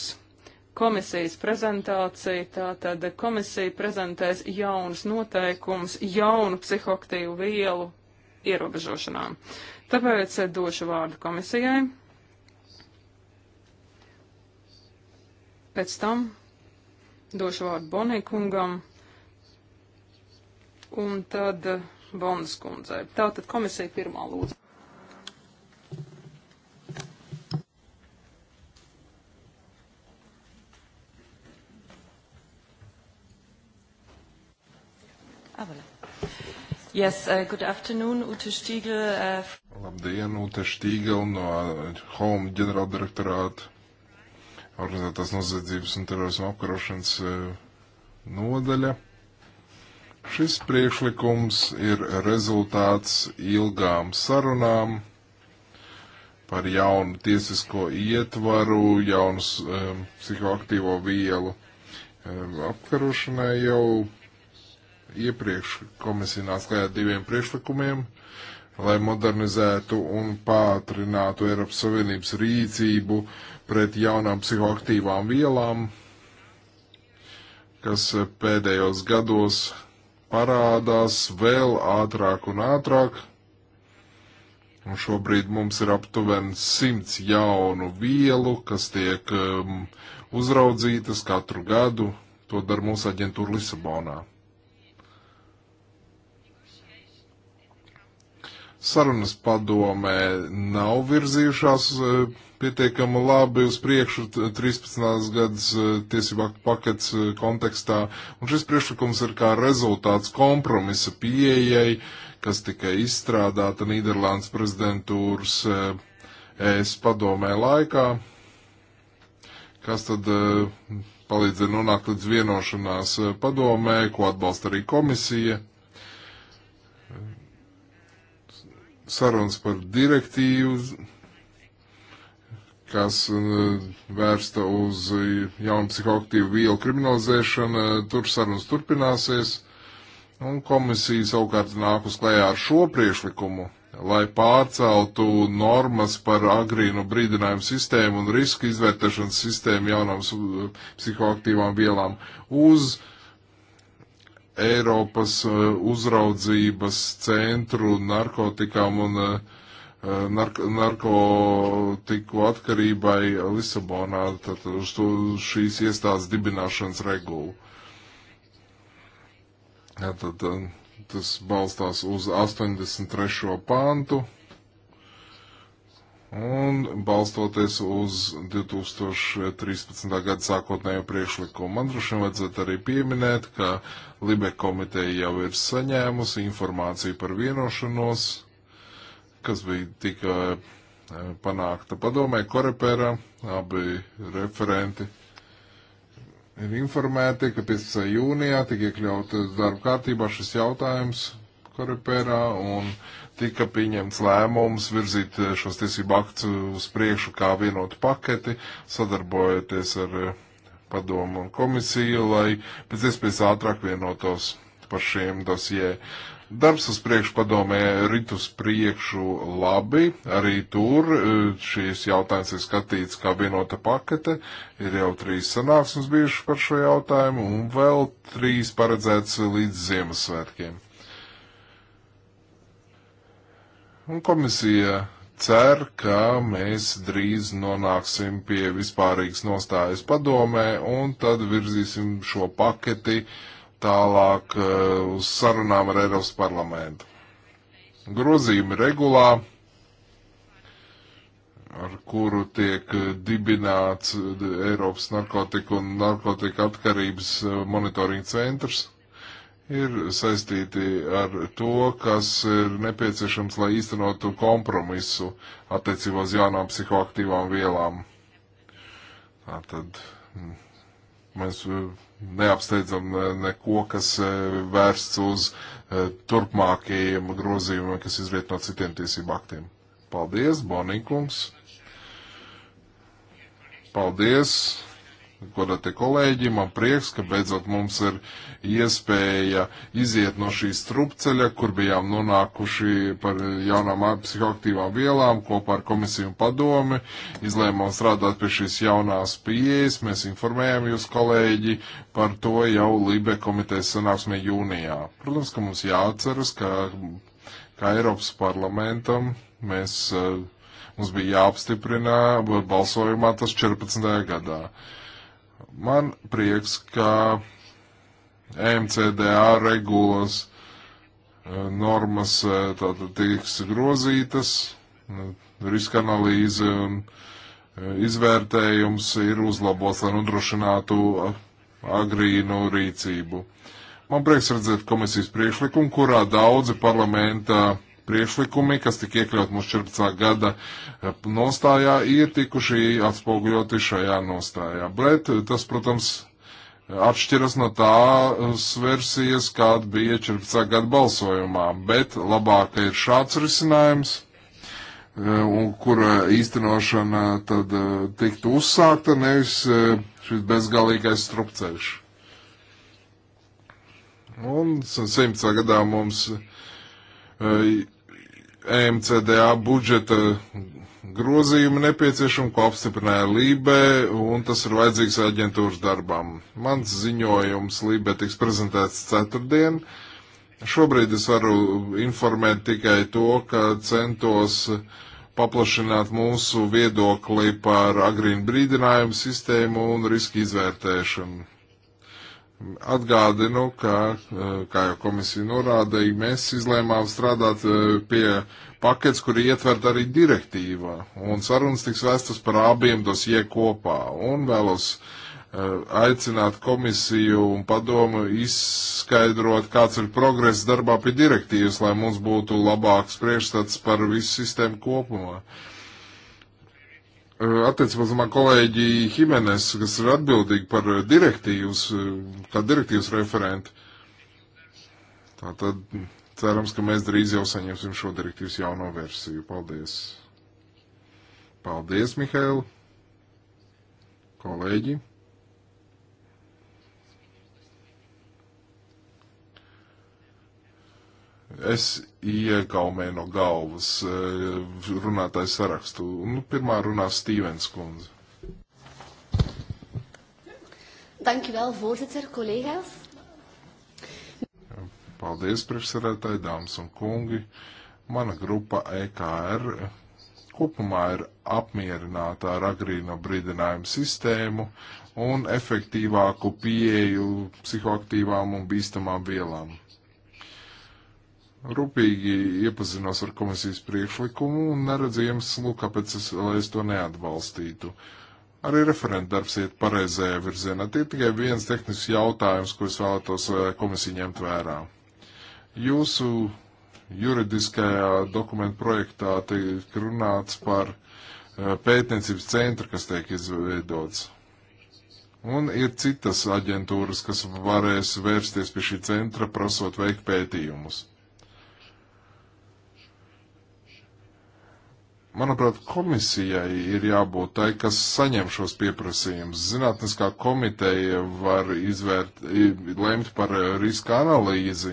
komisijas prezentācija, tātad komisija prezentēs jaunus noteikumus jaunu psihoaktīvu vielu ierobežošanām. Tāpēc došu vārdu komisijai. Pēc tam došu vārdu Bonīkungam un tad eh, Bondas kundzei. Tātad komisija pirmā lūdzu. Ah, yes, uh, good afternoon, Ute Stiegel. Uh, Labdien, Ute Štīgela no Home ģenerāldirektorāta organizētās noziedzības un terorismu apkarošanas eh, nodaļa. Šis priekšlikums ir rezultāts ilgām sarunām par jaunu tiesisko ietvaru, jaunu um, eh, psihoaktīvo vielu um, apkarošanai jau iepriekš komisija nāca klājā diviem priekšlikumiem lai modernizētu un pātrinātu Eiropas Savienības rīcību pret jaunām psihoaktīvām vielām, kas pēdējos gados parādās vēl ātrāk un ātrāk. Un šobrīd mums ir aptuveni simts jaunu vielu, kas tiek um, uzraudzītas katru gadu. To dara mūsu aģentūra Lisabonā. Sarunas padomē nav virzījušās e, pietiekama labi uz priekšu 13. gadas tiesībā pakets e, kontekstā, un šis priekšlikums ir kā rezultāts kompromisa pieejai, kas tika izstrādāta Nīderlandes prezidentūras e, ES padomē laikā, kas tad palīdzēja nonākt līdz vienošanās padomē, ko atbalsta arī komisija. sarunas par direktīvu, kas uh, vērsta uz jaunu psihoaktīvu vielu kriminalizēšanu. Tur sarunas turpināsies, un komisija savukārt nāk uz klējā ar šo priešlikumu, lai pārceltu normas par agrīnu brīdinājumu sistēmu un riska izvērtēšanas sistēmu jaunām psihoaktīvām vielām uz uh, Eiropas eh, uzraudzības centru narkotikām un eh, eh, narko, narkotiku atkarībai Lisabonā, tad uz to šīs iestādes dibināšanas regulu. Ja, tad, tas balstās uz 83. pāntu un balstoties uz 2013. gada sākotnējo priekšlikumu. Man droši vien vajadzētu arī pieminēt, ka Libe komiteja jau ir saņēmusi informāciju par vienošanos, kas bija tika e, panākta padomē Korepērā, abi referenti ir informēti, ka 15. jūnijā tika iekļauts darba kārtībā šis jautājums Korepērā un uh, tika pieņemts lēmums virzīt eh, šos tiesību aktus uz priekšu kā vienotu paketi, sadarbojoties ar eh, padomu un komisiju, lai pēc iespējas ātrāk vienotos par šiem dosijē. Darbs uz priekšu padomē rit uz priekšu labi, arī tur eh, šīs jautājums ir skatīts kā vienota pakete, ir jau trīs sanāksmes bijušas par šo jautājumu un vēl trīs paredzēts līdz Ziemassvētkiem. Un komisija cer, ka mēs drīz nonāksim pie vispārīgas nostājas padomē un tad virzīsim šo paketi tālāk eh, uz sarunām ar Eiropas parlamentu. Grozījumi regulā, ar kuru tiek dibināts Eiropas narkotiku un narkotika atkarības eh, monitoringa centrs ir saistīti ar to, kas ir nepieciešams, lai īstenotu kompromisu attiecībā uz jaunām psihoaktīvām vielām. Tātad mm, mēs e, neapsteidzam neko, kas e, vērsts uz e, turpmākajiem grozījumiem, kas izriet no citiem tiesību aktiem. Paldies, Bonikums! Paldies! godātie kolēģi, man prieks, ka beidzot mums ir iespēja iziet no šī strupceļa, kur bijām nonākuši par jaunām psihoaktīvām vielām kopā ar komisiju un padomi. Izlēmām strādāt pie šīs jaunās pieejas. Mēs informējām jūs, kolēģi, par to jau Libe komitejas sanāksmē jūnijā. Protams, ka mums jāatceras, ka kā Eiropas parlamentam mēs. Mums bija jāapstiprina balsojumā tas 14. gadā. Uh, Man prieks, ka MCDA regulas e, normas e, tātad tiks grozītas, riska analīze un e, izvērtējums ir uzlabots, lai nodrošinātu agrīnu rīcību. Man prieks redzēt komisijas priekšlikumu, kurā daudzi parlamenta uh, priekšlikumi, kas tika iekļaut mūsu 14. gada eh, nostājā, ir tikuši atspoguļoti šajā nostājā. Bet eh, tas, protams, atšķiras no tās eh, versijas, kāda bija 14. gada balsojumā, bet labāk ir šāds risinājums, un kura īstenošana tad tiktu uzsākta, nevis šis bezgalīgais strupceļš. Un 100. gadā mums EMCDA budžeta grozījumi nepieciešami, ko apstiprināja Lībe, un tas ir vajadzīgs aģentūras darbam. Mans ziņojums Lībe tiks prezentēts ceturtdien. Šobrīd es varu informēt tikai to, ka centos paplašināt mūsu viedokli par agrīnu brīdinājumu sistēmu un riski izvērtēšanu. Atgādinu, ka, eh, kā jau komisija norādīja, mēs izlēmām strādāt eh, pie pakets, kur ietvert arī direktīvā, un sarunas tiks vēstas par abiem dosie kopā, un vēlos eh, aicināt komisiju un padomu izskaidrot, kāds ir progress darbā pie direktīvas, lai mums būtu labāks priekšstats par visu sistēmu kopumā. Uh, attiecībā uz manu kolēģi Himenes, kas ir atbildīgi par direktīvas, kā direktīvas referenti. Tātad cerams, ka mēs drīz jau saņemsim šo direktīvas jauno versiju. Paldies! Paldies, Mihail! Kolēģi! Es iekaumēju no galvas eh, runātāju sarakstu. Nu, pirmā runā Stīvens kundze. Dankjewel, voorzitter, collega's. Paldies, priekšsarētāji, dāmas un kungi. Mana grupa EKR kopumā ir apmierināta ar agrīno brīdinājumu sistēmu un efektīvāku pieeju psihoaktīvām un bīstamām vielām rūpīgi iepazinos ar komisijas priekšlikumu un neredzu iemeslu, kāpēc es, lai es to neatbalstītu. Arī referenta darbs iet pareizajā virzienā. Tie tikai viens tehnisks jautājums, ko es vēlētos eh, komisiju ņemt vērā. Jūsu juridiskajā dokumentu projektā tiek runāts par eh, pētniecības centru, kas tiek izveidots. Un ir citas aģentūras, kas varēs vērsties pie šī centra, prasot veikt pētījumus. Manuprāt, komisijai ir jābūt tai, kas saņem šos pieprasījumus. Zinātniskā komiteja var izvērt, lemt par riska analīzi.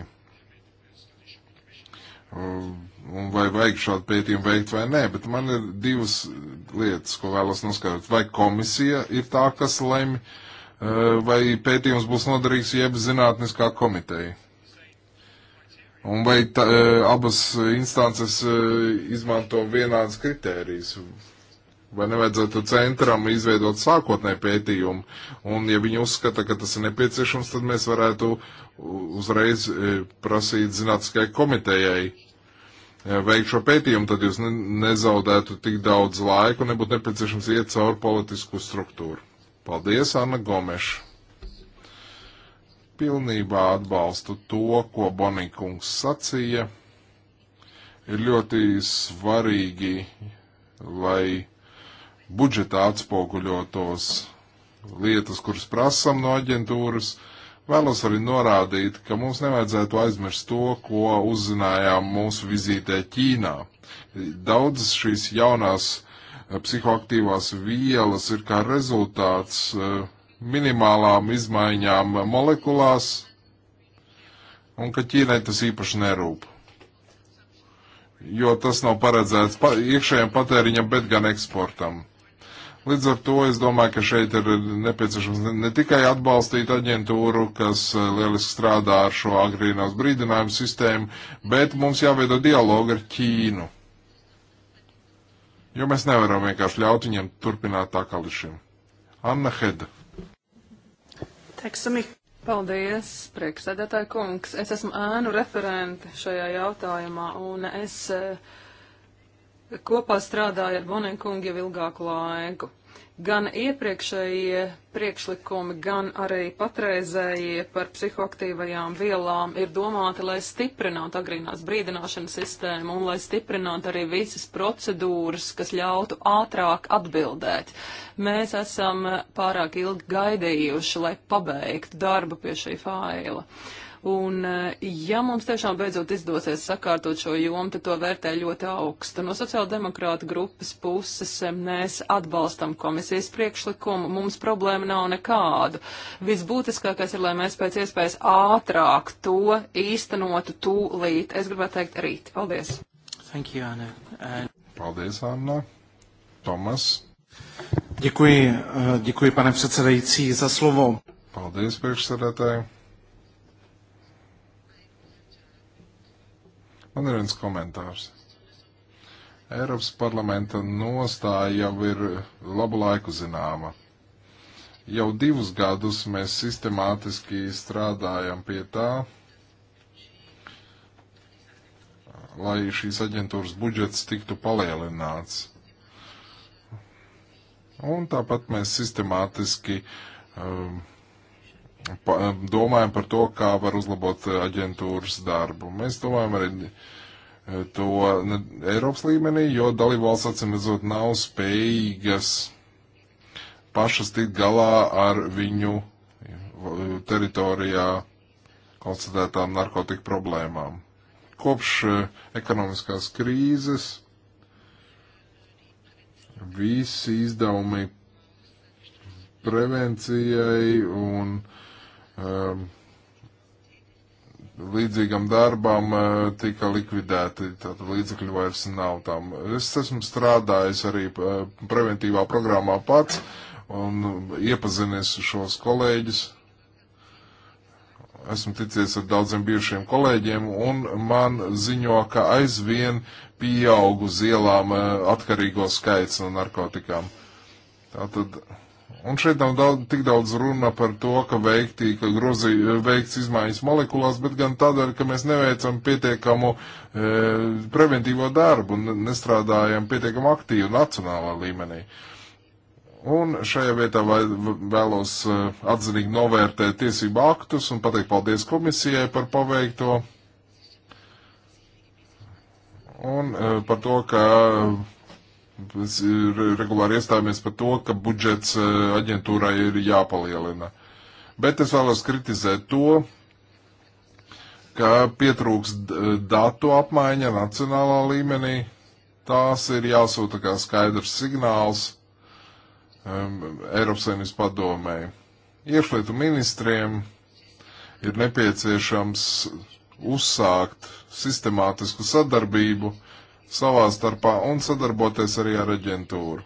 Un vai vajag šādu pētījumu veikt vai nē, bet man ir divas lietas, ko vēlos noskaidrot. Vai komisija ir tā, kas lemj, eh, vai pētījums būs noderīgs jeb zinātniskā komiteja? Un vai tā, e, abas instances e, izmanto vienādas kritērijas? Vai nevajadzētu centram izveidot sākotnē pētījumu? Un, ja viņi uzskata, ka tas ir nepieciešams, tad mēs varētu uzreiz e, prasīt zinātniskai komitejai veikt šo pētījumu, tad jūs nezaudētu tik daudz laika un nebūtu nepieciešams iet cauri politisku struktūru. Paldies, Anna Gomeša! pilnībā atbalstu to, ko Bonīkungs sacīja. Ir ļoti svarīgi, lai budžetā atspoguļotos lietas, kuras prasam no aģentūras. Vēlos arī norādīt, ka mums nevajadzētu aizmirst to, ko uzzinājām mūsu vizītē Ķīnā. Daudzas šīs jaunās eh, psihoaktīvās vielas ir kā rezultāts uh, minimālām izmaiņām molekulās, un ka Ķīnai tas īpaši nerūp. Jo tas nav paredzēts pa, iekšējiem patēriņam, bet gan eksportam. Līdz ar to es domāju, ka šeit ir nepieciešams ne, ne tikai atbalstīt aģentūru, kas eh, lieliski strādā ar šo agrīnās brīdinājumu sistēmu, bet mums jāveido dialogu ar Ķīnu. Jo mēs nevaram vienkārši ļaut viņiem turpināt tā kā līdz šim. Anna Heda. Paldies, priekšsēdētāji kungs. Es esmu ēnu referente šajā jautājumā, un es eh, kopā strādāju ar Boninkungu jau ilgāku laiku. Gan iepriekšējie priekšlikumi, gan arī patreizējie par psihoaktīvajām vielām ir domāti, lai stiprinātu agrīnās brīdināšanas sistēmu un lai stiprinātu arī visas procedūras, kas ļautu ātrāk atbildēt. Mēs esam pārāk ilgi gaidījuši, lai pabeigtu darbu pie šī faila. Uh, Un, eh, ja mums tiešām beidzot izdosies sakārtot šo jomu, tad to vērtē ļoti augstu. No sociāldemokrāta grupas puses eh, mēs atbalstam komisijas priekšlikumu. Mums problēma nav nekādu. Visbūtiskākais ir, lai mēs pēc iespējas ātrāk to īstenotu tūlīt. Es gribētu teikt rīt. Paldies! Thank you, Anna. And... Paldies, Anna. Tomas. Děkuji, eh, děkuji, pane předsedající, za slovo. Paldies, priekšsēdētāji. Man ir viens komentārs. Eiropas parlamenta nostāja jau ir labu laiku zināma. Jau divus gadus mēs sistemātiski strādājam pie tā, lai šīs aģentūras budžets tiktu palielināts. Un tāpat mēs sistemātiski um, pa, eh, domājam par to, kā var uzlabot eh, aģentūras darbu. Mēs domājam arī eh, to Eiropas līmenī, jo dalībvalsts atsimredzot nav spējīgas pašas tikt galā ar viņu teritorijā konstatētām narkotiku problēmām. Kopš ekonomiskās krīzes visi izdevumi prevencijai un uh, um, līdzīgam darbam eh, tika likvidēti, tad līdzekļi vairs nav tam. Es esmu strādājis arī eh, preventīvā programmā pats un iepazinies šos kolēģis. Esmu ticies ar daudziem bijušiem kolēģiem un man ziņo, ka aizvien pieaugu zielām eh, atkarīgo skaits no narkotikām. Tātad. Un šeit nav daudz, tik daudz runa par to, ka veikti, ka grozi, veikts izmaiņas molekulās, bet gan tādēļ, ka mēs neveicam pietiekamu e, preventīvo darbu un nestrādājam pietiekam aktīvi nacionālā līmenī. Un šajā vietā vēlos e, atzinīgi novērtēt tiesību aktus un pateikt paldies komisijai par paveikto. Un e, par to, ka regulāri iestājāmies par to, ka budžets eh, aģentūrai ir jāpalielina. Bet es vēlos kritizēt to, ka pietrūks eh, datu apmaiņa nacionālā līmenī. Tās ir jāsūta kā skaidrs signāls um, Eiropas Savienības padomēji. Iekšlietu ministriem ir nepieciešams uzsākt sistemātisku sadarbību savā starpā un sadarboties arī ar aģentūru.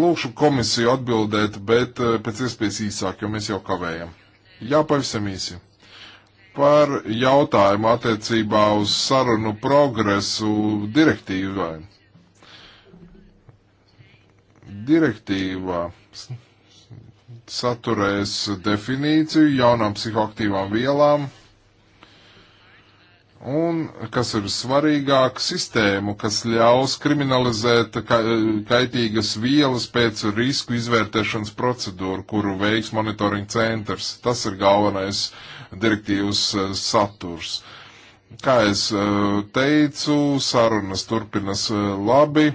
Lūkšu komisiju atbildēt, bet eh, pēc iespējas īsāk, jo mēs jau kavējam. Jā, pavisam īsi. Par jautājumu attiecībā uz sarunu progresu direktīvai. Direktīvā saturēs definīciju jaunām psihoaktīvām vielām un, kas ir svarīgāk, sistēmu, kas ļaus kriminalizēt ka, kaitīgas vielas pēc risku izvērtēšanas procedūru, kuru veiks monitoring centrs. Tas ir galvenais direktīvas eh, saturs. Kā es eh, teicu, sarunas turpinas eh, labi.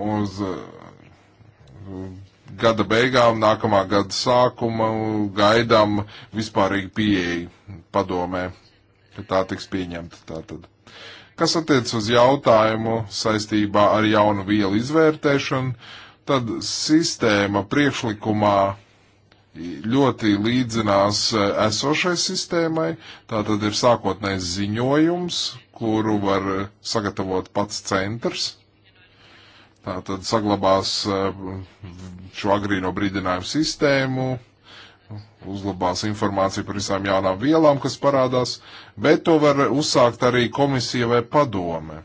Uz gada beigām, nākamā gada sākuma gaidām vispārīgi pieeja padomē, ka tā tiks pieņemta tātad. Kas attiec uz jautājumu saistībā ar jaunu vielu izvērtēšanu, tad sistēma priekšlikumā ļoti līdzinās e, esošai sistēmai. Tā tad ir sākotnējs ziņojums, kuru var sagatavot pats centrs. Tā tad saglabās eh, šo agrīno brīdinājumu sistēmu, uzlabās informāciju par visām jaunām vielām, kas parādās, bet to var uzsākt arī komisija vai padome.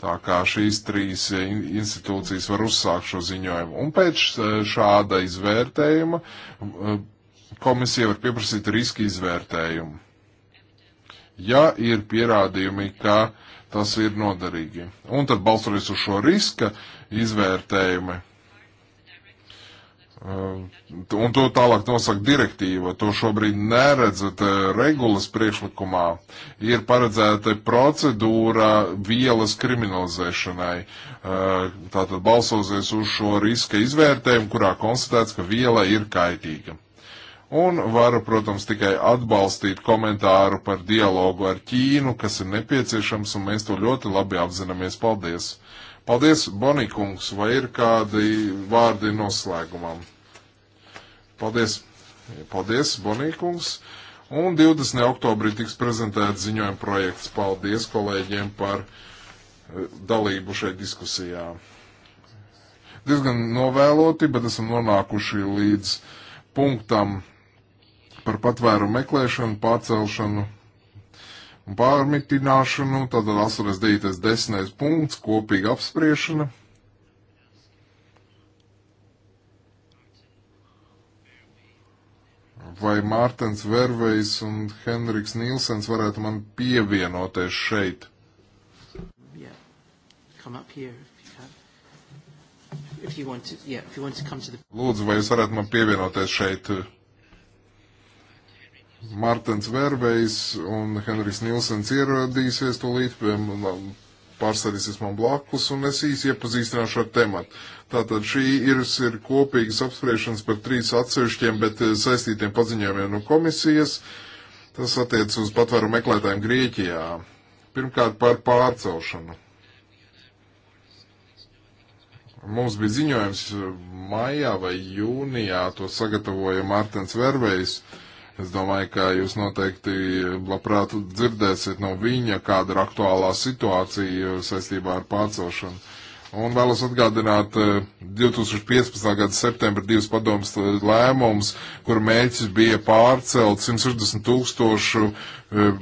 Tā kā šīs trīs eh, institūcijas var uzsākt šo ziņojumu. Un pēc eh, šāda izvērtējuma komisija var pieprasīt riska izvērtējumu. Ja ir pierādījumi, ka uh, tas ir noderīgi. Un tad balstoties uz šo riska izvērtējumu, uh, un to tālāk nosaka direktīva, to šobrīd neredzat uh, regulas priekšlikumā, ir paredzēta procedūra vielas kriminalizēšanai. Uh, tātad balsoties uz šo riska izvērtējumu, kurā konstatēts, ka viela ir kaitīga. Un varu, protams, tikai atbalstīt komentāru par dialogu ar Ķīnu, kas ir nepieciešams, un mēs to ļoti labi apzināmies. Paldies! Paldies, Bonikungs, vai ir kādi vārdi noslēgumam? Paldies! Paldies, Bonikungs! Un 20. oktobrī tiks prezentēts ziņojuma projekts. Paldies kolēģiem par eh, dalību šai diskusijā. Diezgan novēloti, bet esam nonākuši līdz punktam par patvērumu meklēšanu, pārcelšanu un pārmitināšanu, tātad 89. desmitais punkts, kopīga apspriešana. Vai Mārtens Vervejs un Henriks Nīlsens varētu man pievienoties šeit? Yeah. Come up here if you can. If you want to, yeah, if you want to come to the... Lūdzu, vai jūs varētu man pievienoties šeit? Uh, Martins Vervejs un Henrijs Nilsens ieradīsies tūlīt, pārsēdīsies man blakus un es īsi iepazīstināšu ar tematu. Tātad šī ir, ir kopīgas apspriešanas par trīs atsevišķiem, bet eh, saistītiem paziņojumiem no komisijas. Tas attiec uz patvēru meklētājiem Grieķijā. Pirmkārt par pārcelšanu. Mums bija ziņojums eh, maijā vai jūnijā, to sagatavoja Mārtens Vervejs. Uh, Es domāju, ka jūs noteikti labprāt dzirdēsiet no viņa, kāda ir aktuālā situācija saistībā ar pārcelšanu. Un vēlos atgādināt 2015. Eh, gada septembra divas padomas lēmums, kur mēģis bija pārcelt 160 tūkstošu eh,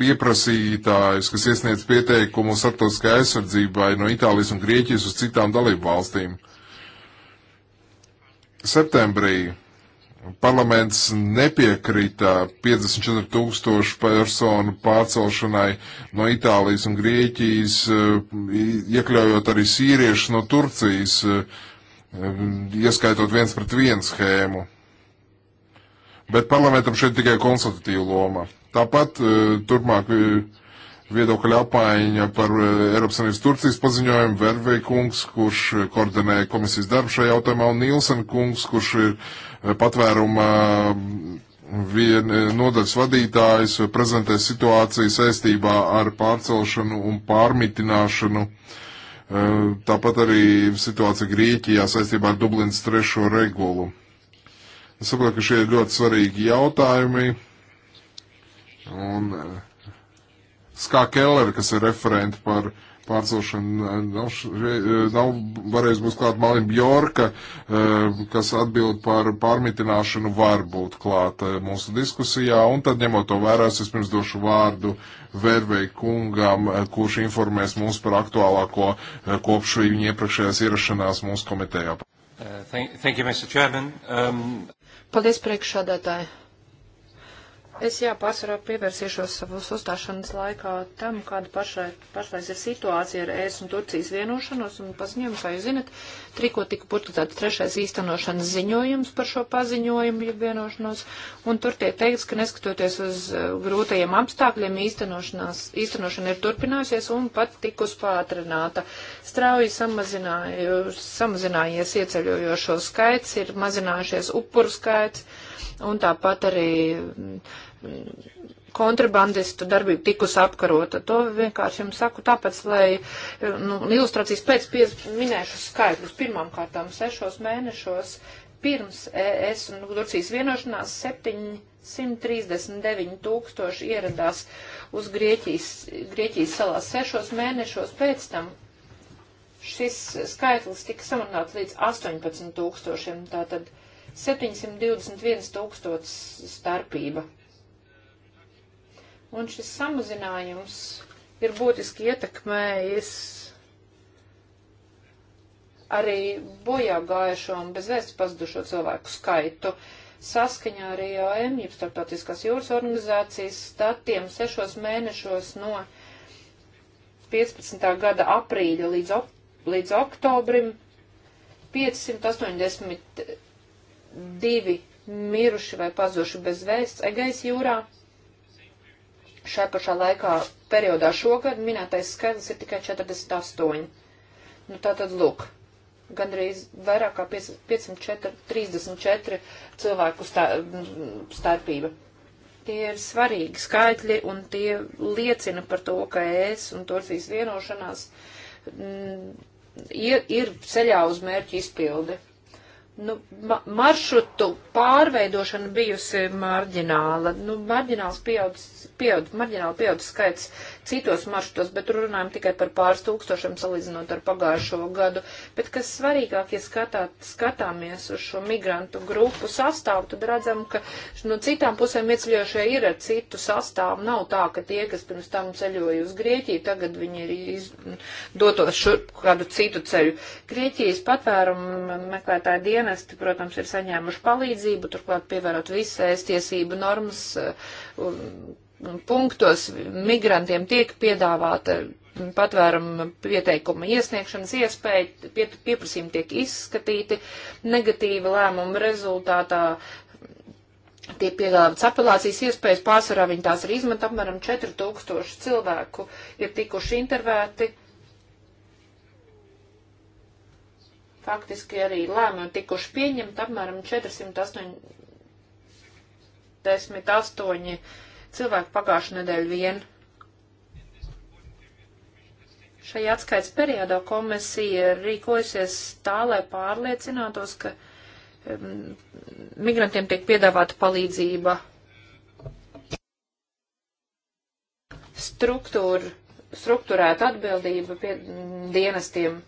pieprasītājus, kas iesniedz pieteikumu starptautiskai aizsardzībai no Itālijas un Grieķijas uz citām dalību valstīm. Septembrī parlaments nepiekrita 54 tūkstošu personu pārcelšanai no Itālijas un Grieķijas, eh, iekļaujot arī sīriešu no Turcijas, eh, ieskaitot viens pret viens schēmu. Bet parlamentam šeit tikai konsultatīva loma. Tāpat eh, turpmāk viedokļa apmaiņa par eh, Eiropas Savienības Turcijas paziņojumu, Vervei kungs, kurš eh, koordinē komisijas darbu šajā jautājumā, un Nilsen kungs, kurš ir eh, patvēruma mm, vien, nodaļas vadītājs, prezentē situāciju saistībā ar pārcelšanu un pārmitināšanu. Tāpat arī situācija Grieķijā saistībā ar Dublinas trešo regulu. Es saprotu, ka šie ir ļoti svarīgi jautājumi. Un, uh, Skā Keller, kas ir referenti par pārcelšanu, nav, eh, nav varējis būt klāt Malin Bjorka, eh, kas atbild par pārmitināšanu, var būt klāt eh, mūsu diskusijā. Un tad, ņemot to vērā, es pirms došu vārdu Vervei kungam, kurš informēs mūs par aktuālāko kopš viņa iepriekšējās ierašanās mūsu komitejā. Uh, thank, thank you, Mr. Chairman. Um... Paldies, priekšsādātāji. Es jā, pārsvarā pievērsīšos savus uzstāšanas laikā tam, kāda pašai, pašlais ir situācija ar ES un Turcijas vienošanos un paziņojumu, kā jūs zinat, triko tika publicēts trešais īstenošanas ziņojums par šo paziņojumu, ja vienošanos, un tur tiek teikts, ka neskatoties uz uh, grūtajiem apstākļiem, īstenošana ir turpinājusies un pat tikus pātrināta. Strauji samazinājies ieceļojošo skaits, ir mazinājušies upuru skaits un tāpat arī mm, kontrabandistu darbību tikus apkarota. To vienkārši jums saku tāpēc, lai nu, ilustrācijas pēc piez, minēšu skaidrus. Pirmām kārtām sešos mēnešos pirms ES un Turcijas vienošanās 739 tūkstoši ieradās uz Grieķijas, Grieķijas salās sešos mēnešos pēc tam. Šis skaitlis tika samanāts līdz 18 tūkstošiem, tātad 18 721 tūkstots starpība. Un šis samazinājums ir būtiski ietekmējis arī bojā gājušo un bezvēsti pazudušo cilvēku skaitu. Saskaņā ar IOM, jeb starptautiskās jūras organizācijas statiem, sešos mēnešos no 15. gada aprīļa līdz, op, līdz oktobrim 580 divi miruši vai pazuši bez vēsts Egejas jūrā. Šai pašā laikā periodā šogad minētais skaitlis ir tikai 48. Nu, tā tad lūk, gandrīz vairāk kā 534 cilvēku stā, starpība. Tie ir svarīgi skaitļi un tie liecina par to, ka es un Turcijas vienošanās mm, ir, ir ceļā uz mērķu izpildi nu, ma maršrutu pārveidošana bijusi marģināla. Nu, marģināls pieaudz, pieaudz, marģināli pieaudz skaits citos maršrutos, bet tur runājam tikai par pāris tūkstošiem salīdzinot ar pagājušo gadu. Bet kas svarīgāk, ja skatā, skatāmies uz šo migrantu grupu sastāvu, tad redzam, ka no citām pusēm ieceļojušie ir ar citu sastāvu. Nav tā, ka tie, kas pirms tam ceļoja uz Grieķiju, tagad viņi ir iz... dotos šurp kādu citu ceļu. Grieķijas patvērumu meklētāju dienesti, protams, ir saņēmuši palīdzību, turklāt pievērot visais tiesību normas. Uh, punktos migrantiem tiek piedāvāta patvērumu pieteikuma iesniegšanas iespēja, pie, pieprasījumi tiek izskatīti, negatīva lēmuma rezultātā tiek piedāvātas apelācijas iespējas, pārsvarā viņi tās arī izmet, apmēram 4000 cilvēku ir tikuši intervēti. Faktiski arī lēmumi tikuši pieņemti apmēram 488 cilvēku pagājušu nedēļu vien. Šajā atskaits periodā komisija rīkojusies tā, lai pārliecinātos, ka um, migrantiem tiek piedāvāta palīdzība struktūra, struktūrēta atbildība pie dienestiem.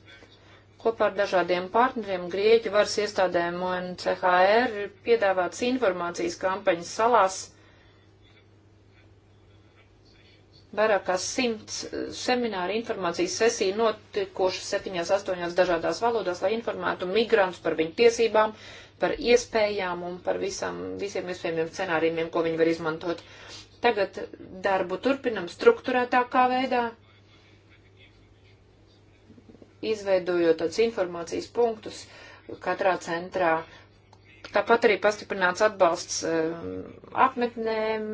Kopā ar dažādiem partneriem Grieķu varas iestādēm un CHR ir piedāvāts informācijas kampaņas salās vairāk kā simts eh, semināru informācijas sesiju notikušas septiņās, astoņās dažādās valodās, lai informētu migrantus par viņu tiesībām, par iespējām un par visam, visiem iespējamiem scenārijiem, ko viņi var izmantot. Tagad darbu turpinam struktūrētākā veidā, izveidojot tādus informācijas punktus katrā centrā. Uh, Tāpat arī pastiprināts atbalsts um, apmetnēm,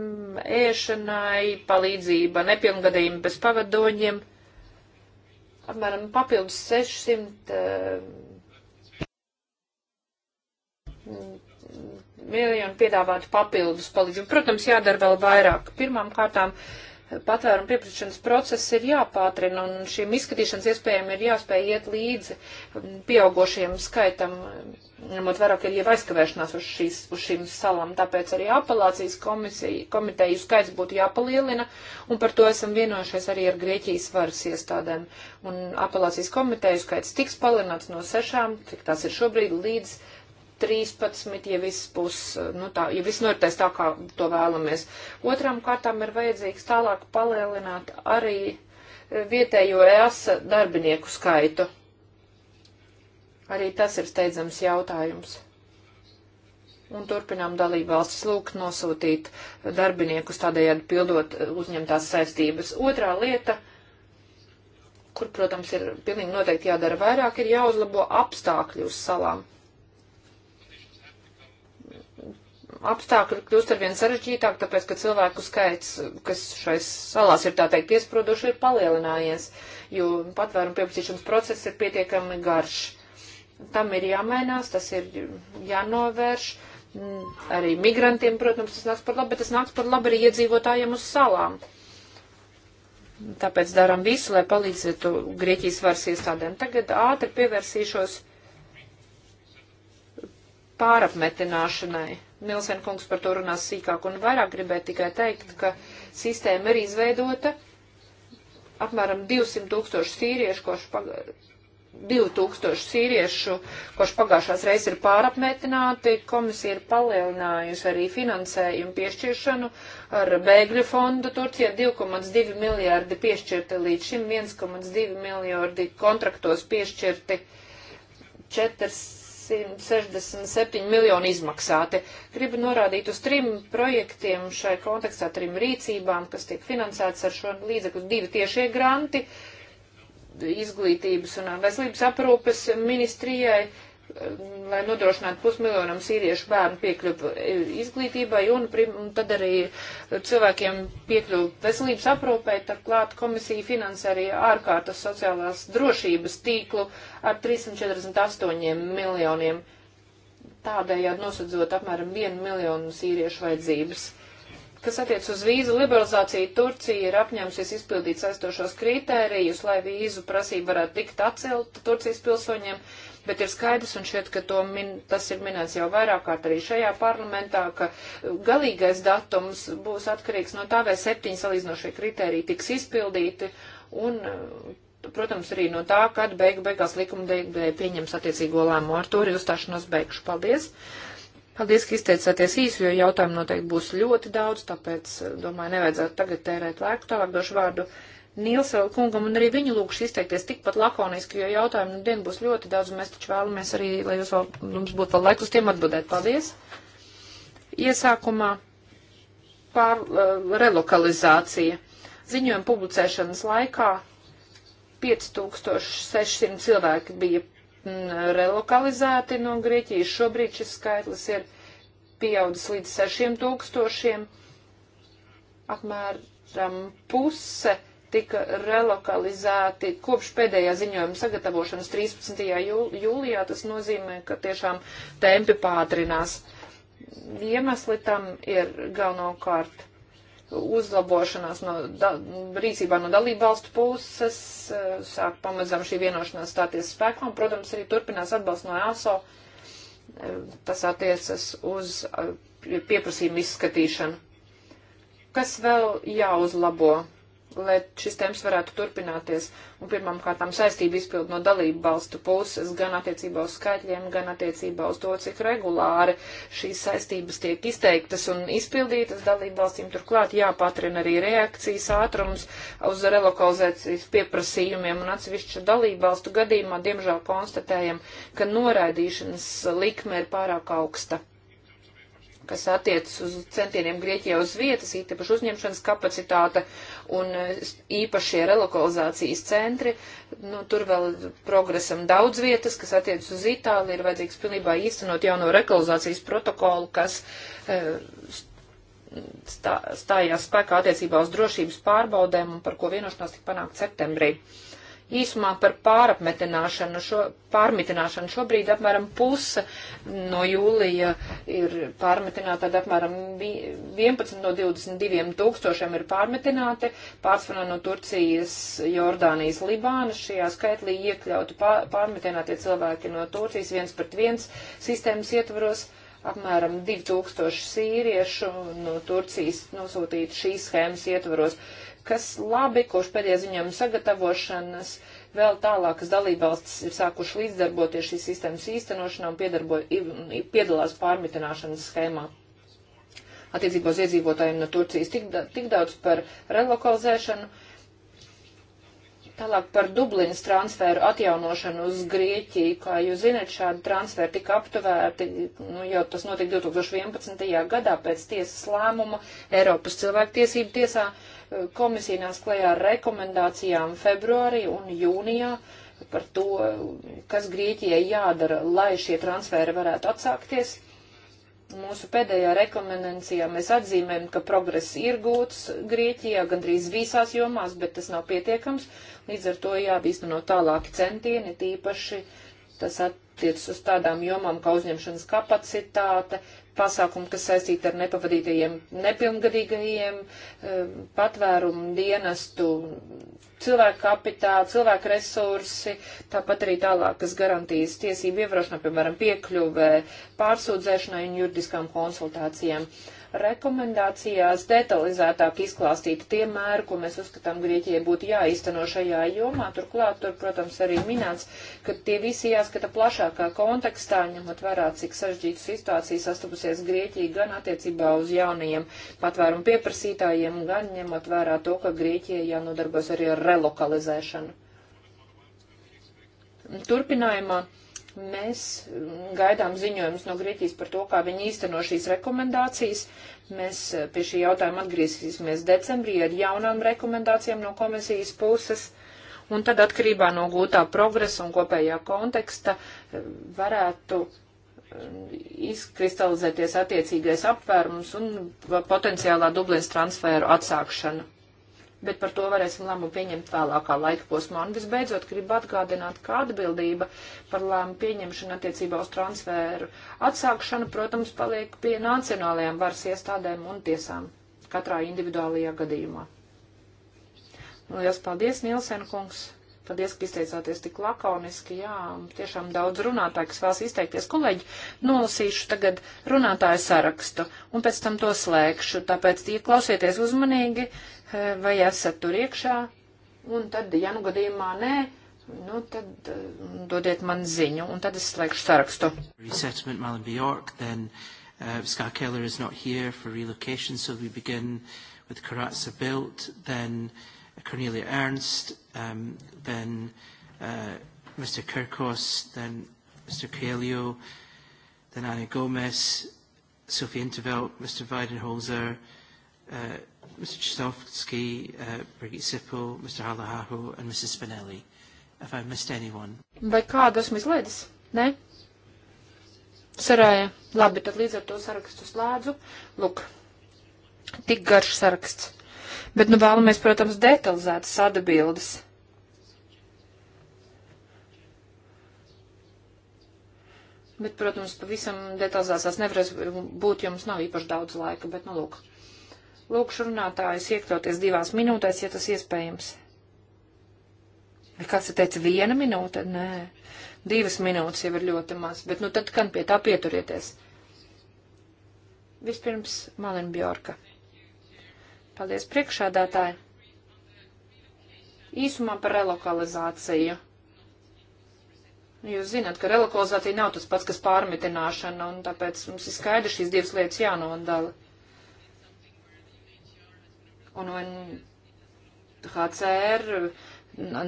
ēšanai, palīdzība nepilngadījumi bez pavadoņiem. Apmēram papildus 600 um, miljonu piedāvātu papildus palīdzību. Protams, jādara vēl vairāk. Pirmām kārtām patvērumu pieprasīšanas process ir jāpātrina un šīm izskatīšanas iespējām ir jāspēj iet līdzi pieaugošajam skaitam, ņemot vērā, ka ir jau aizkavēšanās uz, šīs, uz šīm salām, tāpēc arī apelācijas komisija, komiteju skaits būtu jāpalielina, un par to esam vienojušies arī ar Grieķijas varas iestādēm. Un apelācijas komiteju skaits tiks palielināts no sešām, cik tās ir šobrīd, līdz 13, ja viss būs, nu tā, ja viss noritēs tā, kā to vēlamies. Otram kārtām ir vajadzīgs tālāk palielināt arī e, vietējo EASA darbinieku skaitu. Arī tas ir steidzams jautājums. Un turpinām dalību valstis lūgt nosūtīt darbiniekus tādējādi pildot e, uzņemtās saistības. Otrā lieta kur, protams, ir pilnīgi noteikti jādara vairāk, ir jāuzlabo apstākļi uz salām. apstākļi kļūst ar vien sarežģītāk, tāpēc, ka cilvēku skaits, kas šais salās ir tā teikt iesproduši, ir palielinājies, jo patvērumu pieprasīšanas process ir pietiekami garš. Tam ir jāmainās, tas ir jānovērš. Arī migrantiem, protams, tas nāks par labu, bet tas nāks par labu arī iedzīvotājiem uz salām. Tāpēc darām visu, lai palīdzētu Grieķijas varas iestādēm. Tagad ātri pievērsīšos pārapmetināšanai. Nilsenkungs par to runās sīkāk un vairāk gribēja tikai teikt, ka sistēma ir izveidota apmēram 200 tūkstoši sīriešu, koši paga... 2000 sīriešu, koši pagājušās reizes ir pārapmetināti. Komisija ir palielinājusi arī finansējumu piešķiršanu ar bēgļu fondu. Turcijā 2,2 miljārdi piešķirti līdz šim, 1,2 miljārdi kontraktos piešķirti 4 167 miljoni izmaksāti. Gribu norādīt uz trim projektiem šai kontekstā, trim rīcībām, kas tiek finansētas ar šo līdzekļu divi tiešie granti izglītības un veselības aprūpes ministrijai lai nodrošinātu pusmiljonam sīriešu bērnu piekļuvu izglītībai un, prim, un tad arī cilvēkiem piekļuvu veselības aprūpē. Turklāt komisija finansē arī ārkārtas sociālās drošības tīklu ar 348 miljoniem, tādējādi nosadzot apmēram 1 miljonu sīriešu vajadzības. Kas attiec uz vīzu liberalizāciju, Turcija ir apņēmusies izpildīt saistošos kritērijus, lai vīzu prasība varētu tikt atcelta Turcijas pilsoņiem bet ir skaidrs, un šķiet, ka min, tas ir minēts jau vairāk kārt arī šajā parlamentā, ka galīgais datums būs atkarīgs no tā, vai septiņi salīdzinošie kriteriji tiks izpildīti, un, protams, arī no tā, kad beigu beigās likumdevēja pieņems attiecīgo lēmumu. Ar to arī uzstāšanos beigšu. Paldies! Paldies, ka izteicāties īsi, jo jautājumu noteikti būs ļoti daudz, tāpēc, eh, domāju, nevajadzētu tagad tērēt laiku. Tālāk došu vārdu Nīlsa kungam un arī viņu lūkšu izteikties tikpat lakoniski, jo jautājumu nu, dienu būs ļoti daudz, un mēs taču vēlamies arī, lai jūs vēl, jums būtu vēl laiks uz tiem atbildēt. Paldies! Iesākumā pār uh, eh, relokalizācija. Ziņojuma publicēšanas laikā 5600 cilvēki bija mm, relokalizēti no Grieķijas. Šobrīd šis skaitlis ir pieaudzis līdz 6000. Apmēram puse tika relokalizēti kopš pēdējā ziņojuma sagatavošanas 13. jūlijā. Tas nozīmē, ka tiešām tempi pātrinās. Iemesli tam ir galvenokārt uzlabošanās no da, rīcībā no dalību valstu puses, eh, sāk pamazām šī vienošanās stāties spēkā, un, protams, arī turpinās atbalsts no ASO. Eh, tas attiecas uz eh, pieprasījumu izskatīšanu. Kas vēl jāuzlabo? lai šis temps varētu turpināties. Un pirmām kārtām saistību izpildu no dalību balstu puses, gan attiecībā uz skaitļiem, gan attiecībā uz to, cik regulāri šīs saistības tiek izteiktas un izpildītas dalību valstīm. Turklāt jāpatrina arī reakcijas ātrums uz relokalizācijas pieprasījumiem un atsevišķu dalību valstu gadījumā, diemžēl konstatējam, ka noraidīšanas likme ir pārāk augsta kas attiecas uz centieniem Grieķijā uz vietas, īpaši uzņemšanas kapacitāte un e, īpašie relokalizācijas centri. Nu, tur vēl progresam daudz vietas, kas attiecas uz Itāliju, ir vajadzīgs pilnībā īstenot jauno relokalizācijas protokolu, kas e, stājās spēkā attiecībā uz drošības pārbaudēm un par ko vienošanās tika panākt septembrī. Īsumā par pārapmetināšanu, šo, pārmitināšanu šobrīd apmēram puse no jūlija ir pārmitināta, tad apmēram 11 no 22 tūkstošiem ir pārmitināti, pārsvarā no Turcijas, Jordānijas, Libānas. Šajā skaitlī iekļauti pārmitinātie cilvēki no Turcijas viens pret viens sistēmas ietvaros apmēram 2000 sīriešu no Turcijas nosūtīti šīs schēmas ietvaros. Uh, kas labi, kurš pēdējā ziņojuma sagatavošanas vēl tālākas dalībvalstis ir sākuši līdzdarboties šīs sistēmas īstenošanā un piedalās pārmitināšanas schēmā. Attiecībā uz iedzīvotājiem no Turcijas tik, da, tik daudz par relokalizēšanu, tālāk par Dublinas transferu atjaunošanu uz Grieķiju. Kā jūs zināt, šādi transferi tika aptuvērti, nu, jau tas notika 2011. gadā pēc tiesas lēmuma Eiropas cilvēktiesību tiesā. Uh, Komisija nāks klajā ar rekomendācijām februārī un jūnijā par to, kas Grieķijai jādara, lai šie transferi varētu atsākties. Mūsu pēdējā rekomendācijā mēs atzīmējam, ka progress ir gūts Grieķijā gandrīz visās jomās, bet tas nav pietiekams. Līdz ar to jābīsteno tālāki centieni, tīpaši tas attiecas uz tādām jomām kā uzņemšanas kapacitāte, pasākumu, kas saistīta ar nepavadītajiem nepilngadīgajiem, eh, patvērumu dienestu, cilvēku kapitālu, cilvēku resursi, tāpat arī tālāk, kas garantīs tiesību ievērošanā, piemēram, piekļuvē, pārsūdzēšanai un juridiskām konsultācijām. Uh, rekomendācijās detalizētāk izklāstīti tie mēri, ko mēs uzskatām Grieķijai būtu jāizteno šajā jomā. Turklāt, tur, protams, arī minēts, ka tie visi jāskata plašākā kontekstā, ņemot vērā, cik sarežģīta situācija sastapusies Grieķija gan attiecībā uz jaunajiem patvērumu pieprasītājiem, gan ņemot vērā to, ka Grieķijai jānodarbojas arī ar relokalizēšanu. Turpinājumā Mēs gaidām ziņojumus no Grieķijas par to, kā viņi īsteno šīs rekomendācijas. Mēs eh, pie šī jautājuma atgriezīsimies decembrī ar jaunām rekomendācijām no komisijas puses. Un tad atkarībā no gūtā progresa un kopējā konteksta eh, varētu eh, izkristalizēties attiecīgais apvērums un potenciālā Dublins transferu atsākšana bet par to varēsim lēmumu pieņemt vēlākā laika posmā. Un visbeidzot, gribu atgādināt, ka atbildība par lēmumu pieņemšanu attiecībā uz transferu atsākšanu, protams, paliek pie nacionālajām varas iestādēm un tiesām katrā individuālajā gadījumā. Lielas paldies, Nielsen kungs! Paldies, ka izteicāties tik lakoniski. Jā, tiešām daudz runātāju, kas vēlas izteikties. Kolēģi, nolasīšu tagad runātāju sarakstu un pēc tam to slēgšu. Tāpēc, ja klausieties uzmanīgi, vai esat tur iekšā, un tad, ja nu gadījumā nē, nu tad mm, dodiet man ziņu, un tad es slēgšu sarakstu. Resettlement Malin Bjork, then uh, Ska Keller is not here for relocation, so we begin with Karatza Bilt, then Cornelia Ernst, um, then uh, Mr. Kirkos, then Mr. Coelho, then Anna Gomez, Sophie Intervelt, Mr. Weidenholzer, uh, Mr. Chisovsky, uh, Brigitte Sippel, Mr. Halahahu and Mrs. Spinelli. If I missed anyone. Vai kādu esmu izlaidis? Nē? Sarāja. Labi, tad līdz ar to sarakstu slēdzu. Lūk, tik garš saraksts. Bet nu vēlamies, protams, detalizētas atbildes. Bet, protams, pavisam detalizētās nevarēs būt, jo mums nav īpaši daudz laika, bet nu lūk. Lūkšu runātājus iekļauties divās minūtēs, ja tas iespējams. Kāds ir teicis viena minūte? Nē, divas minūtes jau ir ļoti maz, bet nu tad gan pie tā pieturieties. Vispirms Malin Bjorka. Paldies priekšādātāji. Īsumā par relokalizāciju. Jūs zināt, ka relokalizācija nav tas pats, kas pārmitināšana, un tāpēc mums ir skaidri šīs divas lietas jānodala un HCR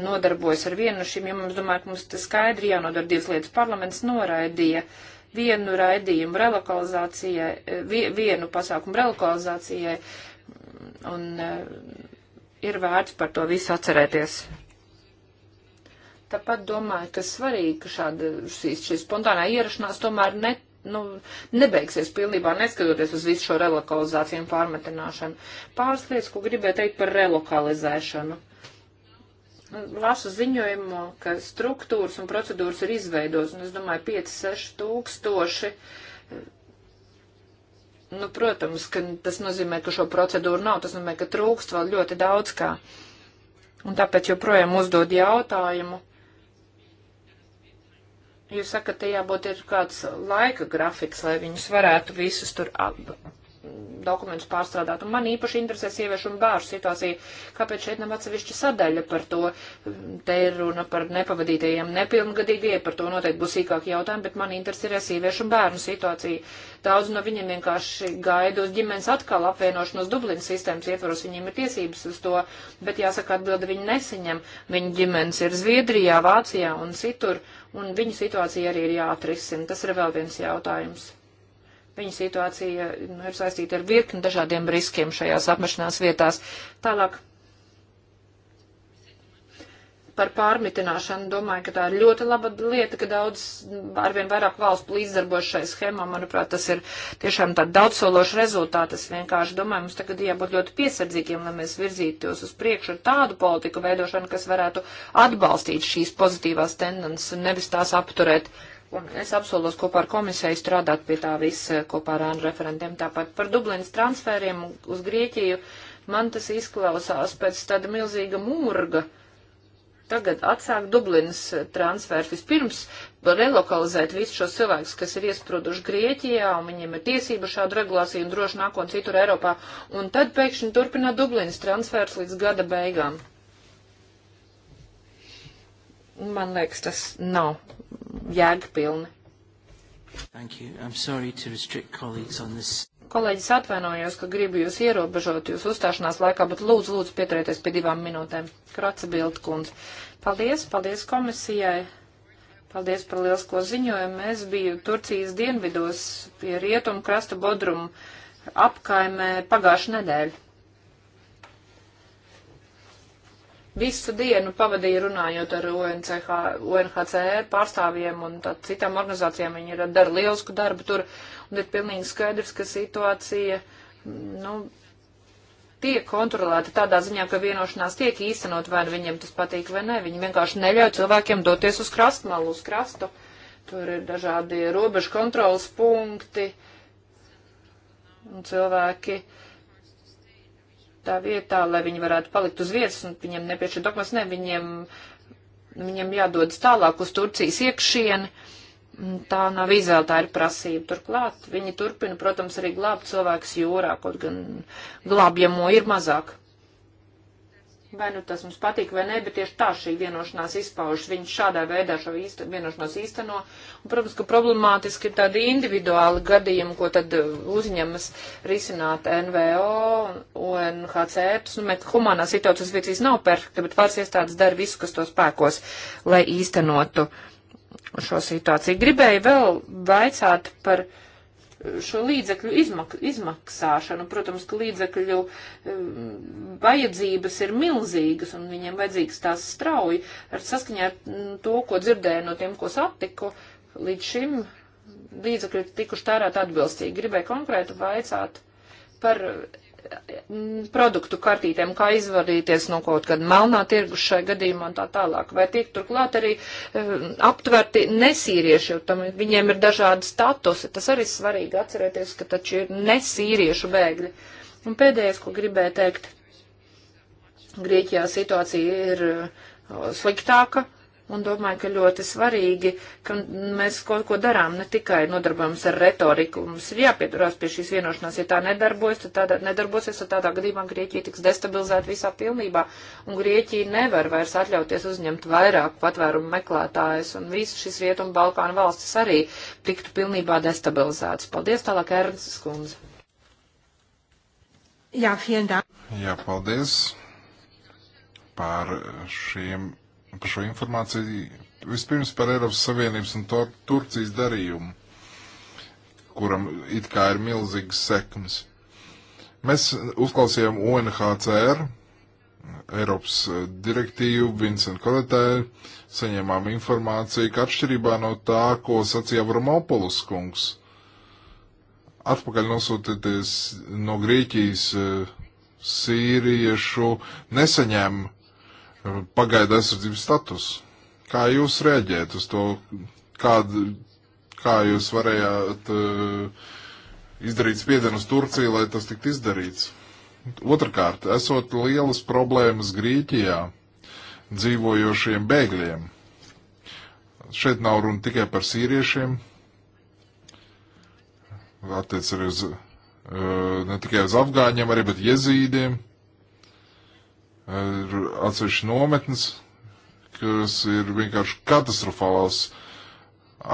nodarbojas ar vienu no šīm jomām. Es domāju, ka mums tas skaidri jānodara divas lietas. Parlaments noraidīja vienu raidījumu relokalizācijai, vienu pasākumu relokalizācijai, un e, ir vērts par to visu atcerēties. Tāpat domāju, ka svarīgi, ka šāda šī, šī spontānā ierašanās tomēr net, nu, nebeigsies pilnībā, neskatoties uz visu šo relokalizāciju un pārmetināšanu. Pāris lietas, ko gribēju teikt par relokalizēšanu. Lasu ziņojumu, ka struktūras un procedūras ir izveidos, un es domāju, 5-6 tūkstoši Nu, protams, ka tas nozīmē, ka šo procedūru nav, tas nozīmē, ka trūkst vēl ļoti daudz kā. Un tāpēc joprojām uzdod jautājumu, Jūs sakat, te jābūt ir kāds laika grafiks, lai viņus varētu visus tur dokumentus pārstrādāt. Un man īpaši interesē sieviešu un bērnu situācija, kāpēc šeit nav atsevišķa sadaļa par to. Te ir runa par nepavadītajiem nepilngadīgajiem, par to noteikti būs sīkāk jautājumi, bet man interesē sieviešu un bērnu situācija. Daudz no viņiem vienkārši gaida uz ģimenes atkal apvienošanos Dublinas sistēmas ietvaros, viņiem ir tiesības uz to, bet jāsaka atbildi viņi neseņem. Viņu ģimenes ir Zviedrijā, Vācijā un citur, un viņu situācija arī ir jāatrisina. Tas ir vēl viens jautājums. Viņa situācija nu, ir saistīta ar virkni dažādiem riskiem šajās apmešanās vietās. Tālāk par pārmitināšanu. Domāju, ka tā ir ļoti laba lieta, ka daudz arvien vairāk valstu līdzdarbojas šai schēmā. Manuprāt, tas ir tiešām tāds daudzsološs rezultāts. Es vienkārši domāju, mums tagad jābūt ļoti piesardzīgiem, lai mēs virzītos uz priekšu ar tādu politiku veidošanu, kas varētu atbalstīt šīs pozitīvās tendences un nevis tās apturēt. Un es apsolos kopā ar komisiju strādāt pie tā visa kopā ar ANU referentiem. Tāpat par Dublinas transfēriem uz Grieķiju man tas izklausās pēc tāda milzīga mūrga. Uh, tagad atsākt Dublinas eh, transferu. Vispirms relokalizēt visus šos cilvēkus, kas ir iesprūduši Grieķijā, un viņiem ir tiesība šādu regulāciju un droši nākotnē citur Eiropā, un tad pēkšņi turpināt Dublinas transfers līdz gada beigām. Man liekas, tas nav jēgpilni. Thank you. I'm sorry to restrict colleagues on this. Kolēģis atvainojos, ka gribu jūs ierobežot jūs uzstāšanās laikā, bet lūdzu, lūdzu pieturieties pie divām minūtēm. Kraca Bildkundze. Paldies, paldies komisijai. Paldies par lielisko ziņojumu. Es biju Turcijas dienvidos pie rietumu krasta bodrumu apkaimē pagājušu nedēļu. Visu dienu pavadīju runājot ar UNCH, UNHCR pārstāvjiem un citām organizācijām. Viņi ir, dara lielisku darbu tur. Uh, bet nu, pilnīgi skaidrs, ka situācija, nu, tiek kontrolēta tādā ziņā, ka vienošanās tiek īstenot, vai nu viņiem tas patīk vai nē. Viņi vienkārši neļauj cilvēkiem doties uz krastmalu, uz krastu. Tur ir dažādi robežu kontrolas punkti, un cilvēki tā vietā, lai viņi varētu palikt uz vietas, un viņiem nepiešķir dokumentus, ne, viņiem, viņiem jādodas tālāk uz Turcijas iekšieni. Uh, tā nav izvēle, tā ir prasība. Turklāt viņi turpina, protams, arī glābt cilvēkus jūrā, kaut gan glābjamo ir mazāk. Vai nu tas mums patīk vai nē, bet tieši tā šī vienošanās izpaužas. Viņi šādā veidā šo īsta, vienošanos īsteno. Un, protams, ka problemātiski ir tādi individuāli gadījumi, ko tad uh, uzņemas risināt NVO, UNHCR. E nu, bet humanā situācijas vīcijas nav perfekta, bet pāris iestādes dara visu, kas to spēkos, lai īstenotu. Uh, šo situāciju. Gribēju vēl vaicāt par šo līdzekļu izmak izmaksāšanu. Protams, ka līdzekļu um, vajadzības ir milzīgas un viņiem vajadzīgs tās strauji. Ar saskaņā ar mm, to, ko dzirdēju no tiem, ko satiku, līdz šim līdzekļi tikuši tērēt atbilstīgi. Gribēju konkrētu vaicāt par Mm, produktu kartītēm, kā izvarīties no kaut kāda melnā tirgus šai gadījumā un tā tālāk. Vai tiek turklāt arī eh, aptverti nesīrieši, jo tam viņiem ir dažādi statusi. Tas arī svarīgi atcerēties, ka taču ir nesīriešu bēgļi. Un pēdējais, ko gribēju teikt, Grieķijā situācija ir eh, sliktāka un domāju, ka ļoti svarīgi, ka mēs kaut ko darām, ne tikai nodarbojamies ar retoriku. Mums ir jāpieturās pie šīs vienošanās. Ja tā nedarbojas, tad tādā, nedarbosies, tad tādā gadījumā Grieķija tiks destabilizēta visā pilnībā, un Grieķija nevar vairs atļauties uzņemt vairāk patvērumu meklētājus, un visas šīs Rietumu Balkānu valstis arī tiktu pilnībā destabilizētas. Paldies tālāk, Ernsts Kundze. Jā, vielen dank. Jā, paldies par šiem par šo informāciju. Vispirms par Eiropas Savienības un Tur Turcijas darījumu, kuram it kā ir milzīgas sekmes. Mēs uzklausījām UNHCR, Eiropas eh, direktīvu, Vincent Koletē, saņēmām informāciju, ka atšķirībā no tā, ko sacīja Avramopolus kungs, atpakaļ nosūtīties no Grieķijas eh, sīriešu nesaņēma pagaida aizsardzības status. Kā jūs reaģējat uz to, kādu, kā jūs varējāt uh, izdarīt spiedienu uz Turciju, lai tas tiktu izdarīts? Otrakārt, esot lielas problēmas Grīķijā dzīvojošiem bēgļiem. Šeit nav runa tikai par sīriešiem, attiec arī uz, uh, ne tikai uz afgāņiem, arī, bet jezīdiem ir atsevišķi nometnes, kas ir vienkārši katastrofālās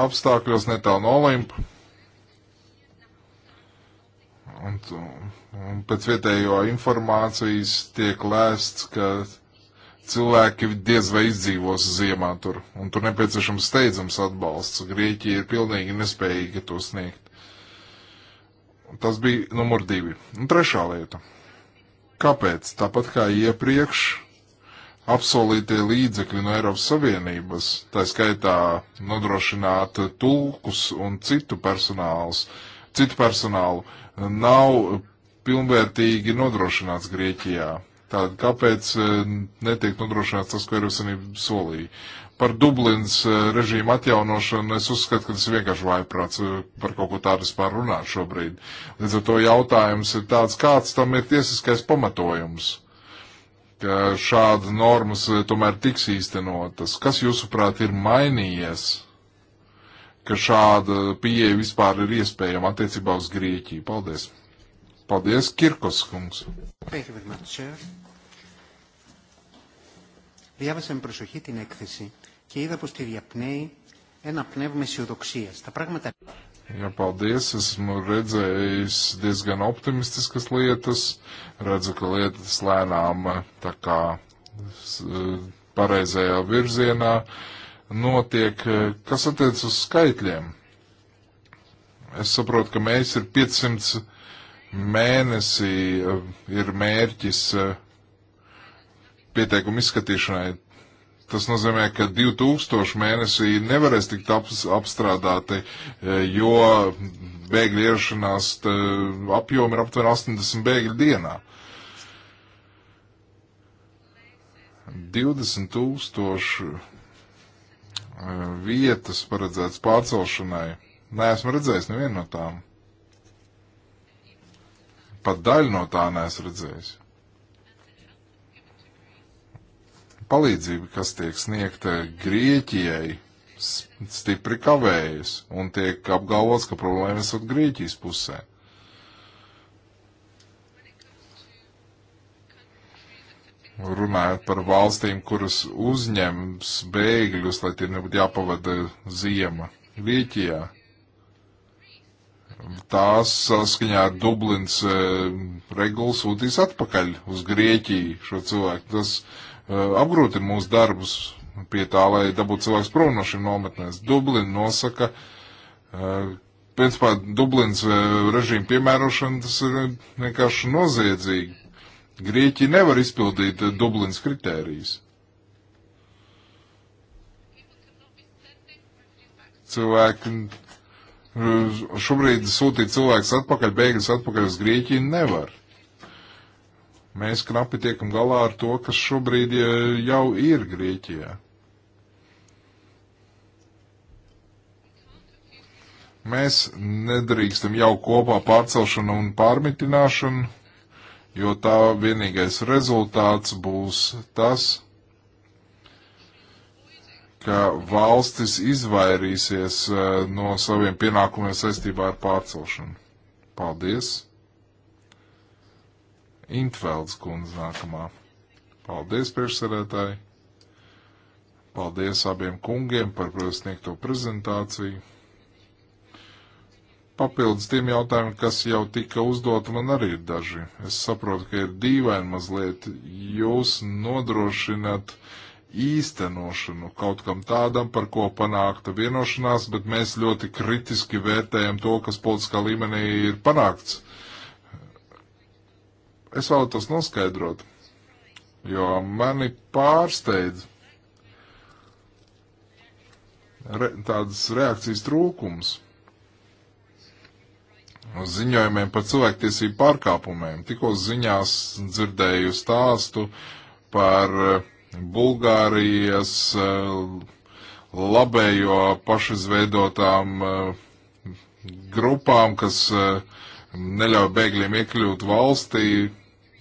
apstākļos netālu no Olimpa. Un, un pēc vietējo informācijas tiek lēsts, ka cilvēki diez vai izdzīvos ziemā tur, un tur nepieciešams steidzams atbalsts. Grieķija ir pilnīgi nespējīga to sniegt. Tas bija numur divi. Un trešā lieta. Kāpēc? Tāpat kā iepriekš apsolītie līdzekļi no Eiropas Savienības, tā skaitā nodrošināt tulkus un citu, personāls, citu personālu, nav pilnvērtīgi nodrošināts Grieķijā. Tātad kāpēc eh, netiek nodrošināts tas, ko Eiropas Savienība solīja? par Dublins eh, režīmu atjaunošanu es uzskatu, ka tas ir vienkārši vaiprāts eh, par kaut ko tādu vispār runāt šobrīd. Līdz ar to jautājums ir tāds, kāds tam ir tiesiskais pamatojums, ka šāda normas eh, tomēr tiks īstenotas. Kas jūsuprāt ir mainījies, ka šāda pieeja vispār ir iespējama attiecībā uz Grieķiju? Paldies! Paldies, Kirkos kungs! Thank you very much, Chair. Διάβασα με προσοχή την έκθεση και είδα πως τη διαπνέει ένα πνεύμα αισιοδοξία. Τα πράγματα. Jā, paldies. Esmu redzējis diezgan optimistiskas lietas. Redzu, ka lietas lēnām tā kā pareizajā virzienā notiek. Kas attiec uz skaitļiem? Es saprotu, ka mēs ir 500 mēnesī ir mērķis eh, pieteikumu izskatīšanai. Tas nozīmē, ka 2000 mēnesī nevarēs tikt ap, apstrādāti, e, jo bēgļu ierašanās e, apjomi ir aptuveni 80 bēgļu dienā. 20 tūkstoši e, vietas paredzētas pārcelšanai. Nē, esmu redzējis nevienu no tām. Pat daļu no tā neesmu redzējis. palīdzība, kas tiek sniegta Grieķijai, stipri kavējas un tiek apgalvots, ka problēmas ir Grieķijas pusē. Runājot par valstīm, kuras uzņems bēgļus, lai tie nebūtu jāpavada ziema Grieķijā. Tās saskaņā ar Dublins e, regulu sūtīs atpakaļ uz Grieķiju šo cilvēku. Tas Eh, apgrūtina mūsu darbus pie tā, lai dabūtu cilvēks prom no šiem nometnēs. Dublina nosaka, eh, principā Dublins eh, režīmu piemērošana tas ir vienkārši noziedzīgi. Grieķi nevar izpildīt Dublins kritērijus. Cilvēki šobrīd sūtīt cilvēkus atpakaļ, bēgļus atpakaļ uz Grieķiju nevar. Mēs knapi tiekam galā ar to, kas šobrīd jau ir Grieķijā. Mēs nedrīkstam jau kopā pārcelšanu un pārmitināšanu, jo tā vienīgais rezultāts būs tas, ka valstis izvairīsies eh, no saviem pienākumiem saistībā ar pārcelšanu. Paldies! Intvelds kundze nākamā. Paldies, priekšsarētāji! Paldies abiem kungiem par sniegto prezentāciju. Papildus tiem jautājumiem, kas jau tika uzdot, man arī ir daži. Es saprotu, ka ir dīvaini mazliet jūs nodrošināt īstenošanu kaut kam tādam, par ko panākta vienošanās, bet mēs ļoti kritiski vērtējam to, kas politiskā līmenī ir panākts. Uh, Es vēlētos noskaidrot, jo mani pārsteidz re, tādas reakcijas trūkums uz ziņojumiem par cilvēktiesību pārkāpumiem. Tikko ziņās dzirdēju stāstu par eh, Bulgārijas eh, labējo pašizveidotām eh, grupām, kas neļauj bēgļiem iekļūt valstī,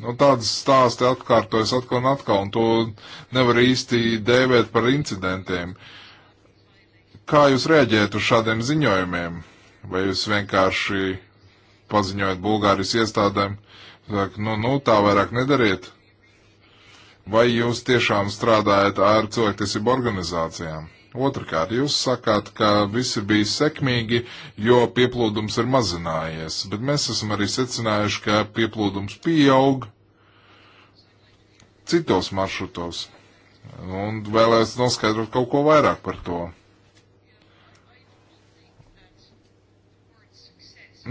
Nu, tādas stāsti atkārtojas atkal un atkal, un to nevar īsti dēvēt par incidentiem. Kā jūs reaģētu uz šādiem ziņojumiem? Vai jūs vienkārši paziņojat Bulgārijas iestādēm, saka, nu, nu, tā vairāk nedariet? Vai jūs tiešām strādājat ar cilvēktiesību organizācijām? Otrakārt, jūs sakāt, ka visi bija sekmīgi, jo pieplūdums ir mazinājies, bet mēs esam arī secinājuši, ka pieplūdums pieaug citos maršrutos. Un vēlēs noskaidrot kaut ko vairāk par to.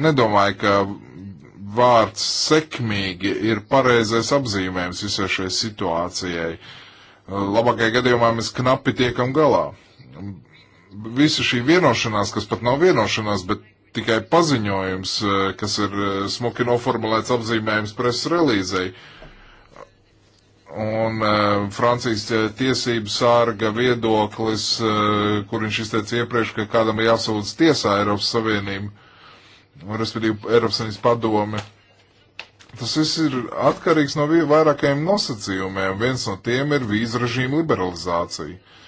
Nedomāju, ka vārds sekmīgi ir pareizais apzīmējums visai šai situācijai. Labākajā gadījumā mēs knapi tiekam galā. Mm, visa šī vienošanās, kas pat nav vienošanās, bet tikai paziņojums, eh, kas ir eh, smuki noformulēts apzīmējums preses relīzei. Un uh, Francijas tiesību sārga viedoklis, uh, kur viņš izteica iepriekš, ka kādam ir jāsūdz tiesā Eiropas Savienību, respektīvi Eiropas Savienības padome. Tas viss ir atkarīgs no vairākiem nosacījumiem. Viens no tiem ir vīzražīma liberalizācija. Uh,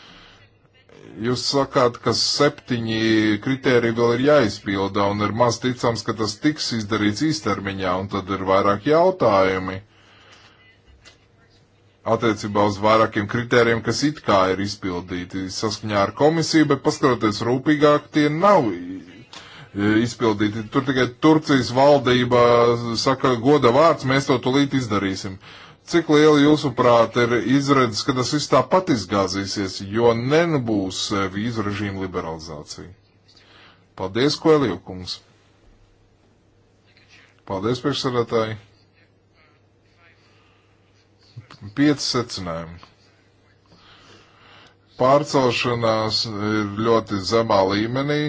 Jūs sakāt, ka septiņi kriteriji vēl ir jāizpilda un ir maz ticams, ka tas tiks izdarīts īstermiņā, un tad ir vairāk jautājumi attiecībā uz vairākiem kritērijiem, kas it kā ir izpildīti saskaņā ar komisiju, bet paskatoties rūpīgāk, tie nav izpildīti. Tur tikai Turcijas valdība saka goda vārds, mēs to tulīt izdarīsim. Uh, Cik liela jūsuprāt ir izredzes, ka tas viss tāpat izgāzīsies, jo nenabūs nu e, vīzu režīmu liberalizācija? Paldies, Koeliju kungs! Paldies, priekšsēdētāji! Pieci secinājumi. Pārcelšanās ir ļoti zemā līmenī,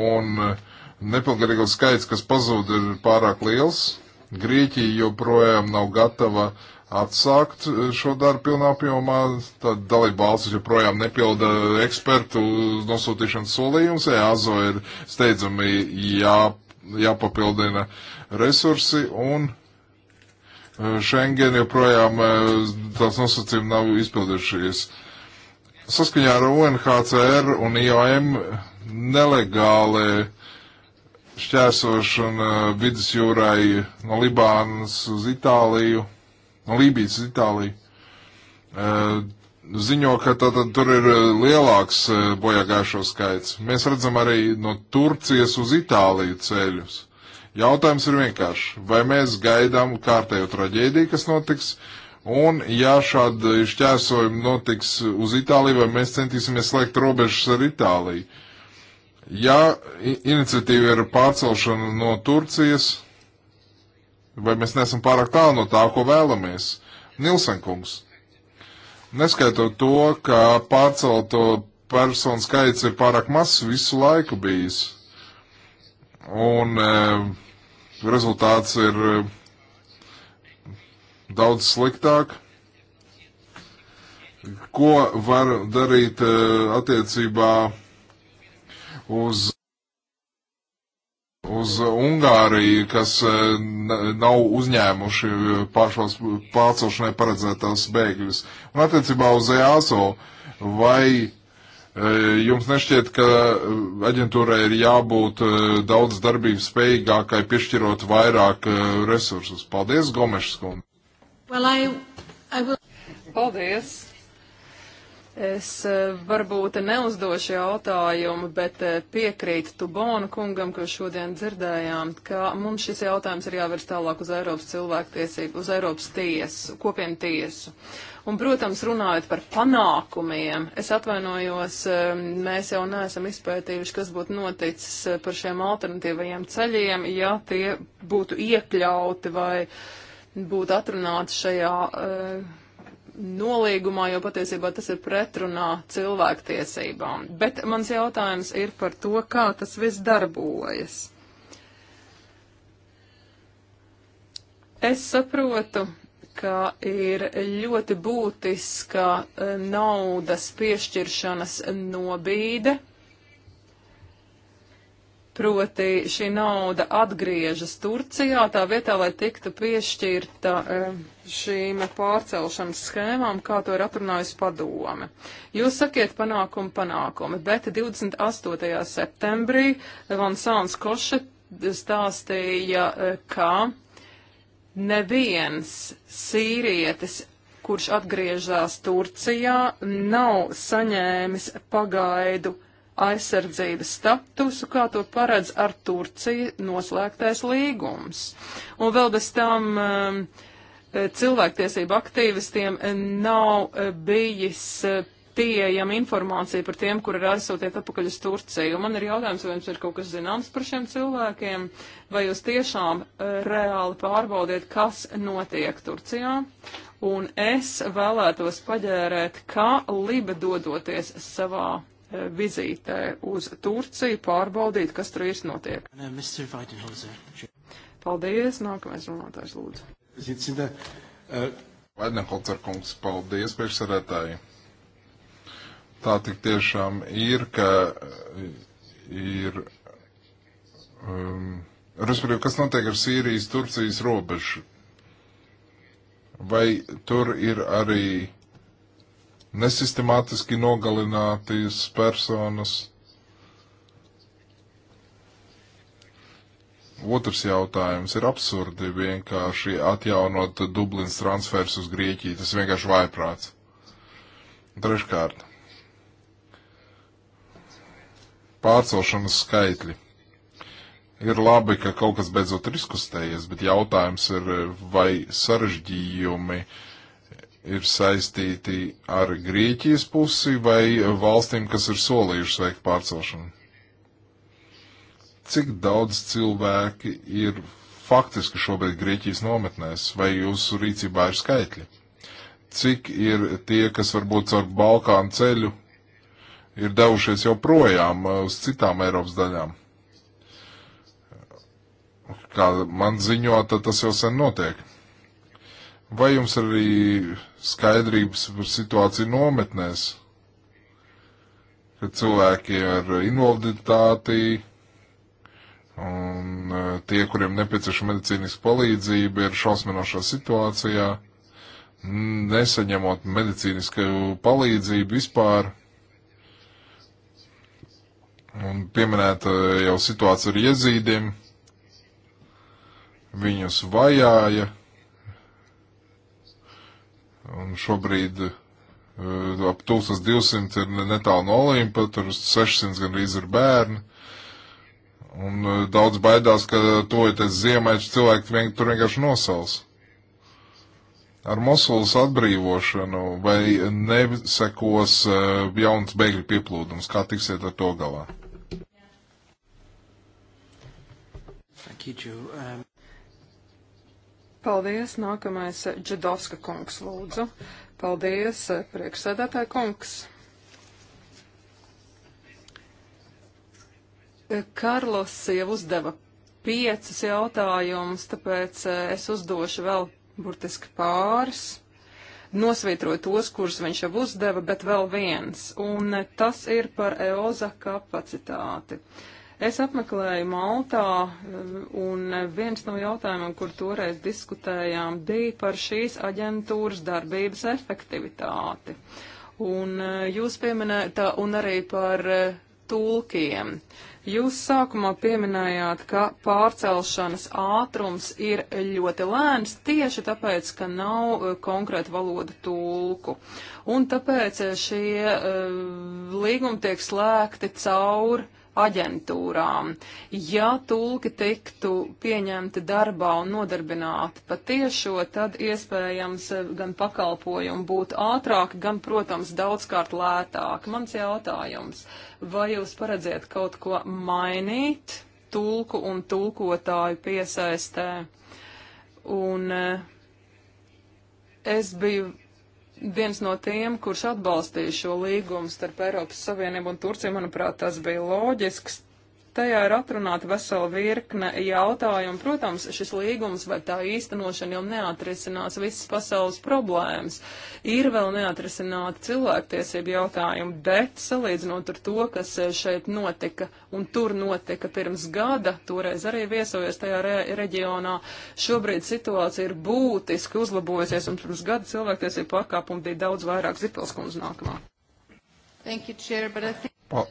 un nepilngadīgo skaits, kas pazūd, ir pārāk liels Grieķija joprojām nav gatava atsākt e, šo darbu pilnā apjomā, tad dalība valstis joprojām nepilda ekspertu nosūtīšanas solījums, EASO ir steidzami jā, jāpapildina resursi un e, Schengen joprojām e, tās nosacījumi nav izpildījušies. Saskaņā ar UNHCR un IOM nelegāli uh, šķērsošana uh, vidus jūrai no Libānas uz Itāliju, no Lībijas uz Itāliju. Uh, ziņo, ka tātad tur ir uh, lielāks bojāgājušo skaits. Mēs redzam arī no Turcijas uz Itāliju ceļus. Jautājums ir vienkārši, vai mēs gaidām kārtējo traģēdiju, kas notiks, un ja šādi šķērsojumi notiks uz Itāliju, vai mēs centīsimies slēgt robežas ar Itāliju. Uh, Ja iniciatīva ir pārcelšana no Turcijas, vai mēs nesam pārāk tālu no tā, ko vēlamies? Nilsenkungs. Neskaitot to, ka pārcelto personu skaits ir pārāk mazs visu laiku bijis. Un e, rezultāts ir e, daudz sliktāk. Ko var darīt e, attiecībā uz, uz Ungāriju, kas e, nav uzņēmuši pašos pārcelšanai paredzētās bēgļus. Un attiecībā uz EASO, vai e, Jums nešķiet, ka aģentūrai ir jābūt e, daudz darbības spējīgākai, piešķirot vairāk resursus? Paldies, Gomešs kundze! Well, I, I will... Paldies! Es eh, varbūt neuzdošu jautājumu, bet eh, piekrītu Tubonu kungam, ko šodien dzirdējām, ka mums šis jautājums ir jāvērst tālāk uz Eiropas cilvēktiesību, uz Eiropas tiesu, kopienu tiesu. Un, protams, runājot par panākumiem, es atvainojos, eh, mēs jau neesam izpētījuši, kas būtu noticis par šiem alternatīvajiem ceļiem, ja tie būtu iekļauti vai būtu atrunāti šajā. Uh, nolīgumā, jo patiesībā tas ir pretrunā cilvēktiesībām. Bet mans jautājums ir par to, kā tas viss darbojas. Es saprotu, ka ir ļoti būtiska e, naudas piešķiršanas nobīde. Proti šī nauda atgriežas Turcijā, tā vietā, lai tiktu piešķirta. Uh, šīm pārcelšanas schēmām, kā to ir atrunājusi padome. Jūs sakiet panākumu panākumi, bet 28. septembrī Vansāns Koša stāstīja, e, ka neviens sīrietis, kurš atgriežas Turcijā, nav saņēmis pagaidu aizsardzības statusu, kā to paredz ar Turciju noslēgtais līgums. Un vēl bez tam uh, um, Eh, cilvēktiesību aktīvistiem eh, nav eh, bijis pieejama informācija par tiem, kur ir aizsūtīti atpakaļ uz Turciju. Man ir jautājums, vai jums ir kaut kas zināms par šiem cilvēkiem, vai jūs tiešām reāli pārbaudiet, kas notiek Turcijā. Un es vēlētos paģērēt, kā Liba dodoties savā vizītē uz Turciju, pārbaudīt, kas tur īsti notiek. Paldies, nākamais runātājs lūdzu. Zicina. Uh, Vaidneholcer kungs, paldies priekšsarētāji. Tā tik tiešām ir, ka uh, ir. Um, Respektīvi, kas notiek ar Sīrijas, Turcijas robežu? Vai tur ir arī nesistemātiski nogalinātas personas? Otrs jautājums ir absurdi vienkārši atjaunot Dublins transfers uz Grieķiju. Tas vienkārši vaiprāts. Treškārt. Pārcelšanas skaitļi. Ir labi, ka kaut kas beidzot ir izkustējies, bet jautājums ir, vai sarežģījumi ir saistīti ar Grieķijas pusi vai valstīm, kas ir solījušas veikt pārcelšanu cik daudz cilvēki ir faktiski šobrīd Grieķijas nometnēs, vai jūsu rīcībā ir skaitļi? Cik ir tie, kas varbūt caur Balkānu ceļu ir devušies jau projām uh, uz citām Eiropas daļām? Kā man ziņo, tad tas jau sen notiek. Vai jums arī skaidrības par situāciju nometnēs? Kad cilvēki ar invaliditāti, Un e, tie, kuriem nepieciešama medicīniska palīdzība, ir šausminošā situācijā, nesaņemot medicīnisku palīdzību vispār. Un pieminēta jau situācija ar iezīdiem. Viņus vajāja. Un šobrīd e, ap 1200 ir netālu no Olimpa, tur 600 gan arī ir bērni. Un e, daudz baidās, ka tojoties ziemai, cilvēki vien, tur vienkārši nosals. Ar Mosulas atbrīvošanu vai nesekos e, jauns bēgļu pieplūdums? Kā tiksiet ar to galā? Um, Paldies, nākamais Džedovska kungs lūdzu. Paldies, priekšsēdētāja kungs. Karlos jau uzdeva piecus jautājumus, tāpēc eh, es uzdošu vēl burtiski pāris nosvītrot tos, kurus viņš jau uzdeva, bet vēl viens, un eh, tas ir par EOZA kapacitāti. Es apmeklēju Maltā, eh, un viens no jautājumiem, kur toreiz diskutējām, bija par šīs aģentūras darbības efektivitāti. Un jūs pieminējāt, un arī par tulkiem. Uh, Jūs sākumā pieminējāt, ka pārcelšanas ātrums ir ļoti lēns tieši tāpēc, ka nav e, konkrēta valoda tulku. Un tāpēc e, šie uh, līgumi tiek slēgti cauri aģentūrām. Ja tulki tiktu pieņemti darbā un nodarbināti patiešo, tad iespējams eh, gan pakalpojumi būtu ātrāk, gan, protams, daudzkārt lētāk. Mans jautājums, vai jūs paredziet kaut ko mainīt tulku un tulkotāju piesaistē? Un eh, es biju viens no tiem, kurš atbalstīja šo līgumu starp Eiropas Savienību un Turciju, manuprāt, tas bija loģisks. Tajā ir atrunāta vesela virkne jautājumu. Protams, šis līgums vai tā īstenošana jau neatrisinās visas pasaules problēmas. Ir vēl neatrisināta cilvēktiesība jautājuma, bet salīdzinot ar to, kas šeit notika un tur notika pirms gada, toreiz arī viesojies tajā re reģionā, šobrīd situācija ir būtiski uzlabojusies un pirms gada cilvēktiesība pakāpuma bija daudz vairāk zipelskundz nākamā. Thank you, Chair, but I think... Pa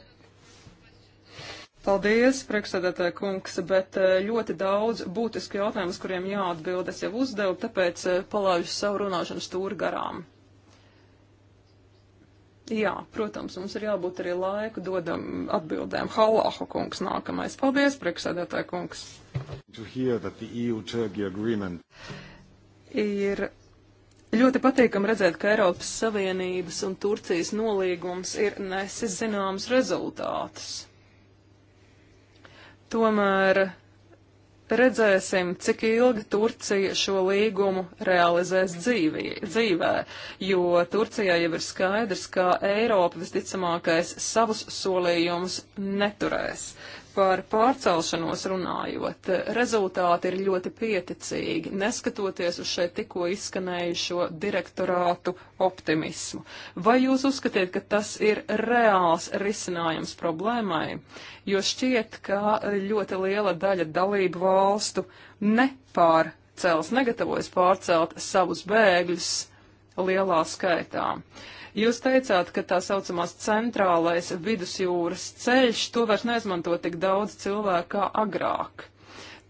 Paldies, priekšsēdētāja kungs, bet eh, ļoti daudz būtisku jautājumu, kuriem jāatbild, es jau uzdevu, tāpēc eh, palāžu savu runāšanu stūri garām. Jā, protams, mums ir jābūt arī laiku dodam atbildēm. Halāho kungs nākamais. Paldies, priekšsēdētāja kungs. E ir ļoti patīkam redzēt, ka Eiropas Savienības un Turcijas nolīgums ir nesis zināms rezultātus. Tomēr redzēsim, cik ilgi Turcija šo līgumu realizēs dzīvī, dzīvē, jo Turcijai jau ir skaidrs, ka Eiropa visticamākais savus solījumus neturēs par pārcelšanos runājot, rezultāti ir ļoti pieticīgi, neskatoties uz šeit tikko izskanējušo direktorātu optimismu. Vai jūs uzskatiet, ka tas ir reāls risinājums problēmai? Jo šķiet, ka ļoti liela daļa dalību valstu nepārcels, negatavojas pārcelt savus bēgļus lielā skaitā. Uh, Jūs teicāt, ka tā saucamās centrālais vidusjūras ceļš to vairs neizmanto tik daudz cilvēku kā agrāk.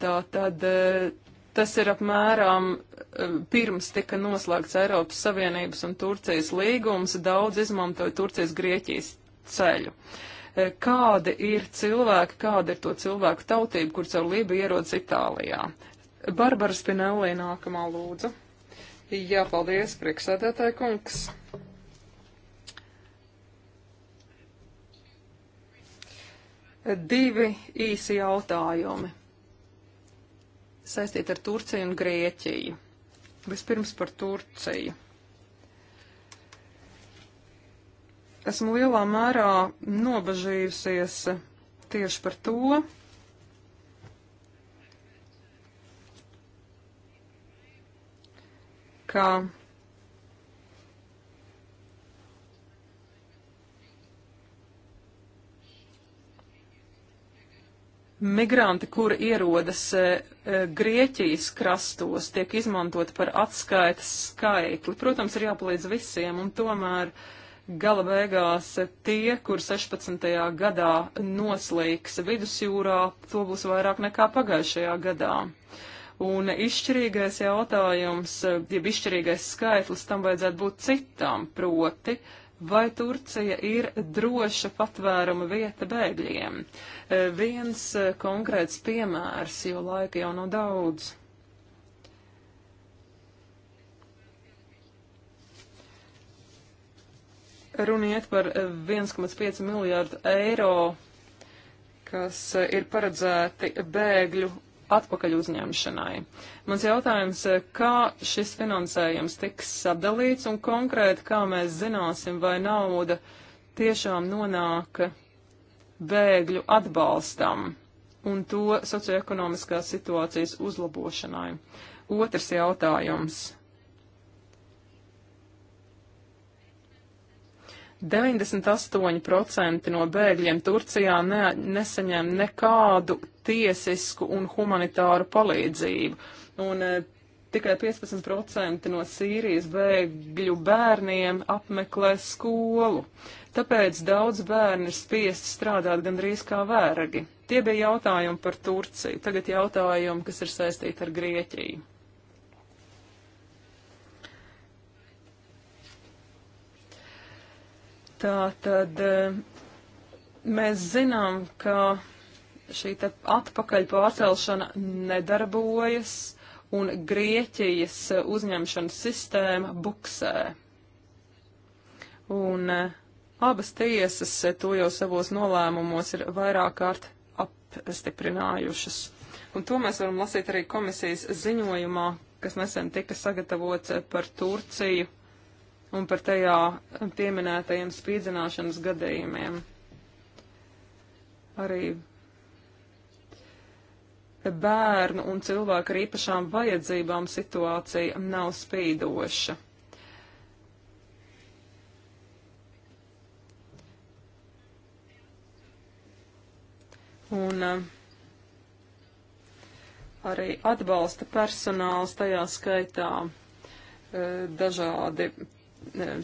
Tā tad eh, tas ir apmēram eh, pirms tika noslēgts Eiropas Savienības un Turcijas līgums, daudz izmantoja Turcijas-Grieķijas ceļu. Eh, kādi ir cilvēki, kāda ir to cilvēku tautība, kur caur Lībiju ierodas Itālijā? Barbara Spinelli nākamā lūdzu. Jā, paldies, priekšsēdētāji kungs. Divi īsi jautājumi saistīti ar Turciju un Grieķiju. Vispirms par Turciju. Esmu lielā mērā nobežījusies tieši par to, ka Migranti, kuri ierodas e, e Grieķijas krastos, tiek izmantoti par atskaites skaitli. Protams, ir jāpalīdz visiem, un tomēr gala beigās tie, kur 16. gadā noslīks vidusjūrā, to būs vairāk nekā pagājušajā gadā. Un izšķirīgais jautājums, jeb izšķirīgais skaitlis tam vajadzētu būt citam, proti Vai Turcija ir droša patvēruma vieta bēgļiem? E, viens e, konkrēts piemērs, jo laika jau nav daudz. Runiet par 1,5 e, miljārdu eiro, kas ir paredzēti bēgļu atpakaļ uzņemšanai. Mans jautājums, e, kā šis finansējums tiks sadalīts un konkrēti, kā mēs zināsim, vai nauda tiešām nonāk bēgļu atbalstam un to socioekonomiskās situācijas uzlabošanai. Otrs jautājums 98% no bēgļiem Turcijā ne, nesaņem nekādu tiesisku un humanitāru palīdzību. Un e, tikai 15% no Sīrijas bēgļu bērniem apmeklē skolu. Tāpēc daudz bērni ir spiesti strādāt gandrīz kā vērgi. Tie bija jautājumi par Turciju, tagad jautājumi, kas ir saistīti ar Grieķiju. Tā tad eh, mēs zinām, ka šī atpakaļ pārcelšana nedarbojas un Grieķijas uzņemšanas sistēma buksē. Un eh, abas tiesas to jau savos nolēmumos ir vairāk kārt apstiprinājušas. Un to mēs varam lasīt arī komisijas ziņojumā, kas nesen tika sagatavots par Turciju un par tajā pieminētajiem spīdzināšanas gadījumiem. Arī bērnu un cilvēku ar īpašām vajadzībām situācija nav spīdoša. Un eh, arī atbalsta personāls tajā skaitā eh, dažādi E,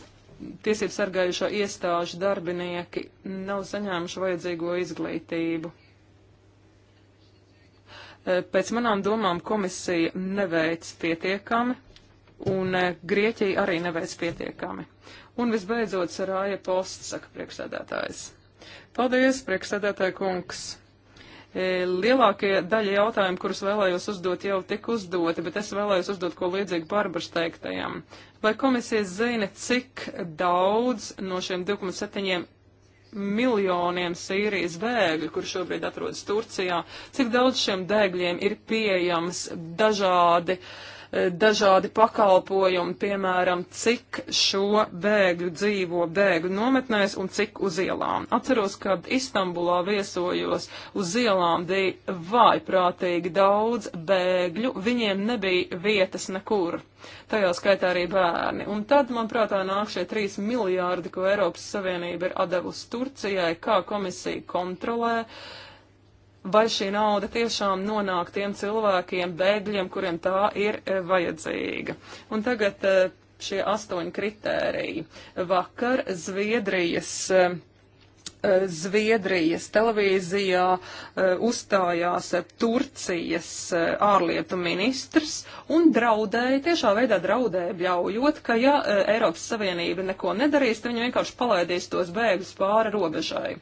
tiesību sargājušo iestāžu darbinieki nav saņēmuši vajadzīgo izglītību. E, pēc manām domām komisija neveic pietiekami, un e, Grieķija arī neveic pietiekami. Un visbeidzot, Sarāja Posts, saka priekšsēdētājs. Paldies, priekšsēdētāja kungs! E, lielākie daļa jautājumu, kurus vēlējos uzdot, jau tik uzdoti, bet es vēlējos uzdot ko līdzīgu Barbaras teiktajam. Vai komisija zina, cik daudz no šiem 2,7 miljoniem Sīrijas bēgļu, kur šobrīd atrodas Turcijā, cik daudz šiem bēgļiem ir pieejams dažādi uh, dažādi pakalpojumi, piemēram, cik šo bēgļu dzīvo bēgļu nometnēs un cik uz ielām. Atceros, kad Istambulā viesojos uz ielām bija vājprātīgi daudz bēgļu, viņiem nebija vietas nekur. Tajā skaitā arī bērni. Un tad, manuprātā, nāk šie trīs miljārdi, ko Eiropas Savienība ir atdevusi Turcijai, kā komisija kontrolē. Uh, vai šī nauda tiešām nonāk tiem cilvēkiem, bēgļiem, kuriem tā ir e, vajadzīga. Un tagad e, šie astoņi kritēriji. Vakar Zviedrijas e, Eh, Zviedrijas televīzijā eh, uzstājās Turcijas eh, ārlietu ministrs un draudēja, tiešā veidā draudēja bļaujot, ka ja Eiropas Savienība neko nedarīs, tad viņi vienkārši palaidīs tos bēgļus pāri robežai.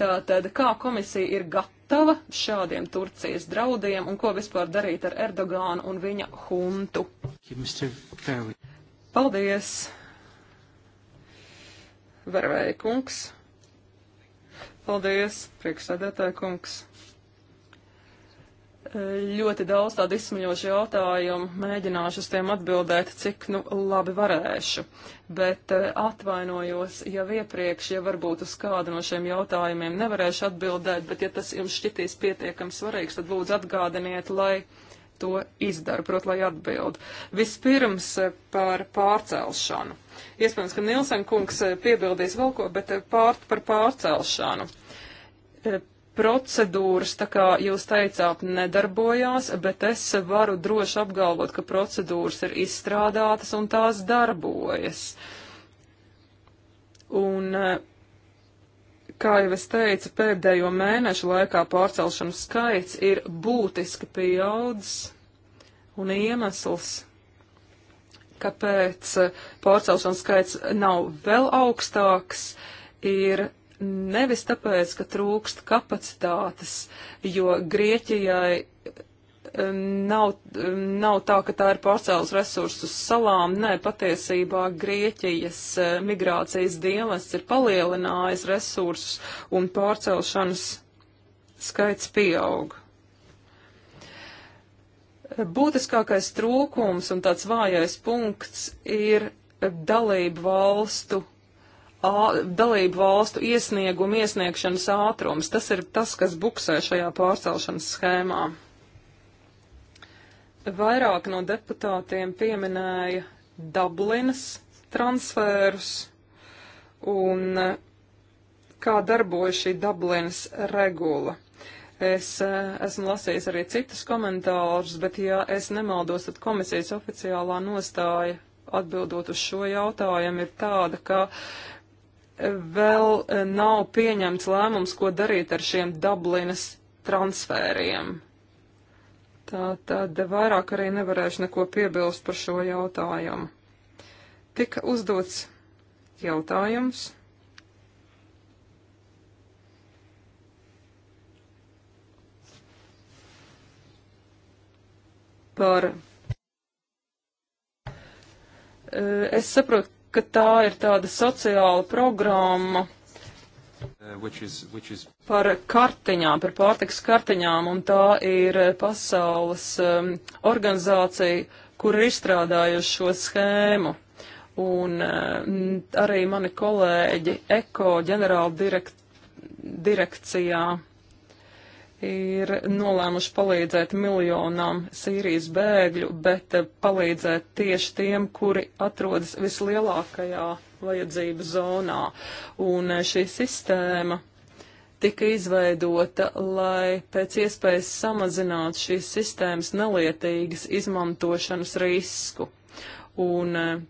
Tātad, kā komisija ir gatava šādiem Turcijas draudiem un ko vispār darīt ar Erdogānu un viņa huntu? Paldies! Varvēja kungs. Paldies, priekšsēdētāja kungs. Ļoti daudz tādu izsmaļošu jautājumu, mēģināšu uz tiem atbildēt, cik nu labi varēšu, bet eh, atvainojos, ja iepriekš, ja varbūt uz kādu no šiem jautājumiem nevarēšu atbildēt, bet ja tas jums šķitīs pietiekami svarīgs, tad lūdzu atgādiniet, lai to izdara, prot, lai atbild. Vispirms eh, par pārcelšanu. Iespējams, ka Nilsen kungs eh, piebildīs vēl ko, bet eh, pār, par pārcelšanu. Eh, procedūras, tā kā jūs teicāt, nedarbojās, bet es varu droši apgalvot, ka procedūras ir izstrādātas un tās darbojas. Un kā jau es teicu, pēdējo mēnešu laikā pārcelšanu skaits ir būtiski pieaudzis, un iemesls kāpēc eh, pārcelšanas skaits nav vēl augstāks, ir nevis tāpēc, ka trūkst kapacitātes, jo Grieķijai eh, nav, eh, nav tā, ka tā ir pārcēlus resursus salām. Nē, patiesībā Grieķijas migrācijas dienests ir palielinājis resursus un pārcelšanas skaits pieauga. Būtiskākais trūkums un tāds vājais punkts ir dalību valstu, ā, dalību valstu iesniegumu iesniegšanas ātrums. Tas ir tas, kas buksē šajā pārcelšanas schēmā. Vairāk no deputātiem pieminēja Dublinas transferus un kā darbojas šī Dublinas regula. Es eh, esmu lasījis arī citus komentārus, bet, ja es nemaldos, tad komisijas oficiālā nostāja atbildot uz šo jautājumu ir tāda, ka vēl eh, nav pieņemts lēmums, ko darīt ar šiem Dublinas transfēriem. Tā tad vairāk arī nevarēšu neko piebilst par šo jautājumu. Tika uzdots jautājums par. Es saprotu, ka tā ir tāda sociāla programma uh, which is, which is... par kartiņām, par pārtiks kartiņām, un tā ir pasaules um, organizācija, kur ir izstrādājuši šo schēmu. Un um, arī mani kolēģi Eko ģenerāla direkt, direkcijā ir nolēmuši palīdzēt miljonām Sīrijas bēgļu, bet eh, palīdzēt tieši tiem, kuri atrodas vislielākajā vajadzības zonā. Un eh, šī sistēma tika izveidota, lai pēc iespējas samazinātu šīs sistēmas nelietīgas izmantošanas risku. Un eh,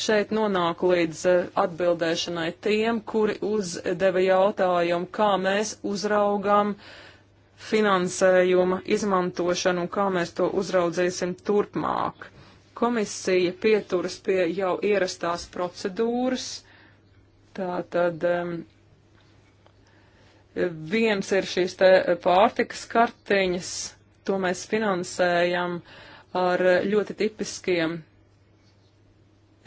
šeit nonāku līdz atbildēšanai tiem, kuri uzdeva jautājumu, kā mēs uzraugam uh, finansējuma izmantošanu un kā mēs to uzraudzīsim turpmāk. Komisija pieturas pie jau ierastās procedūras, tātad um, viens ir šīs te pārtikas kartiņas, to mēs finansējam ar ļoti tipiskiem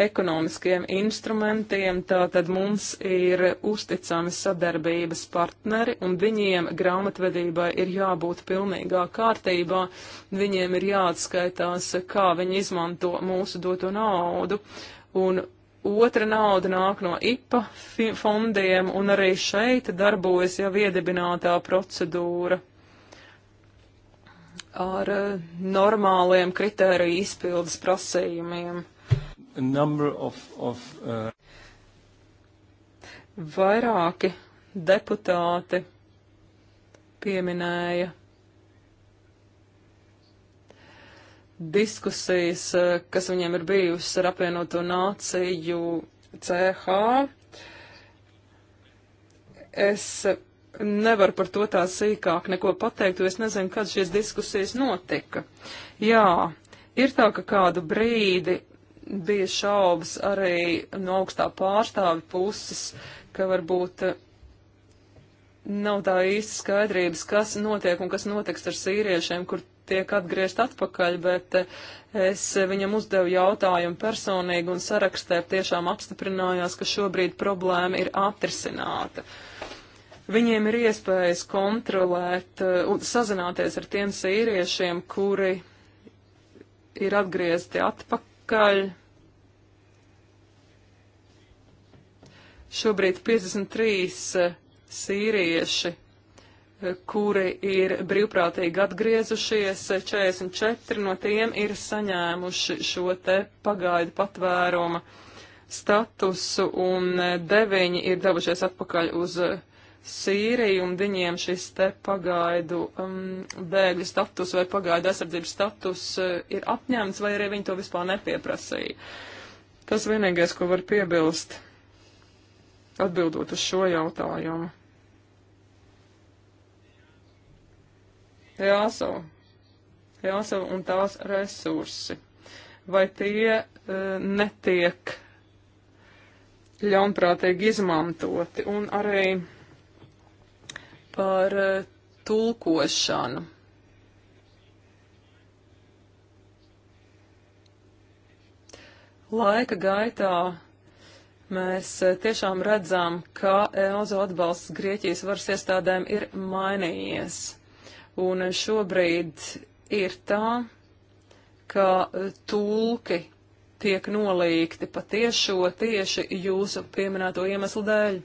ekonomiskiem instrumentiem, tātad mums ir uzticami sadarbības partneri, un viņiem grāmatvedībai ir jābūt pilnīgā kārtībā, viņiem ir jāatskaitās, kā viņi izmanto mūsu doto naudu, un otra nauda nāk no IPA fondiem, un arī šeit darbojas jau iedibinātā procedūra ar eh, normāliem kritēriju izpildes prasījumiem a number of, of uh... Vairāki deputāti pieminēja diskusijas, uh, kas viņiem ir bijusi ar apvienoto nāciju CH. Es nevaru par to tā sīkāk neko pateikt, jo es nezinu, kad šīs diskusijas notika. Jā, ir tā, ka kādu brīdi bija šaubas arī no augstā pārstāvi puses, ka varbūt eh, nav tā īsti skaidrības, kas notiek un kas notiks ar sīriešiem, kur tiek atgriezt atpakaļ, bet eh, es viņam uzdevu jautājumu personīgi un sarakstē tiešām apstiprinājās, ka šobrīd problēma ir atrisināta. Viņiem ir iespējas kontrolēt eh, un sazināties ar tiem sīriešiem, kuri ir atgriezti atpakaļ, Šobrīd 53 eh, sīrieši, eh, kuri ir brīvprātīgi atgriezušies, 44 eh, no tiem ir saņēmuši šo te pagaidu patvērumu statusu, un deviņi ir devušies atpakaļ uz Sīriju, un viņiem šis te pagaidu um, bēgļu status vai pagaidu aizsardzības status uh, ir apņemts, vai arī viņi to vispār nepieprasīja. Tas vienīgais, ko var piebilst atbildot uz šo jautājumu. Jāso. Jāso un tās resursi. Vai tie e, netiek ļaunprātīgi izmantoti un arī par e, tulkošanu. Laika gaitā Mēs e, tiešām redzam, ka EOZO atbalsts Grieķijas varas iestādēm ir mainījies. Un šobrīd ir tā, ka e, tulki tiek nolīgti patiešo tieši jūsu pieminēto iemeslu dēļ.